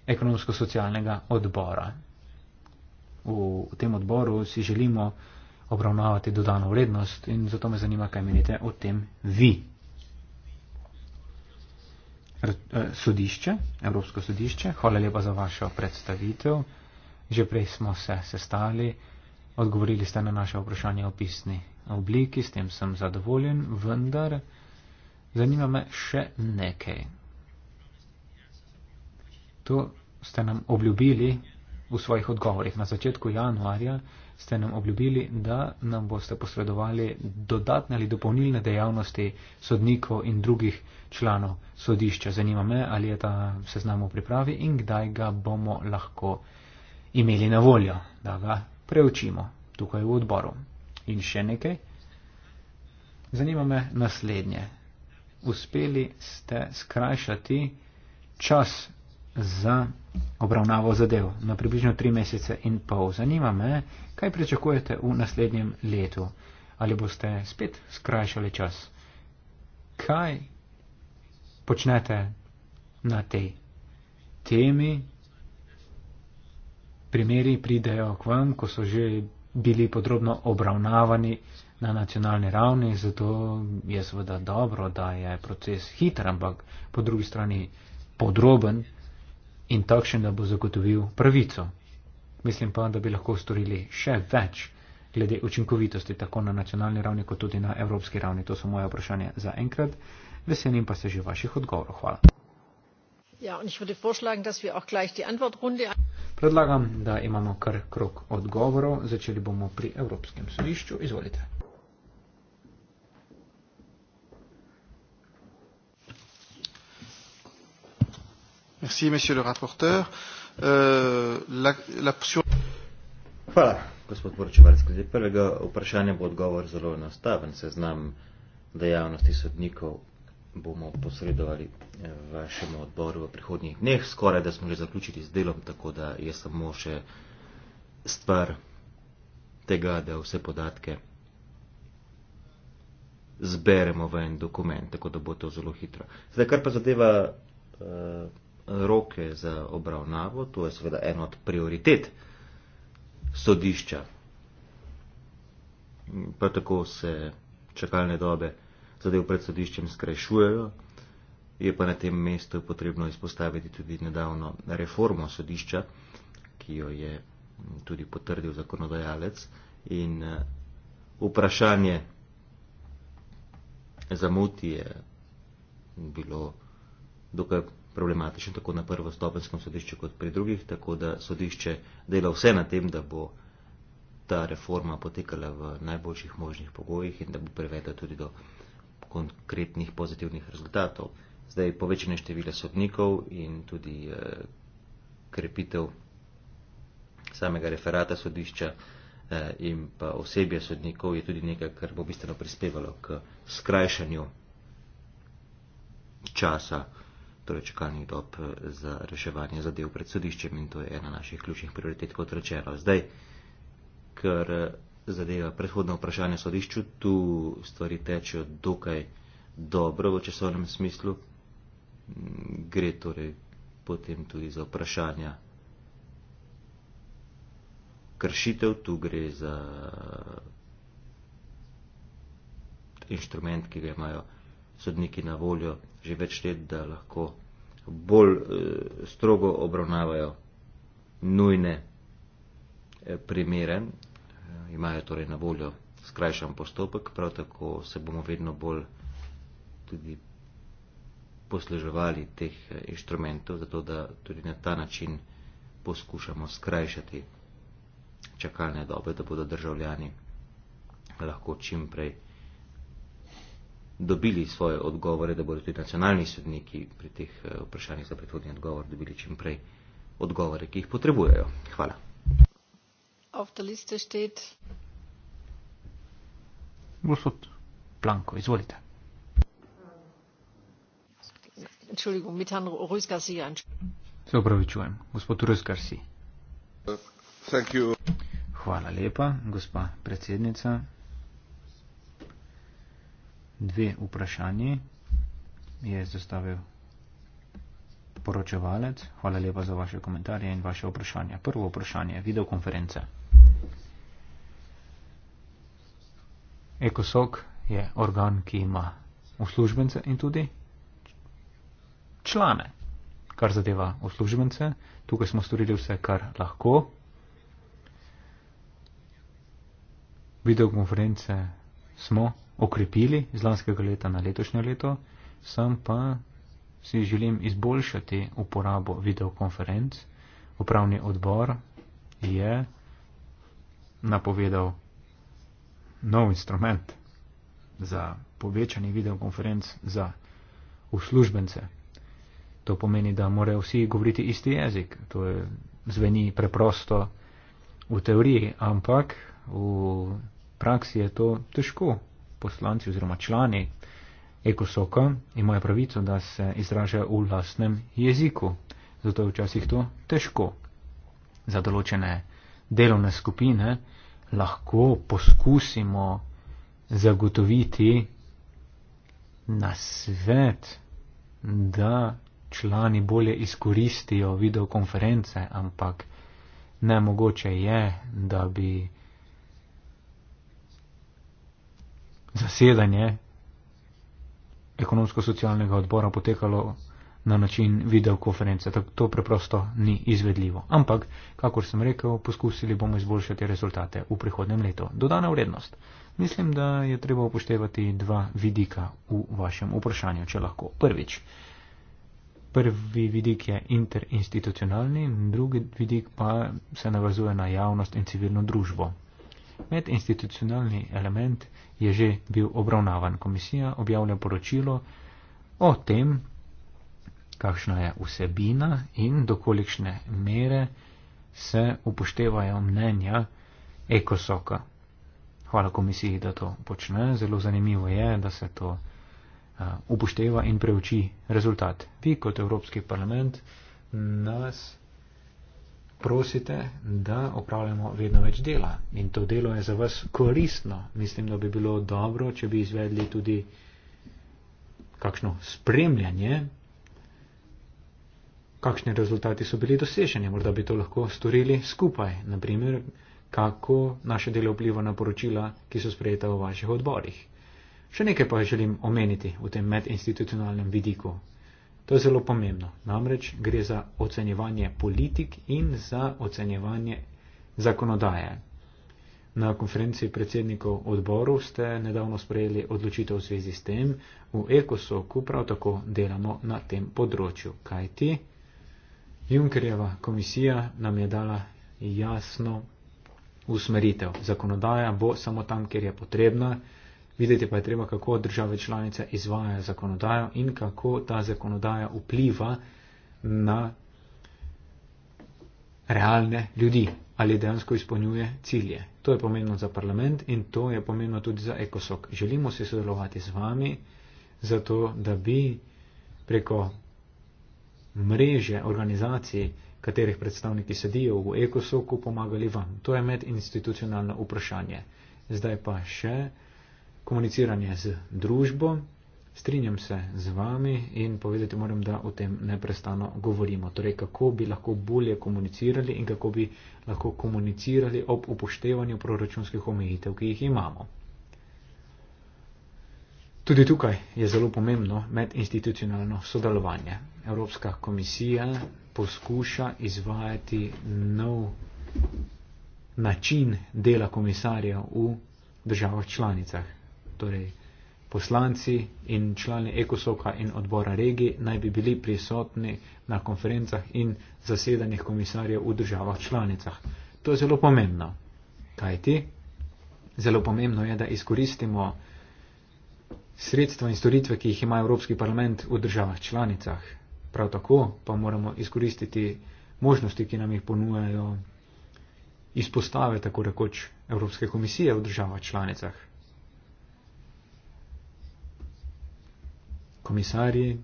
ekonomsko-socialnega odbora. V tem odboru si želimo obravnavati dodano vrednost in zato me zanima, kaj menite o tem vi. Eh, sodišče, Evropsko sodišče. Hvala lepa za vašo predstavitev. Že prej smo se sestali, odgovorili ste na naše vprašanje o pisni obliki, s tem sem zadovoljen, vendar zanima me še nekaj. To ste nam obljubili v svojih odgovorih. Na začetku januarja ste nam obljubili, da nam boste posredovali dodatne ali dopolnilne dejavnosti sodnikov in drugih članov sodišča. Zanima me, ali je ta seznam v pripravi in kdaj ga bomo lahko imeli na voljo, da ga preučimo tukaj v odboru. In še nekaj. Zanima me naslednje. Uspeli ste skrajšati čas za obravnavo zadev na približno tri mesece in pol. Zanima me, kaj pričakujete v naslednjem letu. Ali boste spet skrajšali čas? Kaj počnete na tej temi, primeri pridejo k vam, ko so že bili podrobno obravnavani na nacionalni ravni, zato je seveda dobro, da je proces hiter, ampak po drugi strani podroben in takšen, da bo zagotovil pravico. Mislim pa, da bi lahko storili še več glede učinkovitosti tako na nacionalni ravni kot tudi na evropski ravni. To so moje vprašanje za enkrat. Veselim pa se že vaših odgovorov. Hvala. Ja, Predlagam, da imamo kar krok odgovorov. Začeli bomo pri Evropskem sodišču. Izvolite. Merci, monsieur le rapporteur. Euh, la, la... Hvala, gospod Poročevalec, glede prvega vprašanja bo odgovor zelo enostaven. Seznam dejavnosti sodnikov bomo posredovali eh, vašemu odboru v prihodnjih dneh. Skoraj, da smo že zaključili z delom, tako da je samo še stvar tega, da vse podatke zberemo v en dokument, tako da bo to zelo hitro. Zdaj, kar pa zadeva uh, roke za obravnavo, to je seveda eno od prioritet sodišča. Pa tako se čakalne dobe zadev pred sodiščem skrajšujejo, je pa na tem mestu potrebno izpostaviti tudi nedavno reformo sodišča, ki jo je tudi potrdil zakonodajalec in eh, vprašanje zamuti je bilo dokaj problematično tako na prvostopenskem sodišču kot pri drugih, tako da sodišče dela vse na tem, da bo ta reforma potekala v najboljših možnih pogojih in da bo privedla tudi do konkretnih pozitivnih rezultatov. Zdaj povečanje števila sodnikov in tudi eh, krepitev samega referata sodišča eh, in pa osebja sodnikov je tudi nekaj, kar bo bistveno prispevalo k skrajšanju časa torej čakalnih dob eh, za reševanje zadev pred sodiščem in to je ena naših ključnih prioritet, kot rečeno. Zdaj, ker eh, zadeva predhodno vprašanje sodišču, tu stvari tečejo dokaj dobro v časovnem smislu, mm, gre torej potem tudi za vprašanja kršitev, tu gre za eh, inštrument, ki ga imajo sodniki na voljo že več let, da lahko bolj eh, strogo obravnavajo nujne eh, primere, eh, imajo torej na voljo skrajšan postopek, prav tako se bomo vedno bolj tudi posleževali teh inštrumentov, zato da tudi na ta način poskušamo skrajšati čakalne dobe, da bodo državljani lahko čim prej dobili svoje odgovore, da bodo tudi nacionalni sodniki pri teh eh, vprašanjih za predhodni odgovor dobili čim prej odgovore, ki jih potrebujejo. Hvala. Gospod Planko, izvolite. Ja, Se opravičujem, gospod Ruskar si. Hvala lepa, gospa predsednica dve vprašanji, je zastavil poročevalec. Hvala lepa za vaše komentarje in vaše vprašanje. Prvo vprašanje je videokonference. Ekosok je organ, ki ima uslužbence in tudi člane. Kar zadeva uslužbence, tukaj smo storili vse, kar lahko. Videokonference smo okrepili iz lanskega leta na letošnje leto, sam pa si želim izboljšati uporabo videokonferenc. Upravni odbor je napovedal nov instrument za povečanje videokonferenc za uslužbence. To pomeni, da morajo vsi govoriti isti jezik. To je, zveni preprosto v teoriji, ampak v praksi je to težko poslanci oziroma člani ekosoka imajo pravico, da se izražajo v lastnem jeziku. Zato je včasih to težko. Za določene delovne skupine lahko poskusimo zagotoviti na svet, da člani bolje izkoristijo videokonference, ampak nemogoče je, da bi zasedanje ekonomsko-socialnega odbora potekalo na način videokonference. Tako to preprosto ni izvedljivo. Ampak, kakor sem rekel, poskusili bomo izboljšati rezultate v prihodnem letu. Dodana vrednost. Mislim, da je treba upoštevati dva vidika v vašem vprašanju, če lahko. Prvič. Prvi vidik je interinstitucionalni, drugi vidik pa se navazuje na javnost in civilno družbo. Medinstitucionalni element je že bil obravnavan. Komisija objavlja poročilo o tem, kakšna je vsebina in dokolikšne mere se upoštevajo mnenja ekosoka. Hvala komisiji, da to počne. Zelo zanimivo je, da se to eh, upošteva in preuči rezultat. Vi kot Evropski parlament nas prosite, da opravljamo vedno več dela. In to delo je za vas koristno. Mislim, da bi bilo dobro, če bi izvedli tudi kakšno spremljanje, kakšni rezultati so bili doseženi. Morda bi to lahko storili skupaj. Naprimer, kako naše delo vpliva na poročila, ki so sprejeta v vaših odborih. Še nekaj pa želim omeniti v tem medinstitucionalnem vidiku To je zelo pomembno. Namreč gre za ocenjevanje politik in za ocenjevanje zakonodaje. Na konferenci predsednikov odborov ste nedavno sprejeli odločitev v zvezi s tem. V Ekosoku prav tako delamo na tem področju. Kaj ti? Junkerjeva komisija nam je dala jasno usmeritev. Zakonodaja bo samo tam, kjer je potrebna. Videti pa je treba, kako države članice izvajajo zakonodajo in kako ta zakonodaja vpliva na realne ljudi ali dejansko izpolnjuje cilje. To je pomembno za parlament in to je pomembno tudi za ekosok. Želimo se sodelovati z vami, zato da bi preko mreže organizacij, katerih predstavniki sedijo v ekosoku, pomagali vam. To je medinstitucionalno vprašanje. Zdaj pa še komuniciranje z družbo. Strinjam se z vami in povedati moram, da o tem neprestano govorimo. Torej, kako bi lahko bolje komunicirali in kako bi lahko komunicirali ob upoštevanju proračunskih omejitev, ki jih imamo. Tudi tukaj je zelo pomembno medinstitucionalno sodelovanje. Evropska komisija poskuša izvajati nov način dela komisarja v državah članicah torej poslanci in člani ekosoka in odbora regij naj bi bili prisotni na konferencah in zasedanjih komisarjev v državah članicah. To je zelo pomembno. Kaj ti? Zelo pomembno je, da izkoristimo sredstva in storitve, ki jih ima Evropski parlament v državah članicah. Prav tako pa moramo izkoristiti možnosti, ki nam jih ponujajo izpostave, tako rekoč, Evropske komisije v državah članicah. komisarji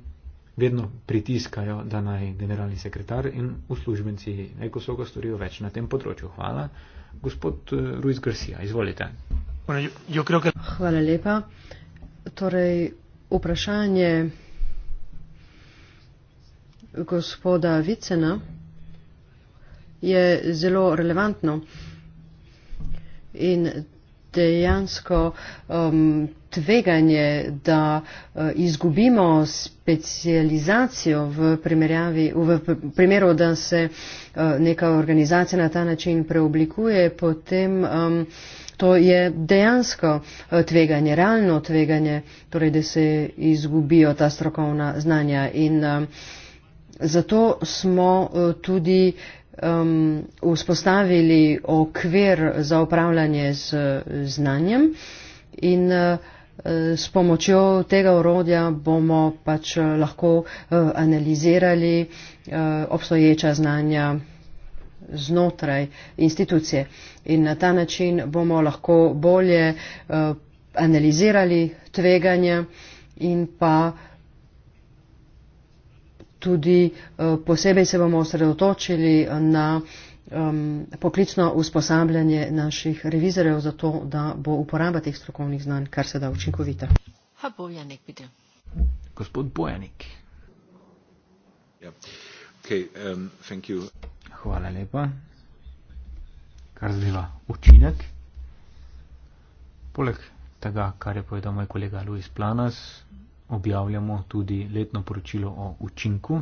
vedno pritiskajo, da naj generalni sekretar in uslužbenci Ekosoga storijo več na tem področju. Hvala. Gospod eh, Ruiz Garcia, izvolite. Hvala lepa. Torej, vprašanje gospoda Vicena je zelo relevantno in dejansko um, tveganje, da eh, izgubimo specializacijo v, v primeru, da se eh, neka organizacija na ta način preoblikuje, potem um, to je dejansko eh, tveganje, realno tveganje, torej, da se izgubijo ta strokovna znanja. In um, zato smo tudi. Um, vzpostavili okvir za upravljanje z znanjem in uh, S pomočjo tega orodja bomo pač eh, lahko eh, analizirali eh, obstoječa znanja znotraj institucije in na ta način bomo lahko bolje analizirali tveganja in pa tudi posebej se bomo osredotočili na um, poklično usposabljanje naših revizorjev za to, da bo uporaba teh strokovnih znanj kar se da učinkovita. Ha, Bojanik, pitam. Gospod Bojanik. Ja. Okay, um, thank you. Hvala lepa. Kar zdaj učinek. Poleg tega, kar je povedal moj kolega Luis Planas, objavljamo tudi letno poročilo o učinku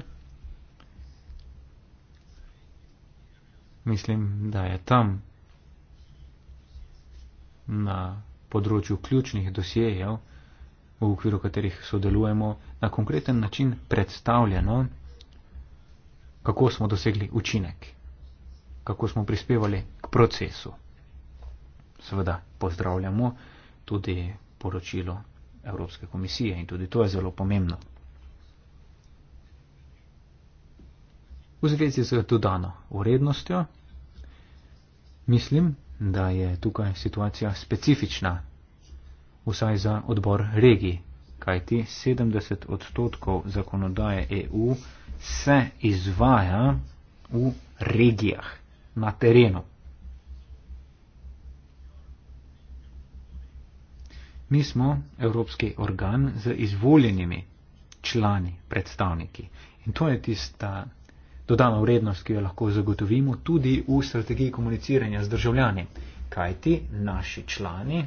mislim, da je tam na področju ključnih dosjejev, v okviru katerih sodelujemo, na konkreten način predstavljeno, kako smo dosegli učinek, kako smo prispevali k procesu. Seveda pozdravljamo tudi poročilo Evropske komisije in tudi to je zelo pomembno. V zvezi z dodano urednostjo mislim, da je tukaj situacija specifična, vsaj za odbor regij, kajti 70 odstotkov zakonodaje EU se izvaja v regijah, na terenu. Mi smo evropski organ z izvoljenimi člani, predstavniki. In to je tista dodano vrednost, ki jo lahko zagotovimo tudi v strategiji komuniciranja z državljani. Kaj ti naši člani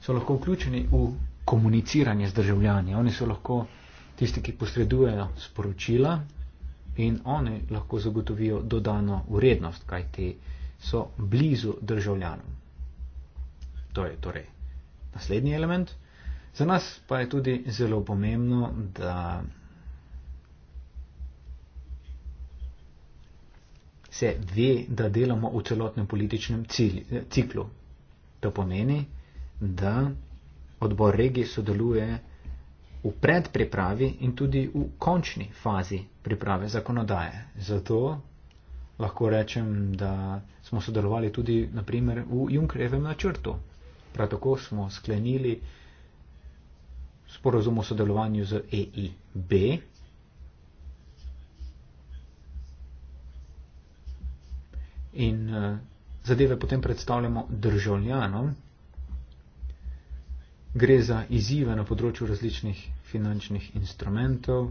so lahko vključeni v komuniciranje z državljani. Oni so lahko tisti, ki posredujejo sporočila in oni lahko zagotovijo dodano vrednost, kaj ti so blizu državljanom. To je torej naslednji element. Za nas pa je tudi zelo pomembno, da se ve, da delamo v celotnem političnem cilj, eh, ciklu. To pomeni, da odbor regije sodeluje v predpripravi in tudi v končni fazi priprave zakonodaje. Zato lahko rečem, da smo sodelovali tudi naprimer v Junkrevem načrtu. Prav tako smo sklenili sporozum o sodelovanju z EIB, in eh, zadeve potem predstavljamo državljanom, gre za izzive na področju različnih finančnih instrumentov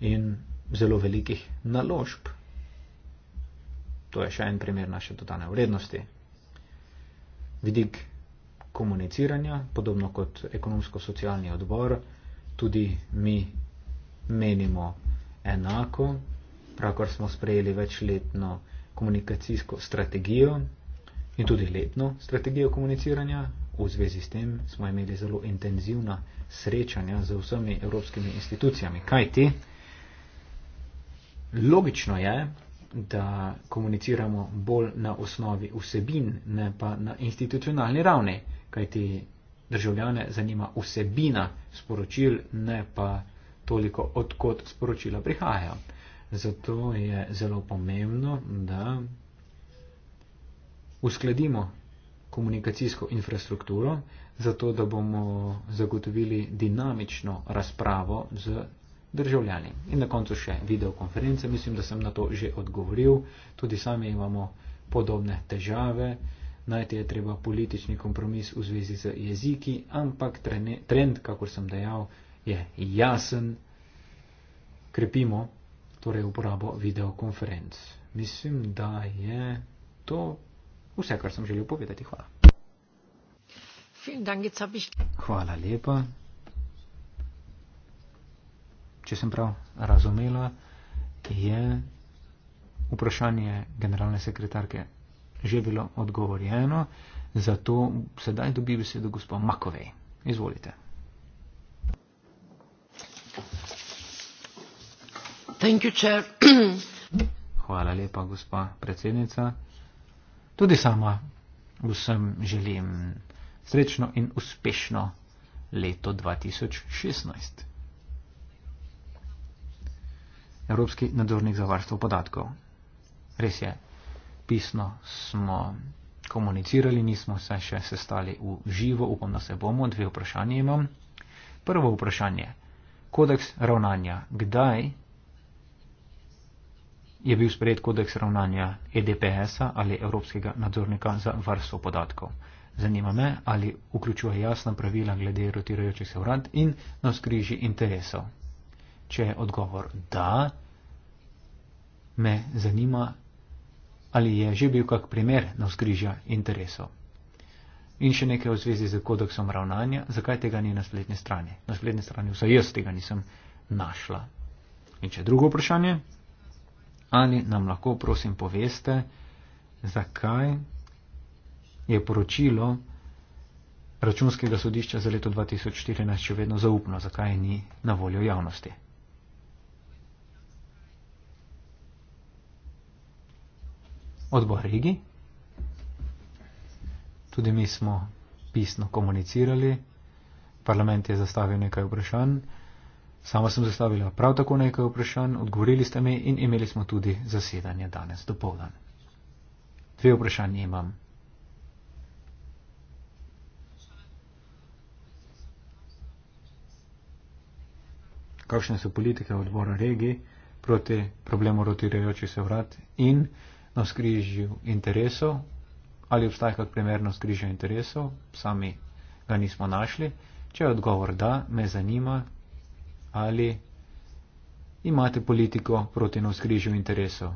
in zelo velikih naložb. To je še en primer naše dodane vrednosti. Vidik komuniciranja, podobno kot ekonomsko-socialni odbor, tudi mi menimo enako, pravkar smo sprejeli večletno komunikacijsko strategijo in tudi letno strategijo komuniciranja. V zvezi s tem smo imeli zelo intenzivna srečanja z vsemi evropskimi institucijami. Kaj ti? Logično je, da komuniciramo bolj na osnovi vsebin, ne pa na institucionalni ravni, kaj ti državljane zanima vsebina sporočil, ne pa toliko, odkot sporočila prihajajo. Zato je zelo pomembno, da uskladimo komunikacijsko infrastrukturo, zato da bomo zagotovili dinamično razpravo z državljani. In na koncu še videokonference, mislim, da sem na to že odgovoril, tudi sami imamo podobne težave, najti je treba politični kompromis v zvezi z jeziki, ampak trend, kakor sem dejal, je jasen, krepimo torej uporabo videokonferenc. Mislim, da je to vse, kar sem želel povedati. Hvala. Hvala lepa. Če sem prav razumela, je vprašanje generalne sekretarke že bilo odgovorjeno, zato sedaj dobi besedo gospod Makovej. Izvolite. Hvala lepa, gospa predsednica. Tudi sama vsem želim srečno in uspešno leto 2016. Evropski nadzornik za varstvo podatkov. Res je, pisno smo komunicirali, nismo se še sestali v živo, upam, da se bomo. Dve vprašanje imam. Prvo vprašanje. Kodeks ravnanja. Kdaj je bil sprejet kodeks ravnanja EDPS-a ali Evropskega nadzornika za varstvo podatkov. Zanima me, ali vključuje jasna pravila glede rotirajočih se urad in navskriži interesov. Če je odgovor da, me zanima, ali je že bil kak primer navskrižja interesov. In še nekaj v zvezi z kodeksom ravnanja, zakaj tega ni na spletni strani. Na spletni strani vsaj jaz tega nisem našla. In če drugo vprašanje ali nam lahko, prosim, poveste, zakaj je poročilo računskega sodišča za leto 2014 še vedno zaupno, zakaj ni na voljo javnosti. Odbor Rigi. Tudi mi smo pisno komunicirali, parlament je zastavil nekaj vprašanj. Sama sem zastavila prav tako nekaj vprašanj, odgovorili ste mi in imeli smo tudi zasedanje danes do povdan. Dve vprašanje imam. Kakšne so politike odbora regi proti problemu rotirajoči se vrat in na skrižju interesov? Ali obstaja kak primerno skrižje interesov? Sami ga nismo našli. Če je odgovor da, me zanima, ali imate politiko proti navzkrižju interesov.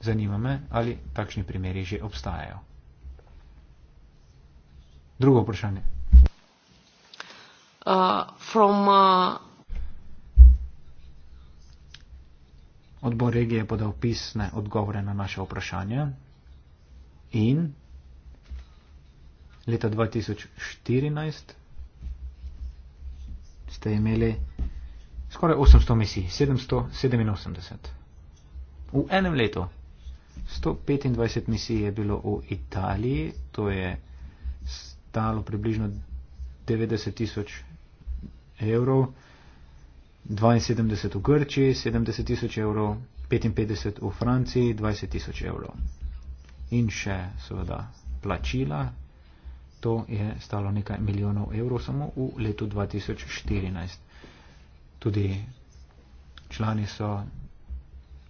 Zanima me, ali takšni primeri že obstajajo. Drugo vprašanje. Uh, from, uh... Odbor regije je podal pisne odgovore na naše vprašanje in leta 2014 ste imeli skoraj 800 misij, 787. V enem letu 125 misij je bilo v Italiji, to je stalo približno 90 tisoč evrov, 72 v Grčiji, 70 tisoč evrov, 55 v Franciji, 20 tisoč evrov. In še seveda plačila, To je stalo nekaj milijonov evrov samo v letu 2014. Tudi člani so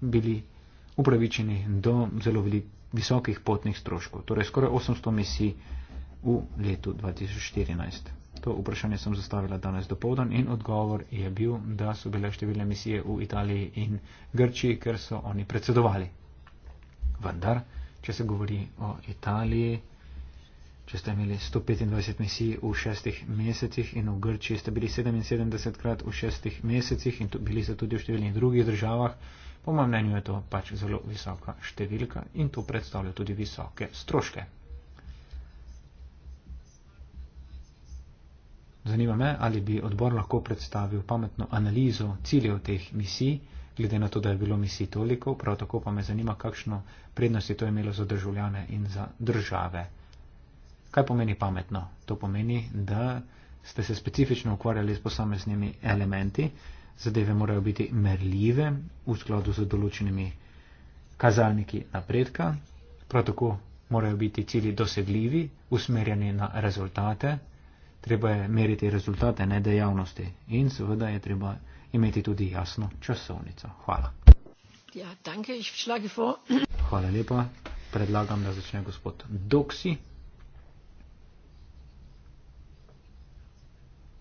bili upravičeni do zelo visokih potnih stroškov, torej skoraj 800 misij v letu 2014. To vprašanje sem zastavila danes do povdan in odgovor je bil, da so bile številne misije v Italiji in Grčiji, ker so oni predsedovali. Vendar, če se govori o Italiji, če ste imeli 125 misij v šestih mesecih in v Grčiji ste bili 77 krat v šestih mesecih in bili ste tudi v številnih drugih državah, po mojem mnenju je to pač zelo visoka številka in to predstavlja tudi visoke stroške. Zanima me, ali bi odbor lahko predstavil pametno analizo ciljev teh misij, glede na to, da je bilo misij toliko, prav tako pa me zanima, kakšno prednost je to imelo za državljane in za države. Kaj pomeni pametno? To pomeni, da ste se specifično ukvarjali s posameznimi elementi, zadeve morajo biti merljive v skladu z določenimi kazalniki napredka, prav tako morajo biti cilji dosegljivi, usmerjeni na rezultate, treba je meriti rezultate, ne dejavnosti in seveda je treba imeti tudi jasno časovnico. Hvala. Ja, danke, Hvala lepa. Predlagam, da začne gospod Doksi.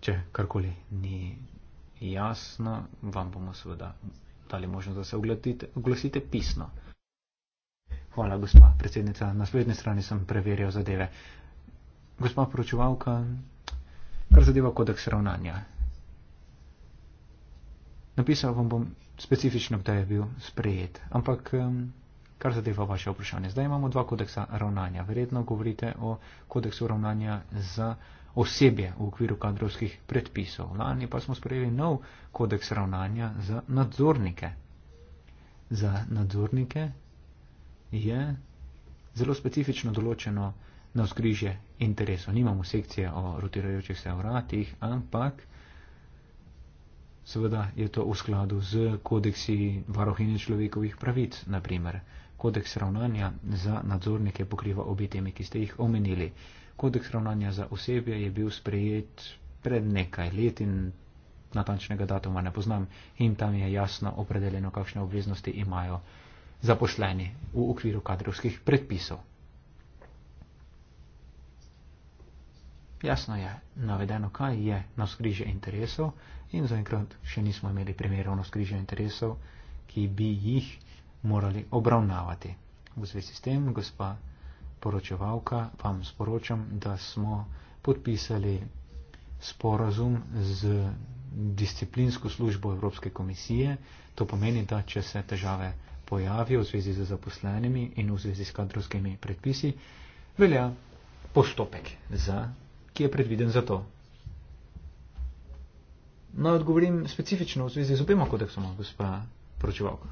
če karkoli ni jasno, vam bomo seveda dali možnost, da se oglatite, oglasite pisno. Hvala, gospa predsednica. Na spletni strani sem preverjal zadeve. Gospa poročevalka, kar zadeva kodeks ravnanja. Napisal vam bom specifično, kdaj je bil sprejet, ampak kar zadeva vaše vprašanje. Zdaj imamo dva kodeksa ravnanja. Verjetno govorite o kodeksu ravnanja za osebje v okviru kadrovskih predpisov. Lani pa smo sprejeli nov kodeks ravnanja za nadzornike. Za nadzornike je zelo specifično določeno na skrižje interesov. Nimamo sekcije o rotirajočih se vratih, ampak seveda je to v skladu z kodeksi varohine človekovih pravic, naprimer. Kodeks ravnanja za nadzornike pokriva obe temi, ki ste jih omenili kodeks ravnanja za osebje je bil sprejet pred nekaj let in natančnega datuma ne poznam in tam je jasno opredeljeno, kakšne obveznosti imajo zaposleni v okviru kadrovskih predpisov. Jasno je navedeno, kaj je na skrižje interesov in zaenkrat še nismo imeli primerov na skrižje interesov, ki bi jih morali obravnavati. V zvezi s tem, gospa poročevalka, vam sporočam, da smo podpisali sporazum z disciplinsko službo Evropske komisije. To pomeni, da če se težave pojavijo v zvezi z zaposlenimi in v zvezi s kadrovskimi predpisi, velja postopek, za, ki je predviden za to. Naj no, odgovorim specifično v zvezi z obema kodeksoma, gospa poročevalka.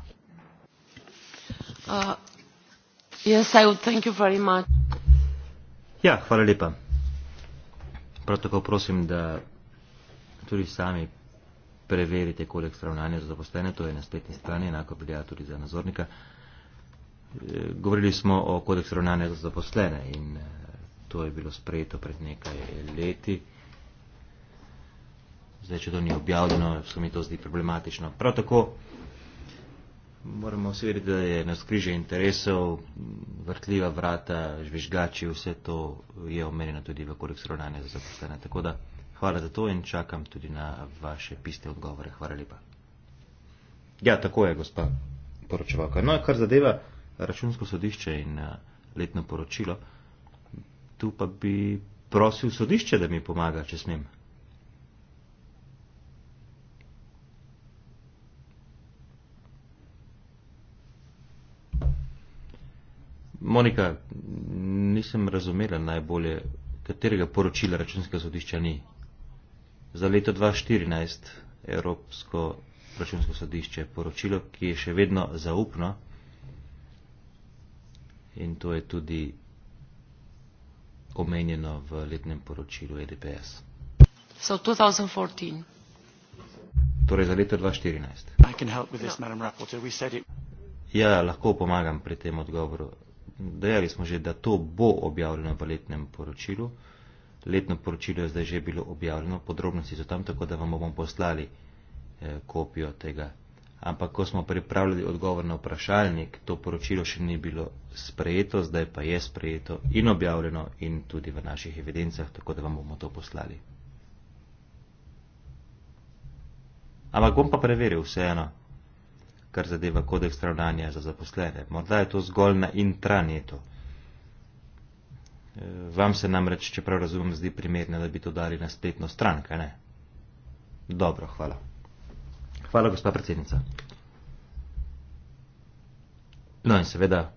Uh ja hvala lepa prav tako prosim da tudi sami preverite kodeks ravnanja za zaposlene to je na spletni strani enako velja tudi za nadzornika e, govorili smo o kodeks ravnanja za zaposlene in e, to je bilo sprejeto pred nekaj leti zdaj če to ni objavljeno se mi to zdi problematično prav tako moramo vsi vedeti, da je na skriže interesov, vrtljiva vrata, žvižgači, vse to je omenjeno tudi v kodeksu ravnanja za zaposlene. Tako da hvala za to in čakam tudi na vaše piste odgovore. Hvala lepa. Ja, tako je, gospa poročevalka. No, kar zadeva računsko sodišče in eh, letno poročilo, tu pa bi prosil sodišče, da mi pomaga, če smem. Monika, nisem razumela najbolje, katerega poročila računskega sodišča ni. Za leto 2014 Evropsko računsko sodišče je poročilo, ki je še vedno zaupno in to je tudi omenjeno v letnem poročilu EDPS. So 2014. Torej za leto 2014. No. Ja, lahko pomagam pri tem odgovoru dejali smo že, da to bo objavljeno v letnem poročilu. Letno poročilo je zdaj že bilo objavljeno, podrobnosti so tam, tako da vam bomo poslali eh, kopijo tega. Ampak ko smo pripravljali odgovor na vprašalnik, to poročilo še ni bilo sprejeto, zdaj pa je sprejeto in objavljeno in tudi v naših evidencah, tako da vam bomo to poslali. Ampak bom pa preveril vseeno kar zadeva kodeks ravnanja za zaposlene. Morda je to zgolj na intranetu. E, vam se namreč, čeprav razumem, zdi primerno, da bi to dali na spletno stran, kaj ne? Dobro, hvala. Hvala, gospa predsednica. No in seveda,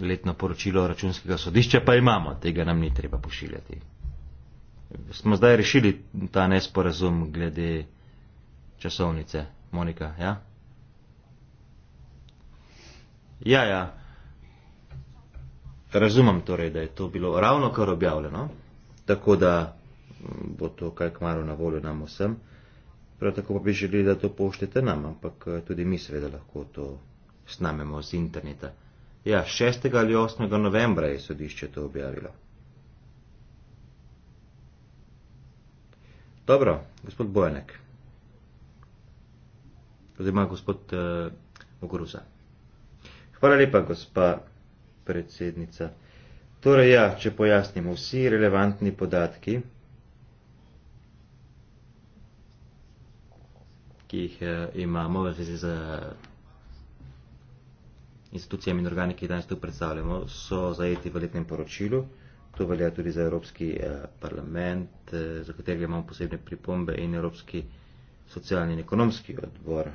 letno poročilo računskega sodišča pa imamo, tega nam ni treba pošiljati. Smo zdaj rešili ta nesporazum glede časovnice, Monika, ja? Ja, ja. Razumem torej, da je to bilo ravno kar objavljeno, tako da mm, bo to kaj kmalo na voljo nam vsem. Prav tako pa bi želeli, da to poštete nam, ampak eh, tudi mi seveda lahko to snamemo z interneta. Ja, 6. ali 8. novembra je sodišče to objavilo. Dobro, gospod Bojanek. Zdaj ima gospod uh, eh, Ogruza. Hvala lepa, gospa predsednica. Torej, ja, če pojasnimo vsi relevantni podatki, ki jih eh, imamo v zvezi z eh, institucijami in organi, ki jih danes tu predstavljamo, so zajeti v letnem poročilu. To velja tudi za Evropski eh, parlament, za katerega imamo posebne pripombe in Evropski socialni in ekonomski odbor.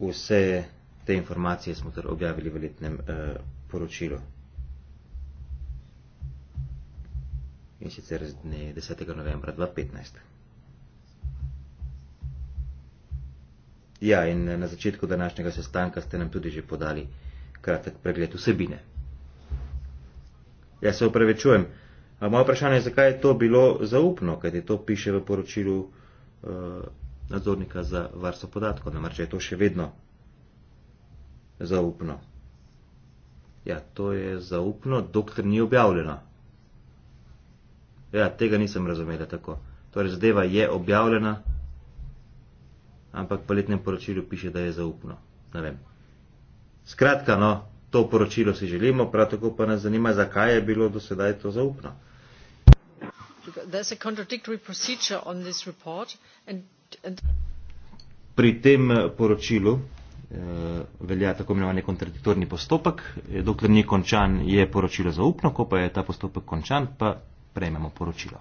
vse te informacije smo ter torej objavili v letnem eh, poročilu. In sicer z dne 10. novembra 2015. Ja, in na začetku današnjega sestanka ste nam tudi že podali kratek pregled vsebine. Ja, se upravičujem. Moje vprašanje je, zakaj je to bilo zaupno, kajti to piše v poročilu. Eh, nadzornika za varstvo podatkov, namreč je to še vedno zaupno. Ja, to je zaupno, dokler ni objavljeno. Ja, tega nisem razumela tako. Torej, zadeva je objavljena, ampak po letnem poročilu piše, da je zaupno. Ne vem. Skratka, no, to poročilo si želimo, prav tako pa nas zanima, zakaj je bilo do sedaj to zaupno. There's a contradictory procedure on this report, and Pri tem eh, poročilu eh, velja tako imenovani kontradiktorni postopek. Eh, dokler ni končan, je poročilo zaupno, ko pa je ta postopek končan, pa prejmemo poročilo.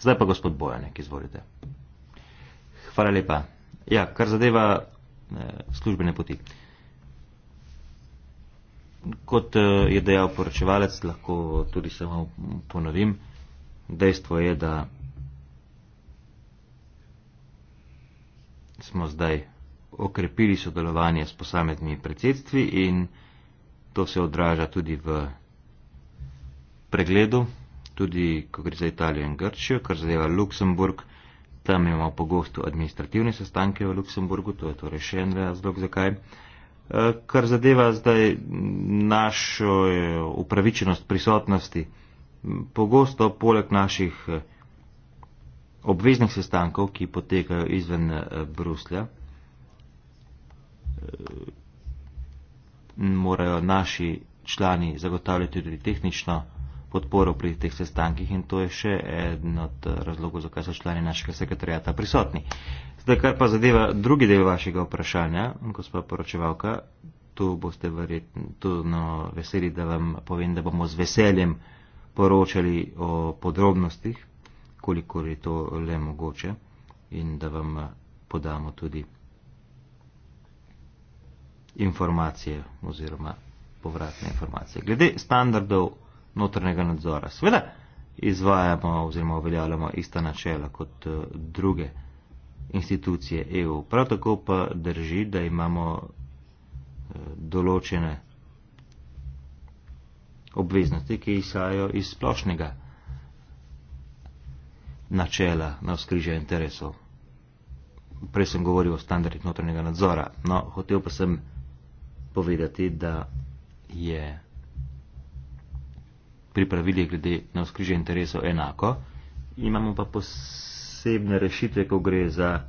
Zdaj pa gospod Bojanek, izvolite. Hvala lepa. Ja, kar zadeva službene poti. Kot je dejal poročevalec, lahko tudi samo ponovim, dejstvo je, da smo zdaj okrepili sodelovanje s posameznimi predsedstvi in to se odraža tudi v pregledu, tudi ko gre za Italijo in Grčijo, kar zadeva Luksemburg. Tam imamo pogosto administrativne sestanke v Luksemburgu, to je torej še en razlog zakaj. Eh, kar zadeva zdaj našo eh, upravičenost prisotnosti, pogosto poleg naših eh, obveznih sestankov, ki potekajo izven eh, Bruslja, eh, morajo naši člani zagotavljati tudi tehnično podporo pri teh sestankih in to je še en od eh, razlogov, zakaj so člani našega sekretarjata prisotni. Zdaj, kar pa zadeva drugi del vašega vprašanja, gospod poročevalka, tu boste verjetno no, veseli, da vam povem, da bomo z veseljem poročali o podrobnostih kolikor je to le mogoče in da vam eh, podamo tudi informacije oziroma povratne informacije. Glede standardov notrnega nadzora, sveda izvajamo oziroma uveljavljamo ista načela kot eh, druge institucije EU. Prav tako pa drži, da imamo eh, določene obveznosti, ki izhajajo iz splošnega načela na skriže interesov. Prej sem govoril o standardih notranjega nadzora, no, hotel pa sem povedati, da je pri pravilih glede na skriže interesov enako, imamo pa posebne rešitve, ko gre za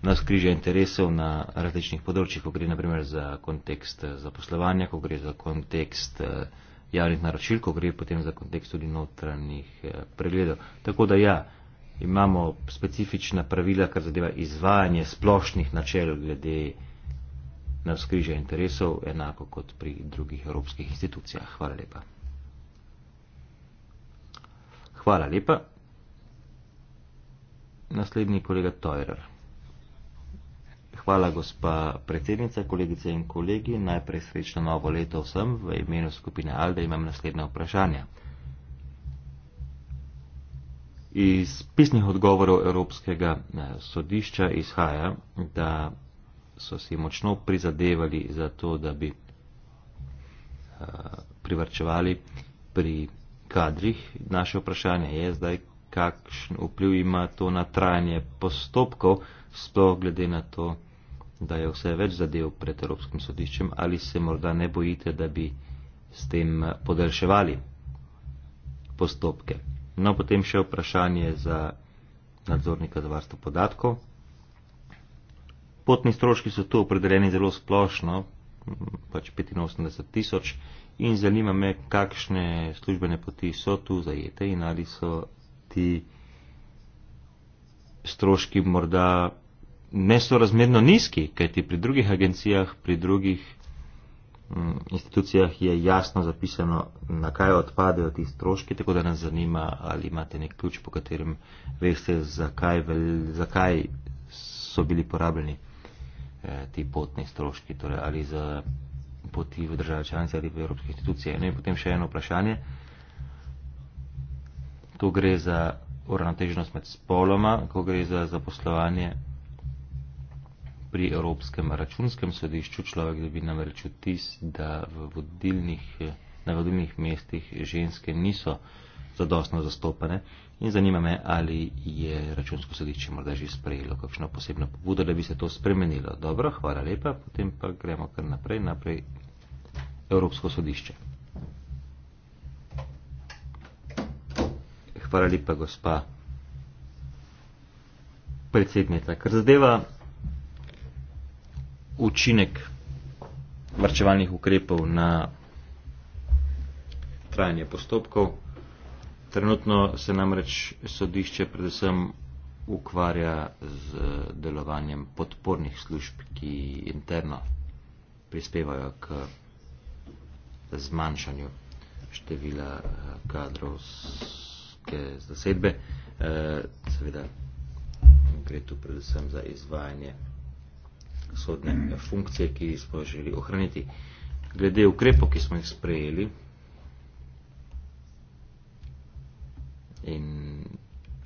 na skriže interesov na različnih področjih, ko gre naprimer za kontekst eh, zaposlovanja, ko gre za kontekst uh, javnih naročil, ko gre potem za kontekst tudi notranjih eh, pregledov. Tako da ja, imamo specifična pravila, kar zadeva izvajanje splošnih načel glede na skrižje interesov, enako kot pri drugih evropskih institucijah. Hvala lepa. Hvala lepa. Naslednji kolega Tojrer. Hvala, gospa predsednica, kolegice in kolegi. Najprej srečno novo leto vsem. V imenu skupine Alde imam naslednje vprašanje. Iz pisnih odgovorov Evropskega eh, sodišča izhaja, da so si močno prizadevali za to, da bi eh, privrčevali pri kadrih. Naše vprašanje je zdaj, kakšen vpliv ima to na trajanje postopkov, sploh glede na to, da je vse več zadev pred Evropskim sodiščem ali se morda ne bojite, da bi s tem eh, podaljševali postopke. No, potem še vprašanje za nadzornika za varstvo podatkov. Potni stroški so tu opredeljeni zelo splošno, pač 85 tisoč, in zanima me, kakšne službene poti so tu zajete in ali so ti stroški morda nesorazmerno nizki, kajti pri drugih agencijah, pri drugih mm, institucijah je jasno zapisano, na kaj odpadejo ti stroški, tako da nas zanima, ali imate nek ključ, po katerem veste, zakaj, vel, zakaj so bili porabljeni eh, ti potni stroški, torej ali za poti v države članice ali v evropske institucije. No in potem še eno vprašanje. Tu gre za uravnoteženost med spoloma, ko gre za zaposlovanje pri Evropskem računskem sodišču človek dobi namreč vtis, da v vodilnih, na vodilnih mestih ženske niso zadostno zastopane in zanima me, ali je računsko sodišče morda že sprejelo kakšno posebno pobudo, da bi se to spremenilo. Dobro, hvala lepa, potem pa gremo kar naprej, naprej Evropsko sodišče. Hvala lepa, gospa predsednica. Kar zadeva učinek vrčevalnih ukrepov na trajanje postopkov. Trenutno se namreč sodišče predvsem ukvarja z delovanjem podpornih služb, ki interno prispevajo k zmanjšanju števila eh, kadrovske zasedbe. Eh, seveda gre tu predvsem za izvajanje sodne funkcije, ki smo jo želeli ohraniti. Glede ukrepov, ki smo jih sprejeli in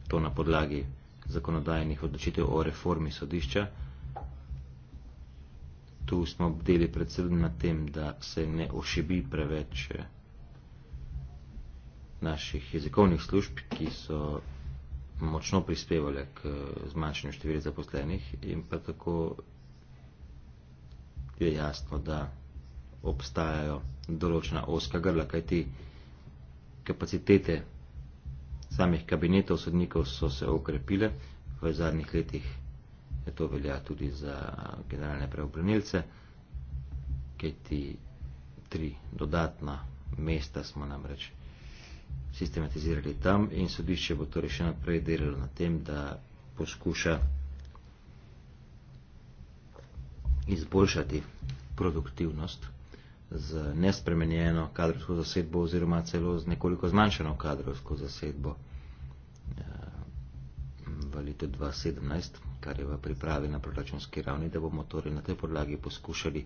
to na podlagi zakonodajnih odločitev o reformi sodišča, tu smo bdeli predvsem na tem, da se ne ošibi preveč naših jezikovnih služb, ki so močno prispevale k zmanjšanju števila zaposlenih in pa tako je jasno, da obstajajo določena oska grla, kajti kapacitete samih kabinetov sodnikov so se okrepile v zadnjih letih. To velja tudi za generalne preobranilce, kajti tri dodatna mesta smo namreč sistematizirali tam in sodišče bo torej še naprej delalo na tem, da poskuša izboljšati produktivnost z nespremenjeno kadrovsko zasedbo oziroma celo z nekoliko zmanjšeno kadrovsko zasedbo eh, v letu 2017, kar je v pripravi na proračunski ravni, da bomo torej na tej podlagi poskušali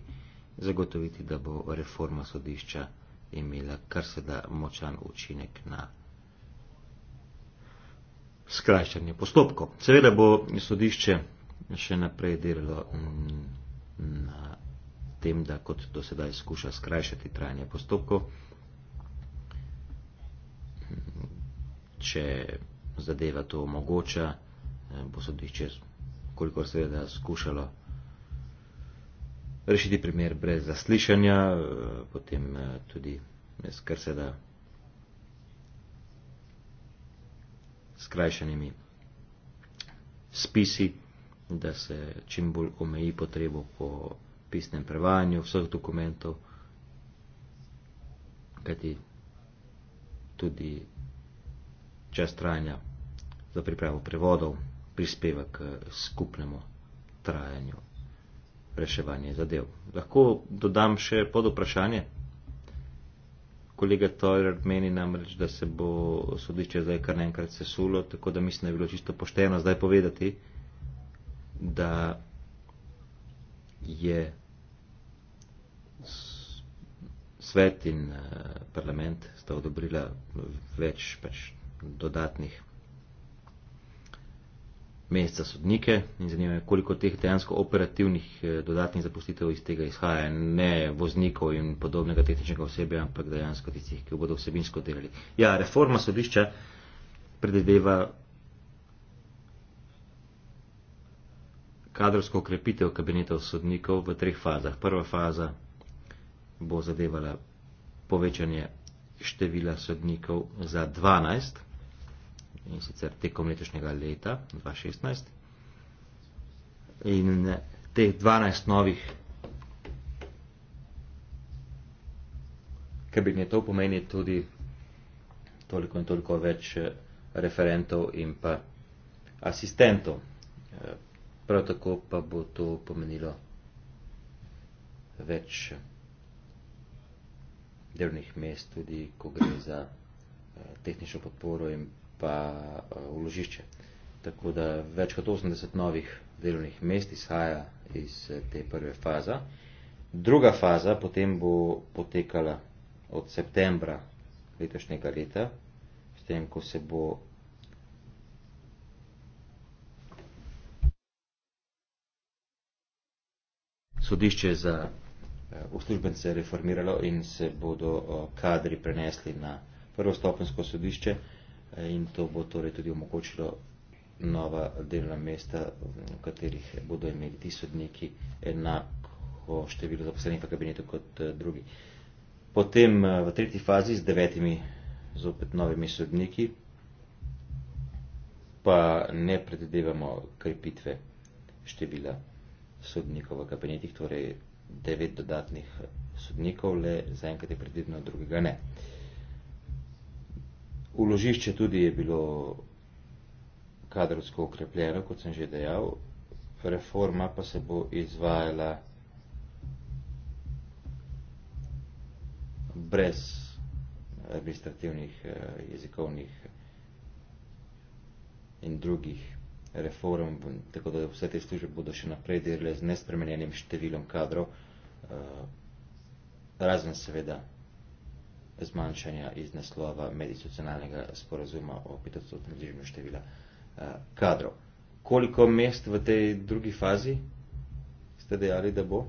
zagotoviti, da bo reforma sodišča imela kar se da močan učinek na skrajšanje postopkov. Seveda bo sodišče še naprej delalo. Mm, na tem, da kot do sedaj skuša skrajšati trajanje postopkov. Če zadeva to omogoča, eh, bo sodišče, kolikor seveda, skušalo rešiti primer brez zaslišanja, eh, potem eh, tudi skrat seveda skrajšanimi spisi da se čim bolj omeji potrebo po pisnem prevajanju vseh dokumentov, kajti tudi čas trajanja za pripravo prevodov prispeva k skupnemu trajanju reševanja zadev. Lahko dodam še pod vprašanje. Kolega Toyer meni namreč, da se bo sodišče zdaj kar naenkrat sesulo, tako da mislim, da je bilo čisto pošteno zdaj povedati, da je svet in eh, parlament sta odobrila več pač dodatnih mest za sodnike in zanima me, koliko teh dejansko operativnih eh, dodatnih zapustitev iz tega izhaja, ne voznikov in podobnega tehničnega osebja, ampak dejansko tistih, ki bodo vsebinsko delali. Ja, reforma sodišča predvideva kadrovsko ukrepitev kabinetov sodnikov v treh fazah. Prva faza bo zadevala povečanje števila sodnikov za 12 in sicer tekom letošnjega leta 2016 in teh 12 novih kabinetov pomeni tudi toliko in toliko več eh, referentov in pa asistentov. Eh, Prav tako pa bo to pomenilo več delovnih mest, tudi ko gre za eh, tehnično podporo in pa uložišče. Eh, tako da več kot 80 novih delovnih mest izhaja iz eh, te prve faze. Druga faza potem bo potekala od septembra letošnjega leta, s tem, ko se bo sodišče za eh, uslužbence reformiralo in se bodo eh, kadri prenesli na prvostopensko sodišče eh, in to bo torej tudi omogočilo nova delna mesta, v katerih bodo imeli ti sodniki enako število zaposlenih v kabinetu kot drugi. Potem v tretji fazi z devetimi zopet novimi sodniki pa ne predvidevamo krepitve števila sodnikov v kabinetih, torej devet dodatnih sodnikov, le zaenkrat je predvideno, drugega ne. Uložišče tudi je bilo kadrovsko ukrepljeno, kot sem že dejal, reforma pa se bo izvajala brez administrativnih, eh, jezikovnih in drugih reform, tako da vse te službe bodo še naprej delile z nespremenjenim številom kadrov, eh, razen seveda zmanjšanja iz naslova medicinalnega sporazuma o 5-odstotnem zviženju števila eh, kadrov. Koliko mest v tej drugi fazi ste dejali, da bo?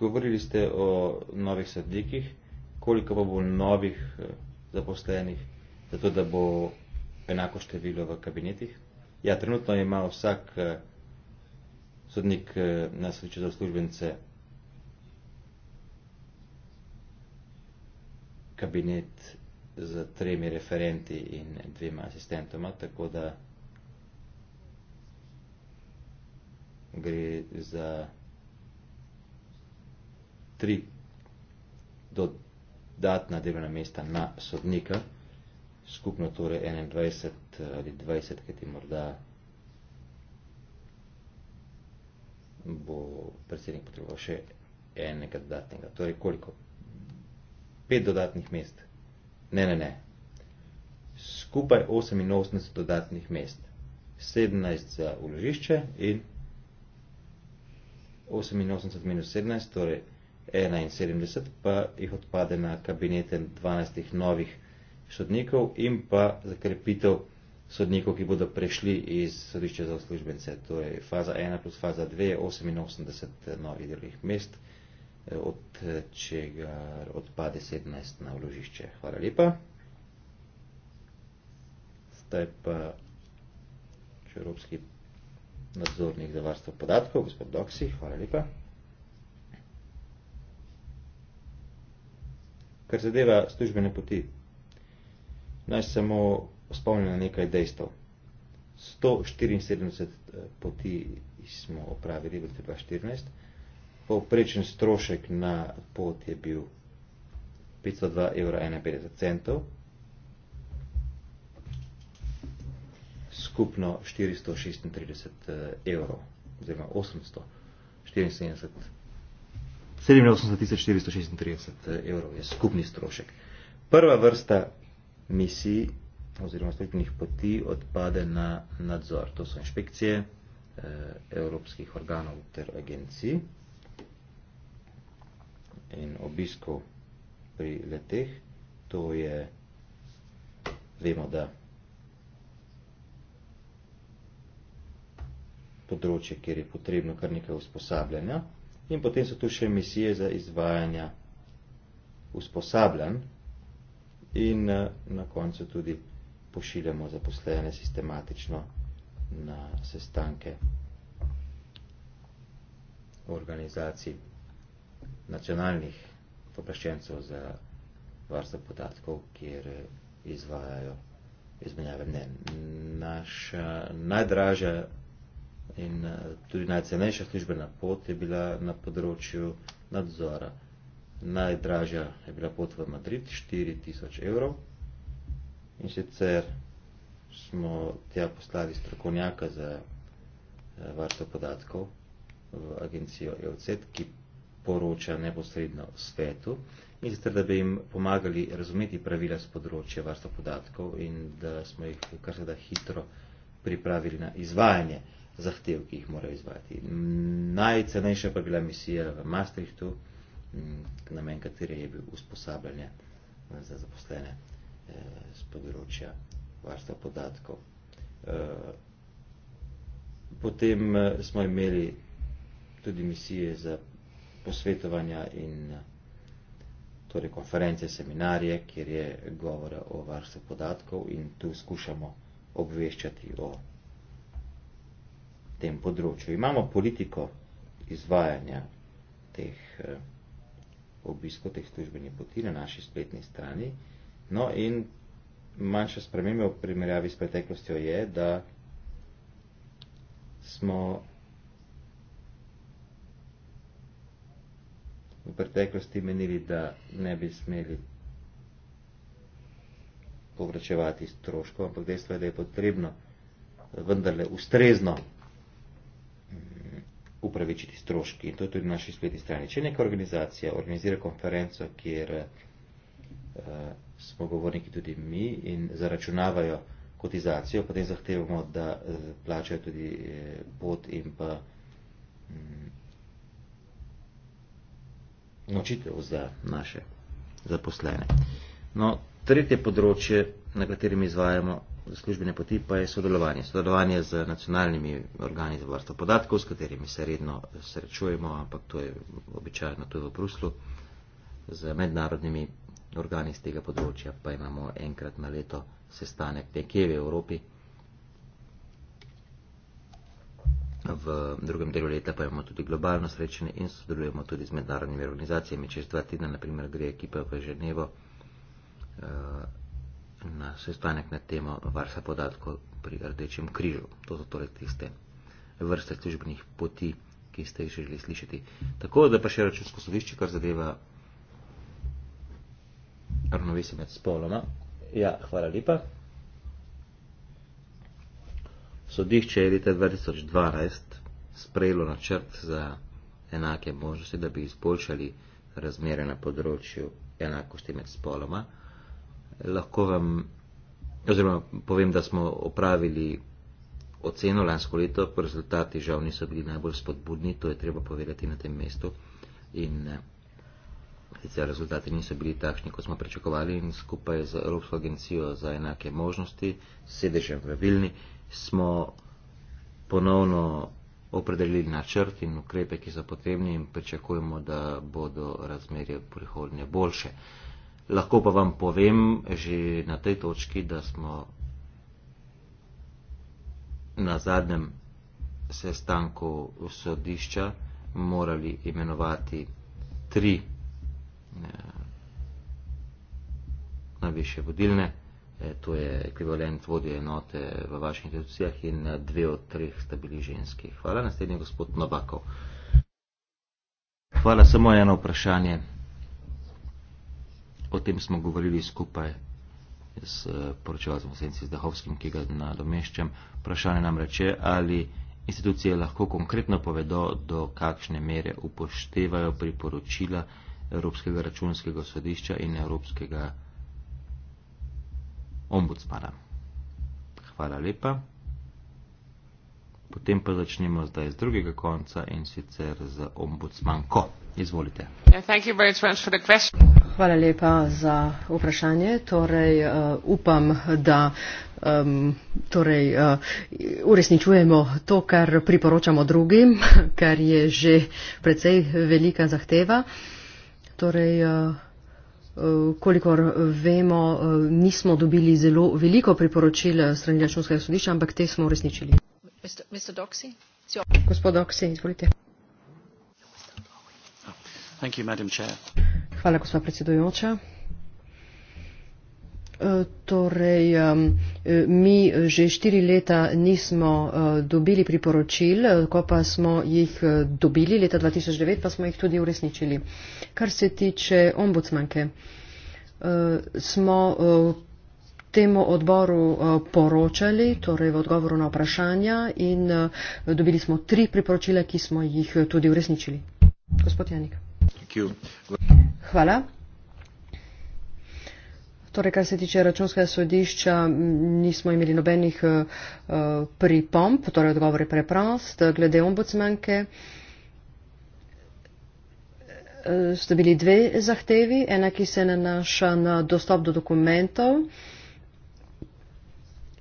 Govorili ste o novih sadnikih, koliko pa bo novih eh, zaposlenih, zato da bo enako število v kabinetih. Ja, trenutno ima vsak eh, sodnik eh, na sreče za službence kabinet z tremi referenti in dvema asistentoma, tako da gre za tri do dati na delovna mesta na sodnika, skupno torej 21 eh, ali 20, kaj ti morda bo predsednik potreboval še enega dodatnega. Torej koliko? Pet dodatnih mest. Ne, ne, ne. Skupaj 88 dodatnih mest. 17 za uložišče in 88 minus 17, torej 71, pa jih odpade na kabinete 12 novih sodnikov in pa zakrepitev sodnikov, ki bodo prešli iz sodišča za službence. To je faza 1 plus faza 2, 88 eh, novih delovnih mest, eh, od eh, čega odpade 17 na vložišče. Hvala lepa. Zdaj pa Evropski nadzornik za varstvo podatkov, gospod Doksi. Hvala lepa. kar zadeva službene poti. Naj samo spomnim na nekaj dejstev. 174 eh, poti smo opravili v 2014, povprečen strošek na pot je bil 502,51 evra. Skupno 436 eh, evrov, oziroma 874 evrov. 87.436 evrov je skupni strošek. Prva vrsta misij oziroma strojnih poti odpade na nadzor. To so inšpekcije eh, evropskih organov ter agencij in obisko pri leteh. To je, vemo, da področje, kjer je potrebno kar nekaj usposabljanja. In potem so tu še misije za izvajanja usposabljanj in eh, na koncu tudi pošiljamo zaposlene sistematično na sestanke organizacij nacionalnih popraščencev za varstvo podatkov, kjer eh, izvajajo izmenjave mnen. Naša najdražja In eh, tudi najcenejša službena pot je bila na področju nadzora. Najdražja je bila pot v Madrid, 4000 evrov. In sicer smo tja poslali strokovnjaka za eh, varstvo podatkov v agencijo EOC, ki poroča neposredno svetu. In sicer, da bi jim pomagali razumeti pravila z področja varstva podatkov in da smo jih kar se da hitro pripravili na izvajanje zahtev, ki jih morajo izvajati. Najcenejša pa je bila misija v Maastrichtu, namen katere je bil usposabljanje eh, za zaposlene z eh, področja varstva podatkov. Eh, potem smo imeli tudi misije za posvetovanja in torej konference, seminarije, kjer je govora o varstvu podatkov in tu skušamo obveščati o tem področju. Imamo politiko izvajanja teh eh, obiskov, teh službenih poti na naši spletni strani. No in manjša sprememba v primerjavi s preteklostjo je, da smo v preteklosti menili, da ne bi smeli povračevati stroškov, ampak dejstvo je, da je potrebno vendarle ustrezno upravičiti stroški. In to je tudi na naši spletni strani. Če neka organizacija organizira konferenco, kjer uh, smo govorniki tudi mi in zaračunavajo kotizacijo, potem zahtevamo, da uh, plačajo tudi uh, pot in pa um, nočitev za naše zaposlene. No, tretje področje, na katerem izvajamo za službene poti pa je sodelovanje. Sodelovanje z nacionalnimi organi za varstvo podatkov, s katerimi se redno srečujemo, ampak to je običajno tudi v Bruslu, z mednarodnimi organi z tega področja pa imamo enkrat na leto sestanek nekje v Evropi. V drugem delu leta pa imamo tudi globalno srečanje in sodelujemo tudi z mednarodnimi organizacijami. Čez dva tedna, naprimer, gre ekipa v Ženevo. Uh, na sestanek na temo varstva podatkov pri Rdečem križu. To so torej tiste vrste službenih poti, ki ste jih želeli slišati. Tako da pa še računsko sodišče, kar zadeva ravnovesje med spoloma. Ja, hvala lepa. Sodišče je leta 2012 sprejelo načrt za enake možnosti, da bi izboljšali razmere na področju enakosti med spoloma lahko vam, oziroma povem, da smo opravili oceno lansko leto, po rezultati žal niso bili najbolj spodbudni, to je treba povedati na tem mestu. In eh, sicer rezultati niso bili takšni, kot smo pričakovali in skupaj z Evropsko agencijo za enake možnosti, sedežem v Vilni, smo ponovno opredelili načrt in ukrepe, ki so potrebni in pričakujemo, da bodo razmerje v prihodnje boljše. Lahko pa vam povem že na tej točki, da smo na zadnjem sestanku sodišča morali imenovati tri eh, najviše vodilne, eh, to je ekvivalent vodje enote v vaših institucijah in eh, dve od treh sta bili ženski. Hvala, naslednji gospod Novakov. Hvala, samo eno vprašanje. O tem smo govorili skupaj s eh, poročevalcem Senci Zdahovskim, ki ga nadomeščam. Vprašanje nam reče, ali institucije lahko konkretno povedo, do kakšne mere upoštevajo priporočila Evropskega računskega sodišča in Evropskega ombudsmana. Hvala lepa. Potem pa začnemo zdaj z drugega konca in sicer z ombudsmanko. Izvolite. Hvala lepa za vprašanje. Torej, uh, upam, da um, torej, uh, uresničujemo to, kar priporočamo drugim, kar je že precej velika zahteva. Torej, uh, uh Kolikor vemo, uh, nismo dobili zelo veliko priporočil uh, strani računskega sodišča, ampak te smo uresničili. Hvala, gospod predsedujoča. E, torej, e, mi že štiri leta nismo e, dobili priporočil, ko pa smo jih dobili leta 2009, pa smo jih tudi uresničili. Kar se tiče ombudsmanke, smo temu odboru eh, poročali, torej v odgovoru na vprašanja in eh, dobili smo tri priporočila, ki smo jih eh, tudi uresničili. Gospod Janik. Hvala. Torej, kar se tiče računskega sodišča, nismo imeli nobenih pripomp, torej odgovor je preprost. Glede ombudsmanke sta bili dve zahtevi, ena, ki se nanaša na dostop do dokumentov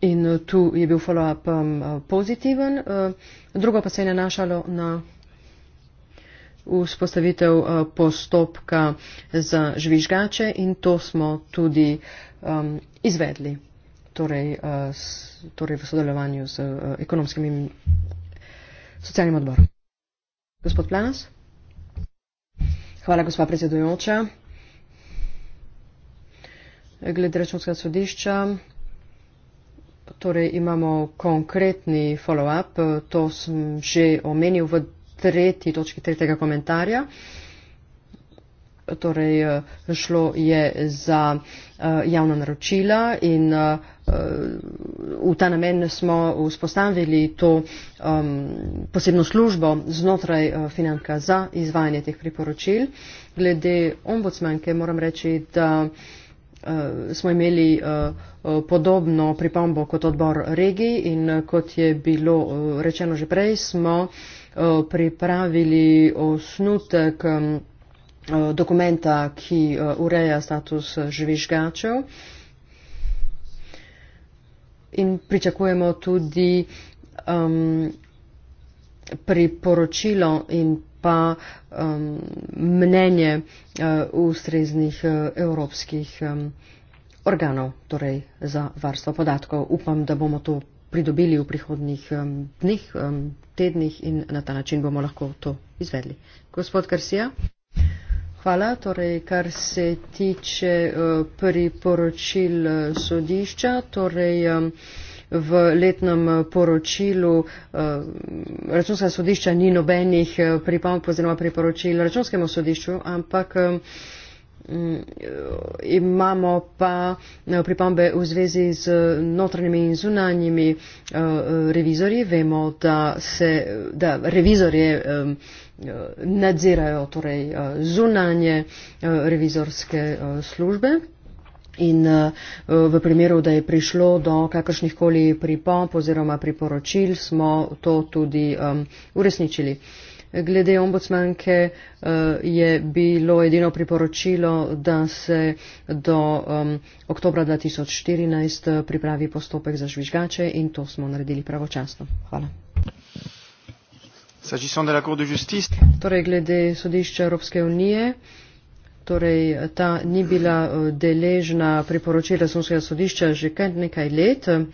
in eh, tu je bil follow-up um, pozitiven. Uh, drugo pa se je nanašalo na vzpostavitev uh, postopka za žvižgače in to smo tudi um, izvedli, torej, uh, s, torej v sodelovanju z uh, ekonomskim in socialnim odborom. Gospod Planas. Hvala, gospa predsedujoča. Glede računskega sodišča. Torej imamo konkretni follow-up, to sem že omenil v tretji točki tretjega komentarja. Torej šlo je za eh, javna naročila in eh, v ta namen smo vzpostavili to ehm, posebno službo znotraj eh, financa za izvajanje teh priporočil. Glede ombudsmanke moram reči, da. Eh, smo imeli eh, eh, podobno pripombo kot odbor regij in kot je bilo rečeno že prej, smo pripravili osnutek dokumenta, ki ureja status žvižgačev in pričakujemo tudi um, priporočilo in pa um, mnenje uh, ustreznih uh, evropskih um, organov, torej za varstvo podatkov. Upam, da bomo to pridobili v prihodnih um, dneh, um, tednih in na ta način bomo lahko to izvedli. Gospod Karsija. Hvala. Torej, kar se tiče uh, priporočil uh, sodišča, torej, um, v letnem eh, poročilu eh, računskega sodišča ni nobenih eh, pripomb oziroma priporočil računskemu sodišču, ampak mm, imamo pa pripombe v zvezi z notranjimi in zunanjimi revizorji. Vemo, da, se, da revizorje nadzirajo torej zunanje revizorske službe. In eh, v primeru, da je prišlo do kakršnih koli pripomp oziroma priporočil, smo to tudi um, uresničili. Glede ombudsmanke eh, je bilo edino priporočilo, da se do um, oktobra 2014 eh, pripravi postopek za žvižgače in to smo naredili pravočasno. Hvala. Torej, glede sodišča Evropske unije. Uh, Torej, ta ni bila eh, deležna priporočila Sunskega sodišča že kar nekaj let eh,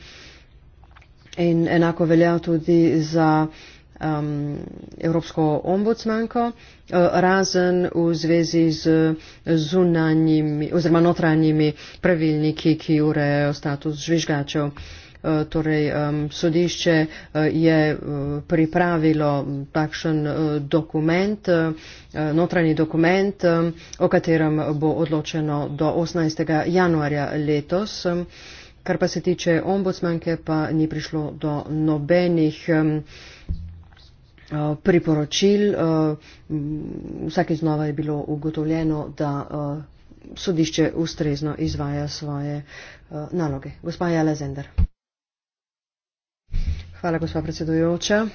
in enako velja tudi za um, Evropsko ombudsmanko, eh, razen v zvezi z zunanjimi oziroma notranjimi pravilniki, ki urejajo status žvižgačev. Eh, torej sodišče eh, je eh, pripravilo takšen dokument, notranji dokument, o katerem bo odločeno do 18. januarja letos. Kar pa se tiče ombudsmanke, pa ni prišlo do nobenih priporočil. Vsaki znova je bilo ugotovljeno, da sodišče ustrezno izvaja svoje naloge. Gospa Jala Zender. Hvala, gospa predsedujoča.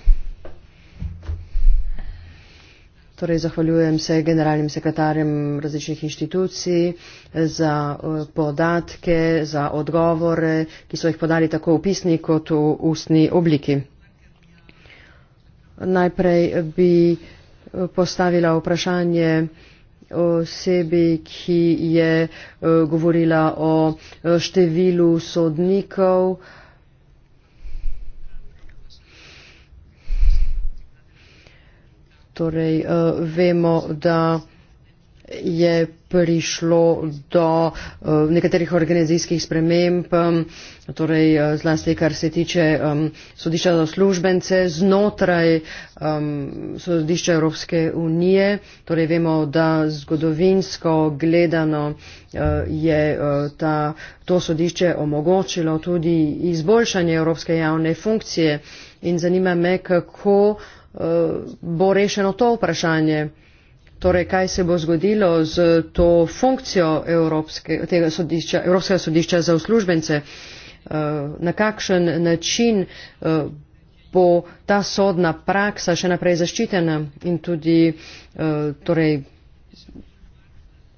Torej, zahvaljujem se generalnim sekretarjem različnih inštitucij za eh, podatke, za odgovore, ki so jih podali tako v pisni kot v ustni obliki. Najprej bi eh, postavila vprašanje osebi, ki je eh, govorila o številu sodnikov, torej uh, vemo, da je prišlo do uh, nekaterih organizacijskih sprememb, um, torej uh, zlasti kar se tiče um, sodišča za službence znotraj um, sodišča Evropske unije. Torej vemo, da zgodovinsko gledano uh, je uh, ta, to sodišče omogočilo tudi izboljšanje evropske javne funkcije in zanima me, kako uh, Eh, bo rešeno to vprašanje. Torej, kaj se bo zgodilo z to funkcijo Evropske, tega sodišča, Evropskega sodišča za uslužbence? Eh, na kakšen način eh, bo ta sodna praksa še naprej zaščitena in tudi torej,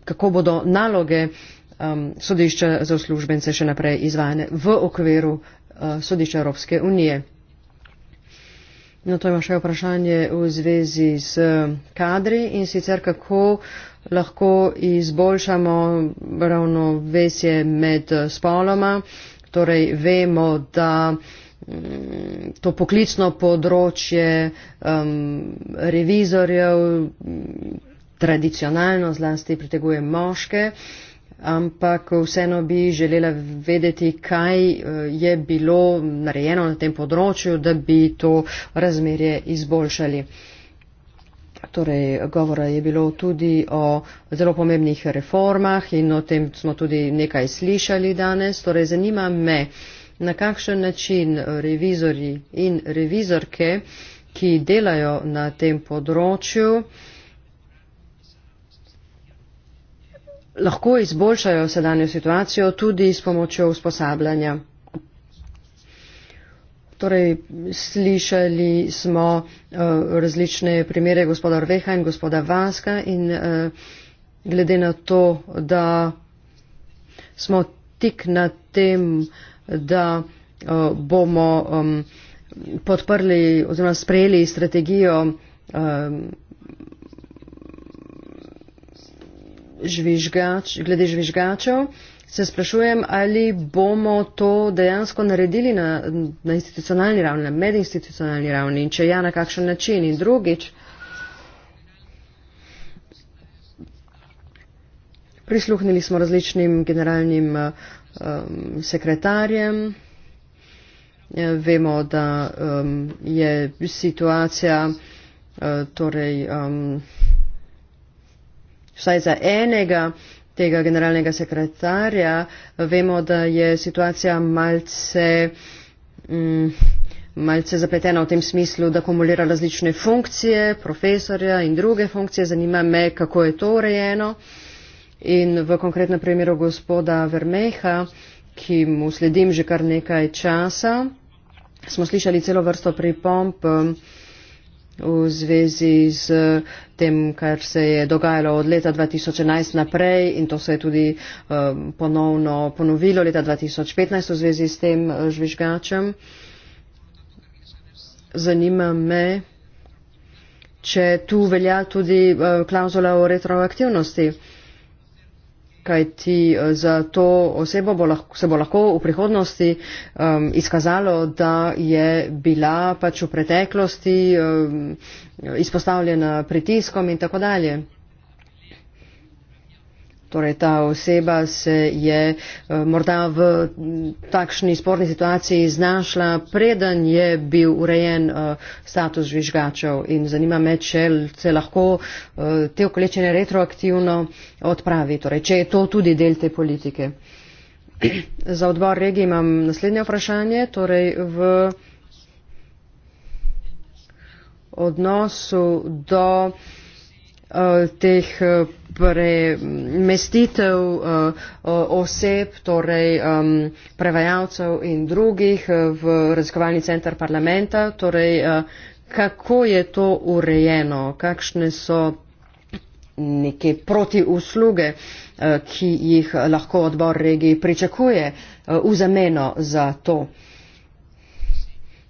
kako bodo naloge sodišča za uslužbence še naprej izvajane v okviru sodišča Evropske unije? No, to ima še vprašanje v zvezi s eh, kadri in sicer kako lahko izboljšamo ravnovesje med eh, spoloma. Torej, vemo, da mm, to poklicno področje um, revizorjev tradicionalno zlasti priteguje moške. Um, ampak vseeno bi želela vedeti, kaj eh, je bilo narejeno na tem področju, da bi to razmerje izboljšali. Torej, govora je bilo tudi o zelo pomembnih reformah in o tem smo tudi nekaj slišali danes. Torej, zanima me, na kakšen način eh, revizori in revizorke, ki delajo na tem področju, lahko izboljšajo sedanjo situacijo tudi s pomočjo usposabljanja. Torej, slišali smo uh, različne primere gospoda Rveha in gospoda Vaska in uh, glede na to, da smo tik na tem, da uh, bomo um, podprli oziroma sprejeli strategijo um, žvižgač, glede žvižgačev, se sprašujem, ali bomo to dejansko naredili na, na institucionalni ravni, na medinstitucionalni ravni in če ja, na kakšen način. In drugič, prisluhnili smo različnim generalnim um, sekretarjem. Eh, vemo, da um, je situacija uh, torej, um, vsaj za enega tega generalnega sekretarja. Vemo, da je situacija malce, um, malce zapletena v tem smislu, da kumulira različne funkcije, profesorja in druge funkcije. Zanima me, kako je to urejeno. In v konkretnem primeru gospoda Vermeha, ki mu sledim že kar nekaj časa, smo slišali celo vrsto pripomp. Um, v zvezi z tem, kar se je dogajalo od leta 2011 naprej in to se je tudi um, ponovno ponovilo leta 2015 v zvezi s tem uh, žvižgačem. Zanima me, če tu velja tudi uh, klauzula o retroaktivnosti kajti eh, za to osebo bo lahko, se bo lahko v prihodnosti um, izkazalo, da je bila pač v preteklosti um, izpostavljena pritiskom in tako dalje. Torej, ta oseba se je eh, morda v takšni sporni situaciji znašla, preden je bil urejen eh, status žvižgačev. In zanima me, če se lahko eh, te okoličene retroaktivno odpravi. Torej, če je to tudi del te politike. Za odbor regije imam naslednje vprašanje. Torej, v odnosu do Eh, teh eh, premestitev eh, oseb, torej prevajalcev in drugih v raziskovalni centr parlamenta. Torej, kako je to urejeno, kakšne so neke protiusluge, ki jih lahko odbor regiji pričakuje v zameno za to.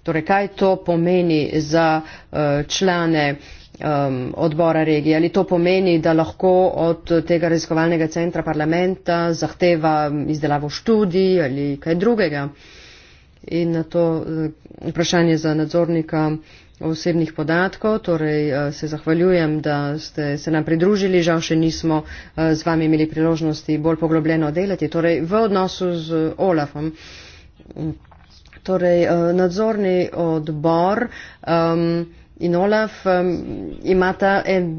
Torej, kaj to pomeni za člane uh, um, odbora regije. Ali to pomeni, da lahko od tega raziskovalnega centra parlamenta zahteva um, izdelavo študij ali kaj drugega? In na to uh, vprašanje za nadzornika osebnih podatkov, torej uh, se zahvaljujem, da ste se nam pridružili, žal še nismo uh, z vami imeli priložnosti bolj poglobljeno delati, torej v odnosu z Olafom. Torej, nadzorni odbor. Um, in Olaf um, imata en,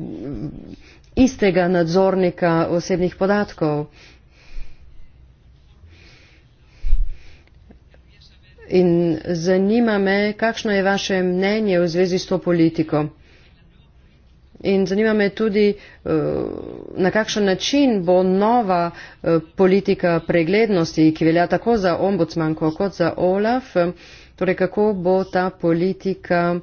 istega nadzornika osebnih podatkov. In zanima me, kakšno je vaše mnenje v zvezi s to politiko. In zanima me tudi, eh, na kakšen način bo nova eh, politika preglednosti, ki velja tako za ombudsmanko kot za OLAF, torej kako bo ta politika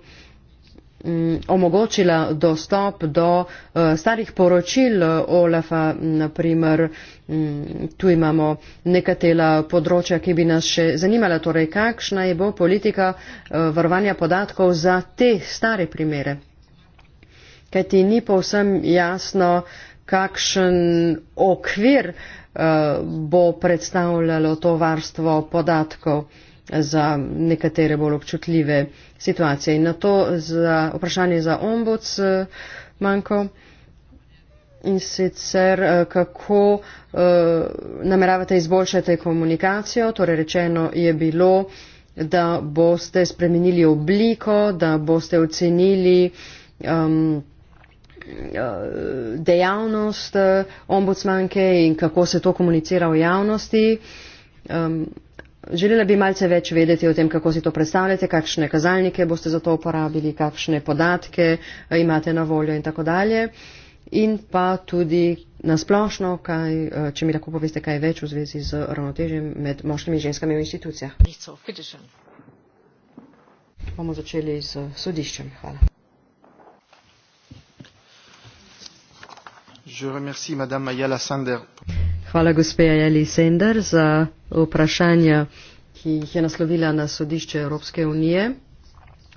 Mm, omogočila dostop do eh, starih poročil Olafa, naprimer mm, tu imamo nekatela področja, ki bi nas še zanimala, torej kakšna je bo politika eh, varovanja podatkov za te stare primere. Kaj ti ni povsem jasno, kakšen okvir eh, bo predstavljalo to varstvo podatkov za nekatere bolj občutljive situacije. In na to za vprašanje za ombuds manjko in sicer eh, kako eh, nameravate izboljšati komunikacijo, torej rečeno je bilo, da boste spremenili obliko, da boste ocenili um, eh, dejavnost ombudsmanke in kako se to komunicira v javnosti. Um, Želela bi malce več vedeti o tem, kako si to predstavljate, kakšne kazalnike boste za to uporabili, kakšne podatke eh, imate na voljo in tako dalje. In pa tudi nasplošno, kaj, eh, če mi lahko poveste kaj več v zvezi z ravnotežjem med moškimi in ženskami v institucijah. Bomo začeli s sodiščem. Hvala. Hvala gospe Ajali Sender za vprašanja, ki jih je naslovila na sodišče Evropske unije,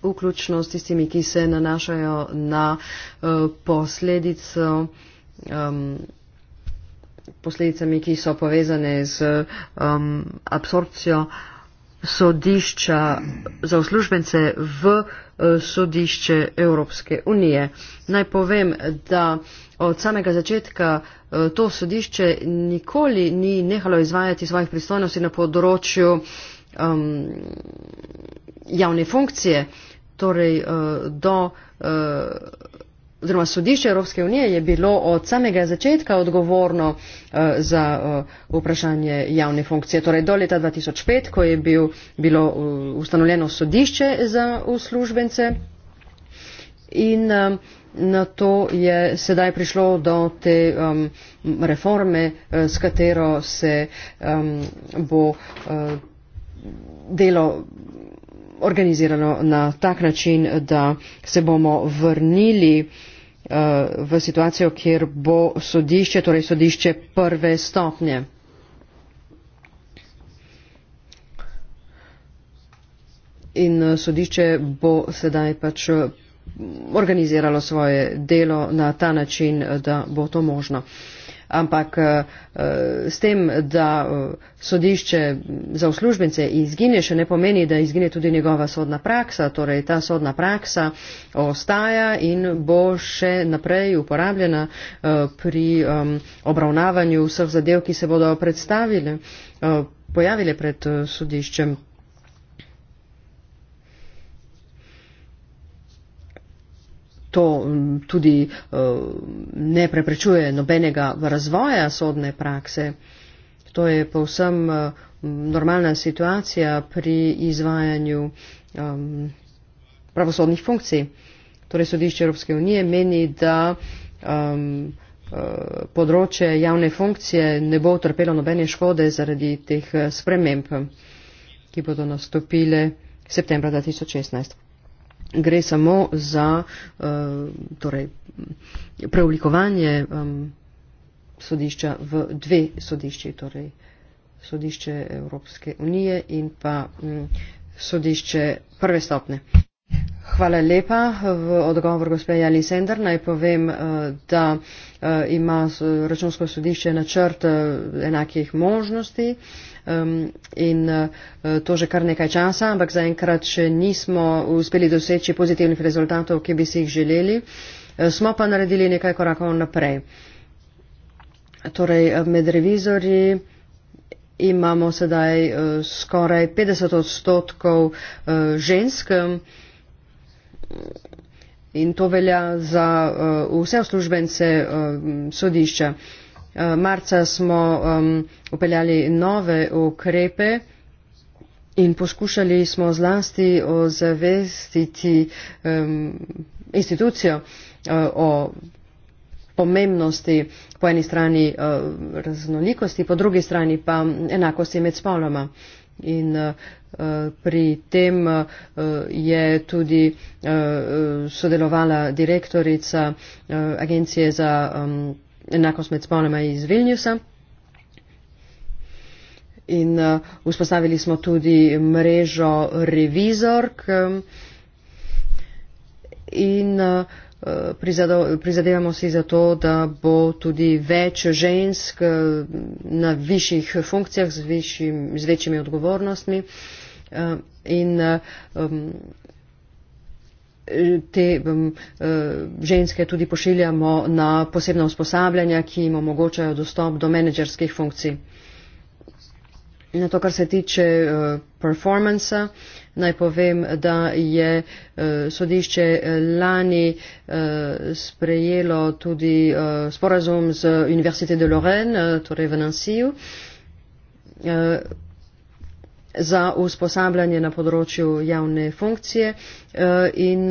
vključno s tistimi, ki se nanašajo na uh, posledico. Um, posledicami, ki so povezane z um, absorpcijo sodišča za uslužbence v uh, sodišče Evropske unije. Naj povem, da uh, od samega začetka eh, to sodišče nikoli ni nehalo izvajati svojih pristojnosti na področju um, javne funkcije. Torej, eh, do, eh, oziroma sodišče Evropske unije je bilo od samega začetka odgovorno za vprašanje javne funkcije. Torej, do leta 2005, ko je bil, bilo ustanovljeno sodišče za uslužbence. In, uh, na to je sedaj prišlo do te um, reforme, eh, s katero se um, bo uh, delo organizirano na tak način, da se bomo vrnili uh, v situacijo, kjer bo sodišče, torej sodišče prve stopnje. In sodišče bo sedaj pač organiziralo svoje delo na ta način, da bo to možno. Ampak eh, eh, s tem, da eh, sodišče za uslužbence izgine, še ne pomeni, da izgine tudi njegova sodna praksa. Torej, ta sodna praksa ostaja in bo še naprej uporabljena pri obravnavanju vseh zadev, ki se bodo predstavile, pojavile pred sodiščem. to mm, tudi uh, ne preprečuje nobenega razvoja sodne prakse. To je povsem uh, normalna situacija pri izvajanju um, pravosodnih funkcij. Torej, sodišče Evropske unije meni, da um, uh, področje javne funkcije ne bo trpelo nobene škode zaradi teh sprememb, ki bodo nastopile septembra 2016 gre samo za uh, torej, preoblikovanje um, sodišča v dve sodišči, torej sodišče Evropske unije in pa um, sodišče prve stopne. Hvala lepa. V odgovor gospe Jali Sender naj povem, eh, da eh, ima računsko sodišče načrt eh, enakih možnosti ehm, in to že kar nekaj časa, ampak zaenkrat še nismo uspeli doseči pozitivnih rezultatov, ki bi si jih želeli. Smo pa naredili nekaj korakov naprej. Torej, med revizori imamo sedaj skoraj 50 odstotkov žensk, In to velja za uh, vse službence uh, eh, sodišča. Uh, marca smo um, upeljali nove ukrepe in poskušali smo zlasti ozavestiti um, institucijo uh, o pomembnosti po eni strani uh, raznolikosti, po drugi strani pa enakosti med spoloma. Uh, In eh, pri tem eh, je tudi eh, sodelovala direktorica Agencije za enakost med spoloma iz Vilniusa. In vzpostavili smo tudi mrežo revizork. In uh, prizadevamo si za to, da bo tudi več žensk eh, na višjih funkcijah z, višjim, z večjimi odgovornostmi. Eh, in eh, te ženske tudi pošiljamo na posebna usposabljanja, ki jim omogočajo dostop do menedžerskih funkcij. Na to, kar se tiče performansa, uh, Naj povem, da je eh, sodišče eh, lani eh, sprejelo tudi sporazum z Univerzite de Lorraine, torej v Nansiju, za usposabljanje na področju javne funkcije in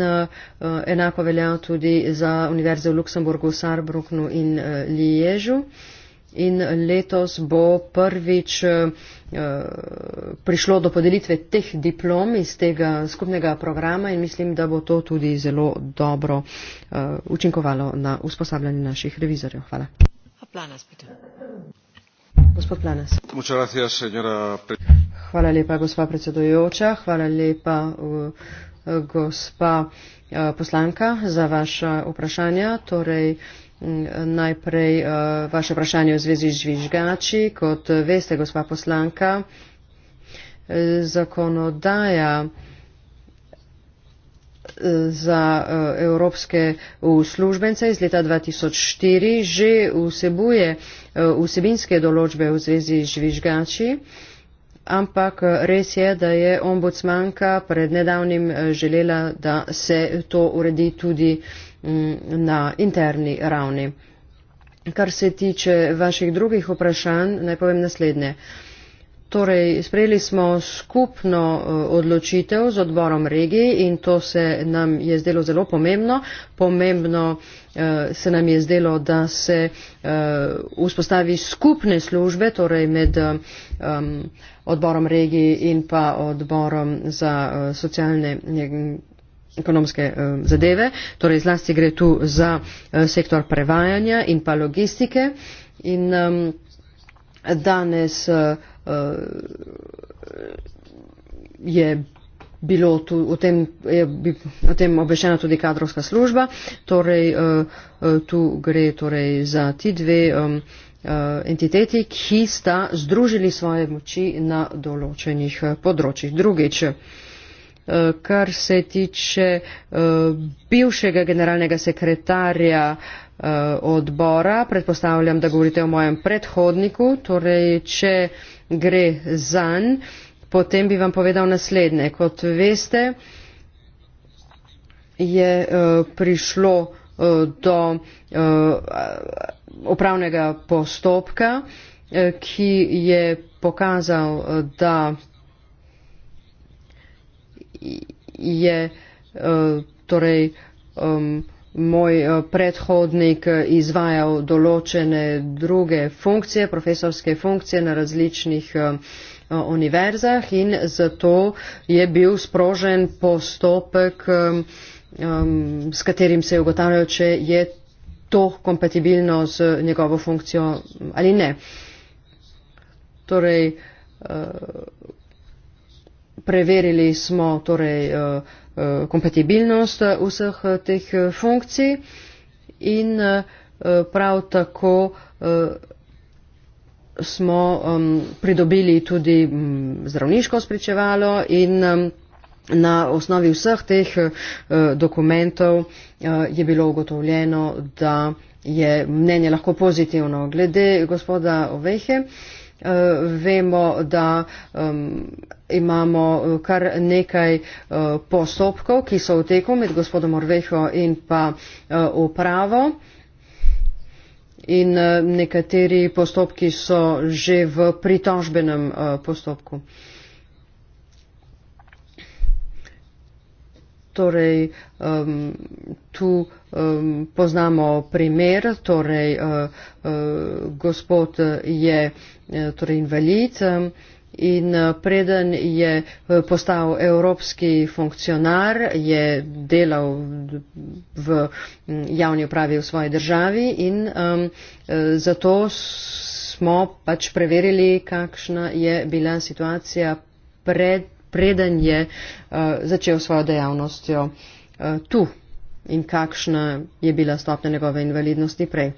enako velja tudi za Univerze v Luksemburgu, Sarbruknu in Liježu in letos bo prvič eh, prišlo do podelitve teh diplom iz tega skupnega programa in mislim, da bo to tudi zelo dobro eh, učinkovalo na usposabljanje naših revizorjev. Hvala. Gospod Planas. Hvala lepa, gospa predsedojoča. Hvala lepa, eh, gospa poslanka, za vaše vprašanje. Torej, Najprej eh, vaše vprašanje v zvezi z žvižgači. Kot eh, veste, gospa poslanka, eh, zakonodaja za evropske uslužbence iz leta 2004 že vsebuje vsebinske določbe v zvezi z žvižgači, ampak res je, da je ombudsmanka pred nedavnim želela, da se to uredi tudi. Mm, na interni ravni. Kar se tiče vaših drugih vprašanj, naj povem naslednje. Torej, sprejeli smo skupno eh, odločitev z odborom regij in to se nam je zdelo zelo pomembno. Pomembno eh, se nam je zdelo, da se eh, vzpostavi skupne službe, torej med odborom regij in pa odborom za socialne ekonomske eh, zadeve, torej zlasti gre tu za eh, sektor prevajanja in pa logistike. In um, danes uh, je bilo tu, o, tem, je, o tem obveščena tudi kadrovska služba, torej uh, tu gre torej za ti dve um, entiteti, ki sta združili svoje moči na določenih področjih. Drugič, uh, Eh, kar se tiče eh, bivšega generalnega sekretarja eh, odbora, predpostavljam, da govorite o mojem predhodniku, torej če gre zan, potem bi vam povedal naslednje. Kot veste, je prišlo do upravnega postopka, ki je pokazal, da je eh, torej moj eh, predhodnik eh, izvajal določene druge funkcije, profesorske funkcije na različnih univerzah in zato je bil sprožen postopek, s katerim se je ugotavljal, če je to kompatibilno z njegovo funkcijo ali ne. Torej, preverili smo torej eh, eh, kompatibilnost eh, vseh teh funkcij in prav tako smo pridobili tudi mm, zdravniško spričevalo in na osnovi vseh teh dokumentov je bilo ugotovljeno, da je mnenje lahko pozitivno glede gospoda Oveje. Eh, vemo, da um, imamo eh, kar nekaj uh, postopkov, ki so v teku med gospodom Orveho in pa uh, upravo. In uh, nekateri postopki so že v pritožbenem uh, postopku. Torej, um, tu um, poznamo primer, torej, uh, uh, gospod je uh, Eh, torej invalid in eh, preden je eh, postal evropski funkcionar, je delal v mm, javni upravi v svoji državi in um, zato smo pač preverili, kakšna je bila situacija pred, preden je uh, začel svojo dejavnostjo uh, tu in kakšna je bila stopnja njegove invalidnosti prej.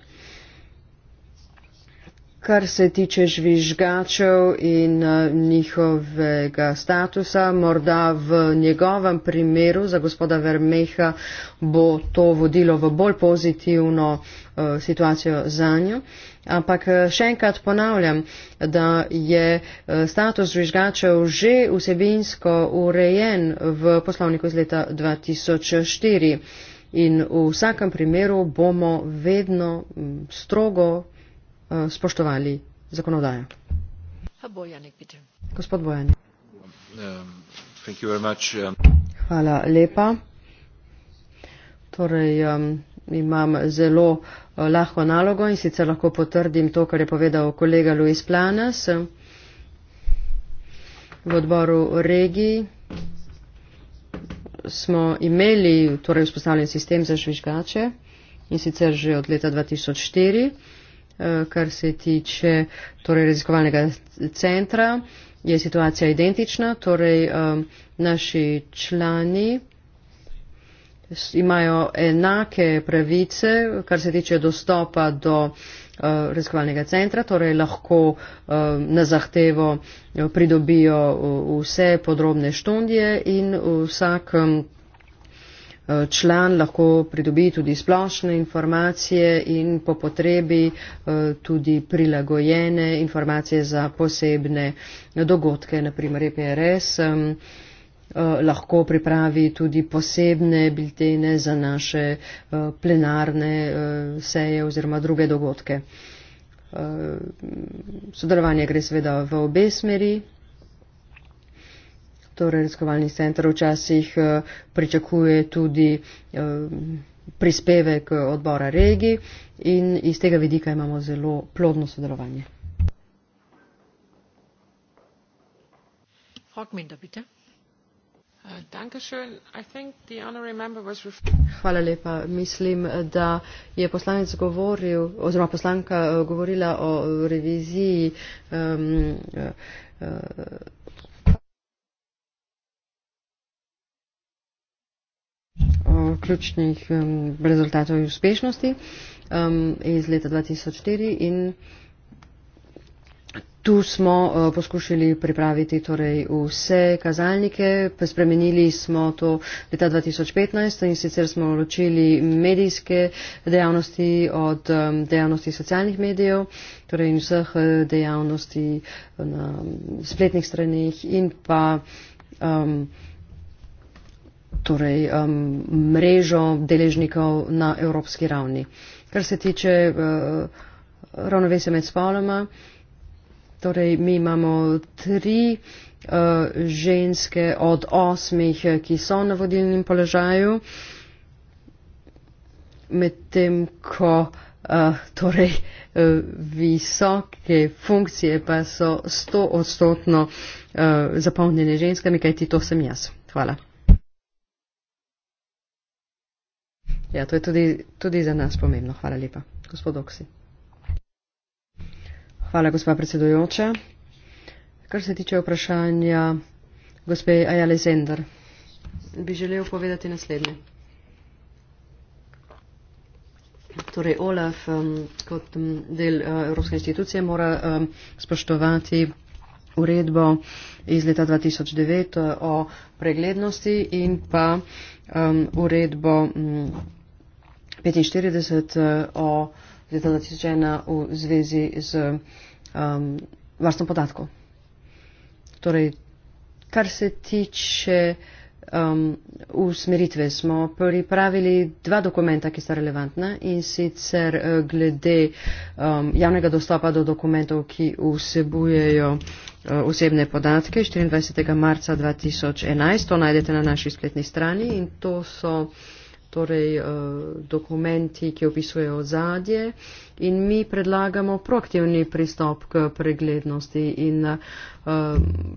Kar se tiče žvižgačev in eh, njihovega statusa, morda v njegovem primeru za gospoda Vermeha bo to vodilo v bolj pozitivno eh, situacijo za njo. Ampak eh, še enkrat ponavljam, da je status žvižgačev že vsebinsko urejen v poslovniku iz leta 2004. In v vsakem primeru bomo vedno mm, strogo Eh, spoštovali zakonodajo. Gospod Bojanik. Um, um. Hvala lepa. Torej, um, imam zelo eh, lahko nalogo in sicer lahko potrdim to, kar je povedal kolega Luis Planas eh, v odboru regiji smo imeli torej, vzpostavljen sistem za žvižgače in sicer že od leta 2004. Eh, kar se tiče torej, raziskovalnega centra, je situacija identična. Torej, eh, naši člani imajo enake pravice, kar se tiče dostopa do uh, raziskovalnega centra, torej lahko uh, na zahtevo pridobijo vse podrobne študije in vsak. Um, Eh, član lahko pridobi tudi splošne informacije in po potrebi eh, tudi prilagojene informacije za posebne dogodke, naprimer EPRS. Eh, lahko pripravi tudi posebne biltene za naše plenarne seje oziroma druge dogodke. Sodelovanje gre seveda v obe smeri torej raziskovalni center včasih eh, pričakuje tudi eh, prispevek odbora regij in iz tega vidika imamo zelo plodno sodelovanje. Eh, Hvala lepa. Mislim, da je poslanec govoril, oziroma poslanka govorila o reviziji um, uh, ključnih um, rezultatov in uspešnosti um, iz leta 2004 in tu smo uh, poskušali pripraviti torej, vse kazalnike. Spremenili smo to leta 2015 in sicer smo ločili medijske dejavnosti od um, dejavnosti socialnih medijev torej in vseh uh, dejavnosti na spletnih stranih in pa um, torej, um, mrežo deležnikov na evropski ravni. Kar se tiče uh, ravnovesja med spoloma, torej, mi imamo tri uh, ženske od osmih, ki so na vodilnem položaju, medtem ko uh, torej, uh, visoke funkcije pa so sto odstotno uh, zapolnjene ženskami, kajti to sem jaz. Hvala. Ja, to je tudi, tudi za nas pomembno. Hvala lepa, gospod Oksi. Hvala, gospa predsedujoča. Kar se tiče vprašanja gospe Ajale Zender, bi želel povedati naslednje. Torej, OLAF um, kot del uh, Evropske institucije mora um, spoštovati uredbo iz leta 2009 eh, o preglednosti in pa um, uredbo. Um, 45 eh, o leta 2001 v zvezi z um, varstvom podatkov. Torej, kar se tiče um, usmeritve, smo pripravili dva dokumenta, ki sta relevantna in sicer uh, glede um, javnega dostopa do dokumentov, ki vsebujejo uh, osebne podatke 24. marca 2011. To najdete na naši spletni strani in to so torej eh, dokumenti, ki opisujejo zadje in mi predlagamo proaktivni pristop k preglednosti in eh,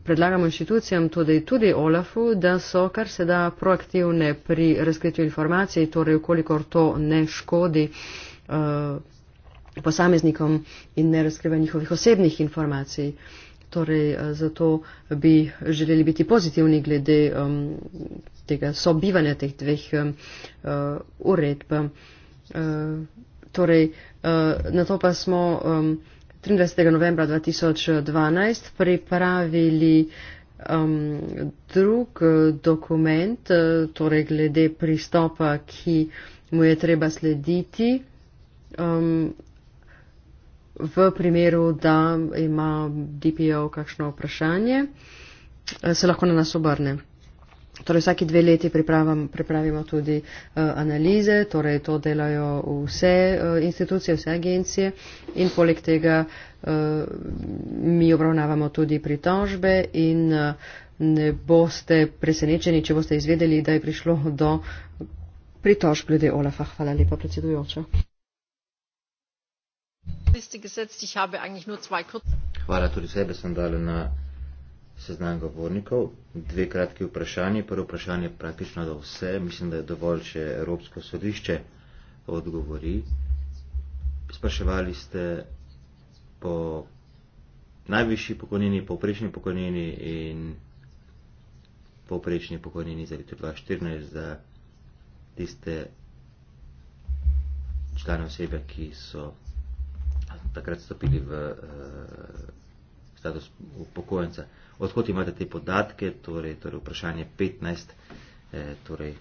predlagamo inštitucijam, tudi, tudi OLAF-u, da so kar se da proaktivne pri razkritju informacij, torej ukolikor to ne škodi eh, posameznikom in ne razkriva njihovih osebnih informacij torej eh, zato bi želeli biti pozitivni glede um, tega sobivanja teh dveh um, uredb. Uh, torej, uh, na to pa smo um, 23. novembra 2012 pripravili um, drug dokument, uh, torej glede pristopa, ki mu je treba slediti. Um, v primeru, da ima DPO kakšno vprašanje, eh, se lahko na nas obrne. Torej, vsake dve leti pripravimo tudi uh, analize, torej to delajo vse uh, institucije, vse agencije in poleg tega uh, mi obravnavamo tudi pritožbe in uh, ne boste presenečeni, če boste izvedeli, da je prišlo do pritožb glede Olafa. Hvala lepa, predsedujoča liste gesetzt. Ich habe eigentlich nur zwei kurze. Hvala tudi sebe sem dal na seznam govornikov. Dve kratki vprašanje. Prvo vprašanje praktično za vse. Mislim, da je dovolj, če Evropsko sodišče odgovori. Spraševali ste po najvišji pokojnini, povprečni pokojnini in povprečni pokojnini za leto 2014 za tiste člane osebe, ki so takrat stopili v uh, status upokojenca. Odkot imate te podatke, torej, torej vprašanje 15, eh, torej,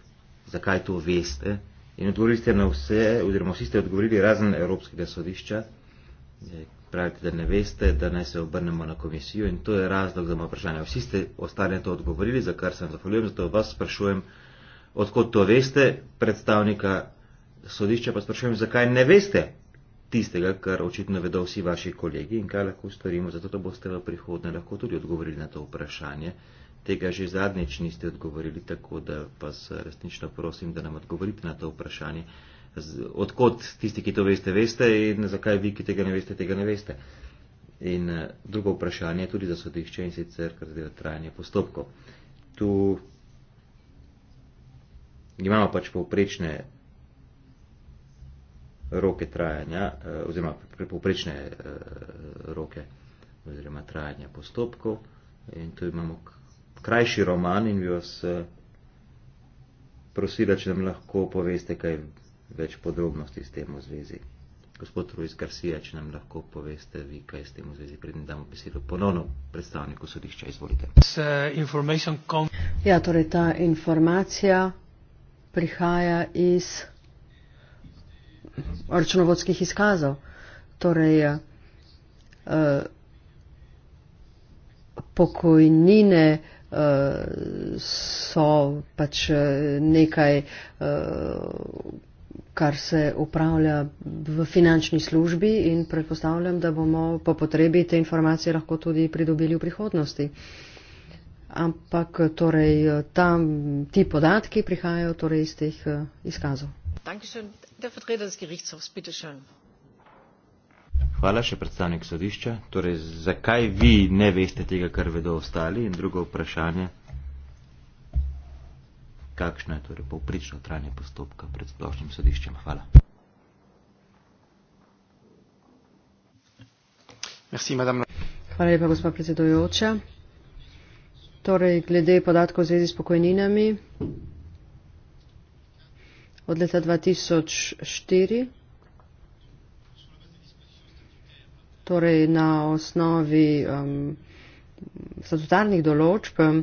zakaj to veste? In odgovorili ste na vse, oziroma vsi ste odgovorili razen Evropskega sodišča, eh, pravite, da ne veste, da naj se obrnemo na komisijo in to je razlog za moje vprašanje. Vsi ste ostane to odgovorili, za kar sem zahvaljujem, zato vas sprašujem, odkot to veste, predstavnika sodišča pa sprašujem, zakaj ne veste, tistega, kar očitno vedo vsi vaši kolegi in kaj lahko storimo, zato da boste v prihodnje lahko tudi odgovorili na to vprašanje. Tega že zadnjič niste odgovorili, tako da vas resnično prosim, da nam odgovorite na to vprašanje. Odkot tisti, ki to veste, veste in zakaj vi, ki tega ne veste, tega ne veste. In eh, drugo vprašanje tudi za sodišče in sicer, kar zadeva trajanje postopkov. Tu imamo pač povprečne roke trajanja eh, oziroma poprečne eh, roke oziroma trajanja postopkov. In tu imamo krajši roman in bi vas eh, prosila, če nam lahko poveste kaj več podrobnosti s tem v zvezi. Gospod Ruiz Garcia, če nam lahko poveste vi, kaj s tem v zvezi, preden damo besedo ponovno predstavniku sodišča, izvolite. Ja, torej ta informacija prihaja iz računovodskih izkazov. Torej, uh, pokojnine uh, so pač eh, nekaj, uh, kar se upravlja v finančni službi in predpostavljam, da bomo po potrebi te informacije lahko tudi pridobili v prihodnosti. Ampak torej, tam, ti podatki prihajajo torej, iz teh uh, izkazov. Dankeschön. Der Vertreter des Gerichtshofs, bitte schön. Hvala še predstavnik sodišča. Torej, zakaj vi ne veste tega, kar vedo ostali? In drugo vprašanje, kakšno je torej povprično trajanje postopka pred splošnim sodiščem? Hvala. Merci, madame. Hvala lepa, gospod predsedojoča. Torej, glede podatkov v zvezi s pokojninami od leta 2004. Torej na osnovi um, statutarnih določb um,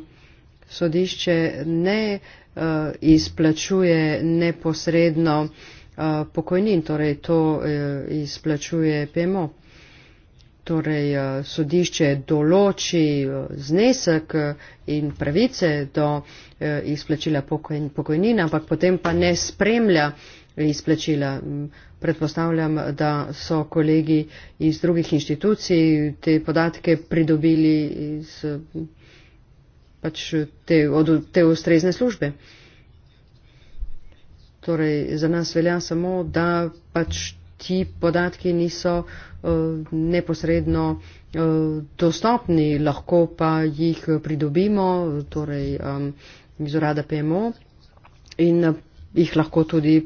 sodišče ne uh, izplačuje neposredno uh, pokojnin, torej to uh, izplačuje PMO torej eh, sodišče določi eh, znesek eh, in pravice do izplačila pokojnina, ampak potem pa ne spremlja izplačila. Predpostavljam, da so kolegi iz drugih inštitucij te podatke pridobili iz pač te, od te ustrezne službe. Torej, za nas velja samo, da pač ti podatki niso eh, neposredno eh, dostopni, lahko pa jih pridobimo torej, iz urada PMO in eh, jih lahko tudi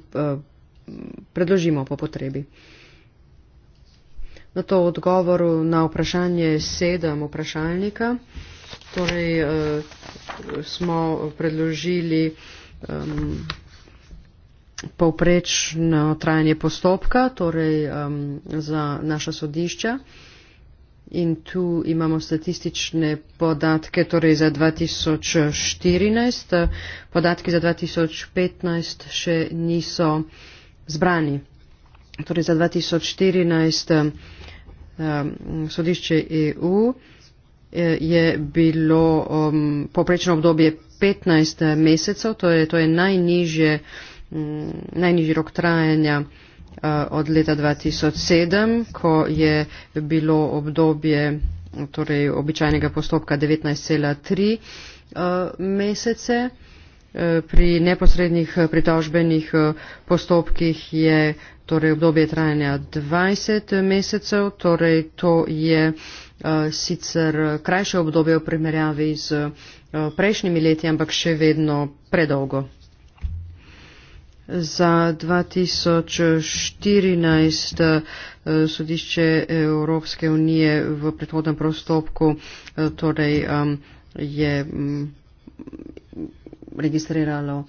predložimo po potrebi. Na to odgovor na vprašanje sedem vprašalnika. Torej, smo predložili povprečno trajanje postopka, torej um, za naša sodišča. In tu imamo statistične podatke, torej za 2014, podatki za 2015 še niso zbrani. Torej za 2014 um, sodišče EU eh, je bilo um, poprečno obdobje 15 mesecev, to je, to je najnižje. Um, Mm, najnižji rok trajanja eh, od leta 2007, ko je bilo obdobje torej običajnega postopka 19,3 eh, mesece. Eh, pri neposrednih pritožbenih postopkih je torej obdobje trajanja 20 mesecev, torej to je sicer krajše obdobje v primerjavi z prejšnjimi leti, ampak še vedno predolgo. Za 2014 eh, sodišče Evropske unije v predhodnem prostopku eh, torej, um, je um, registriralo uh,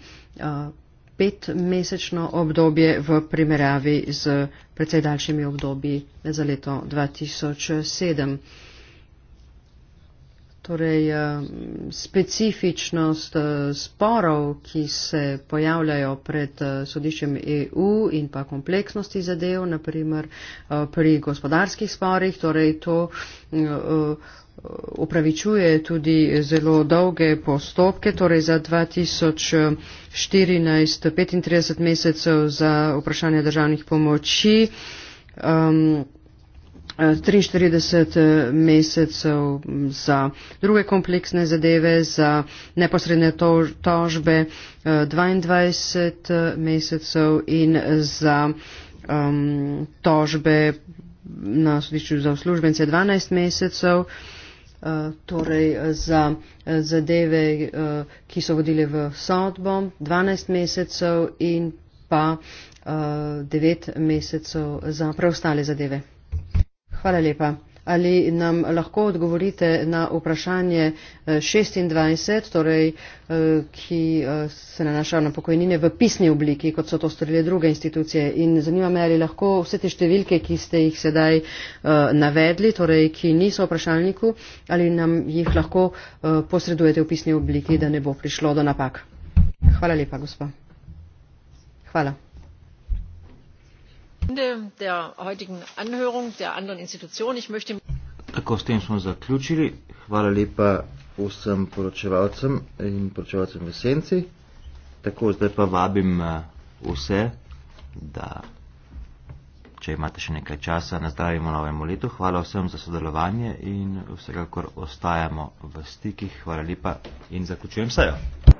petmesečno obdobje v primerjavi z predsej daljšimi obdobji za leto 2007 torej eh, specifičnost eh, sporov, ki se pojavljajo pred eh, sodiščem EU in pa kompleksnosti zadev, naprimer pri gospodarskih sporih, torej to upravičuje tudi zelo dolge postopke, torej za 2014 35 mesecev za vprašanje državnih pomoči. Um, 43 eh, mesecev za druge kompleksne zadeve, za neposredne tožbe 22 eh, eh, mesecev in za um, tožbe na sodišču za uslužbence 12 mesecev, uh, torej za zadeve, uh, ki so vodile v sodbo 12 mesecev in pa uh, 9 mesecev za preostale zadeve. Hvala lepa. Ali nam lahko odgovorite na vprašanje 26, eh, torej, eh, ki eh, se nanaša na pokojnine v pisni obliki, kot so to storile druge institucije. In zanima me, ali lahko vse te številke, ki ste jih sedaj navedli, torej, ki niso v vprašalniku, ali nam jih lahko posredujete v pisni obliki, da ne bo prišlo do napak. Hvala lepa, gospod. Hvala ende der heutigen anhörung der anderen institutionen. ich möchte tako s tem smo zaključili. Hvala lepa vsem poročevalcem in poročevalcem v senci. Tako zdaj pa vabim eh, vse, da če imate še nekaj časa, nazdravimo novemu letu. Hvala vsem za sodelovanje in vsekakor ostajamo v stikih. Hvala lepa in zaključujem sejo.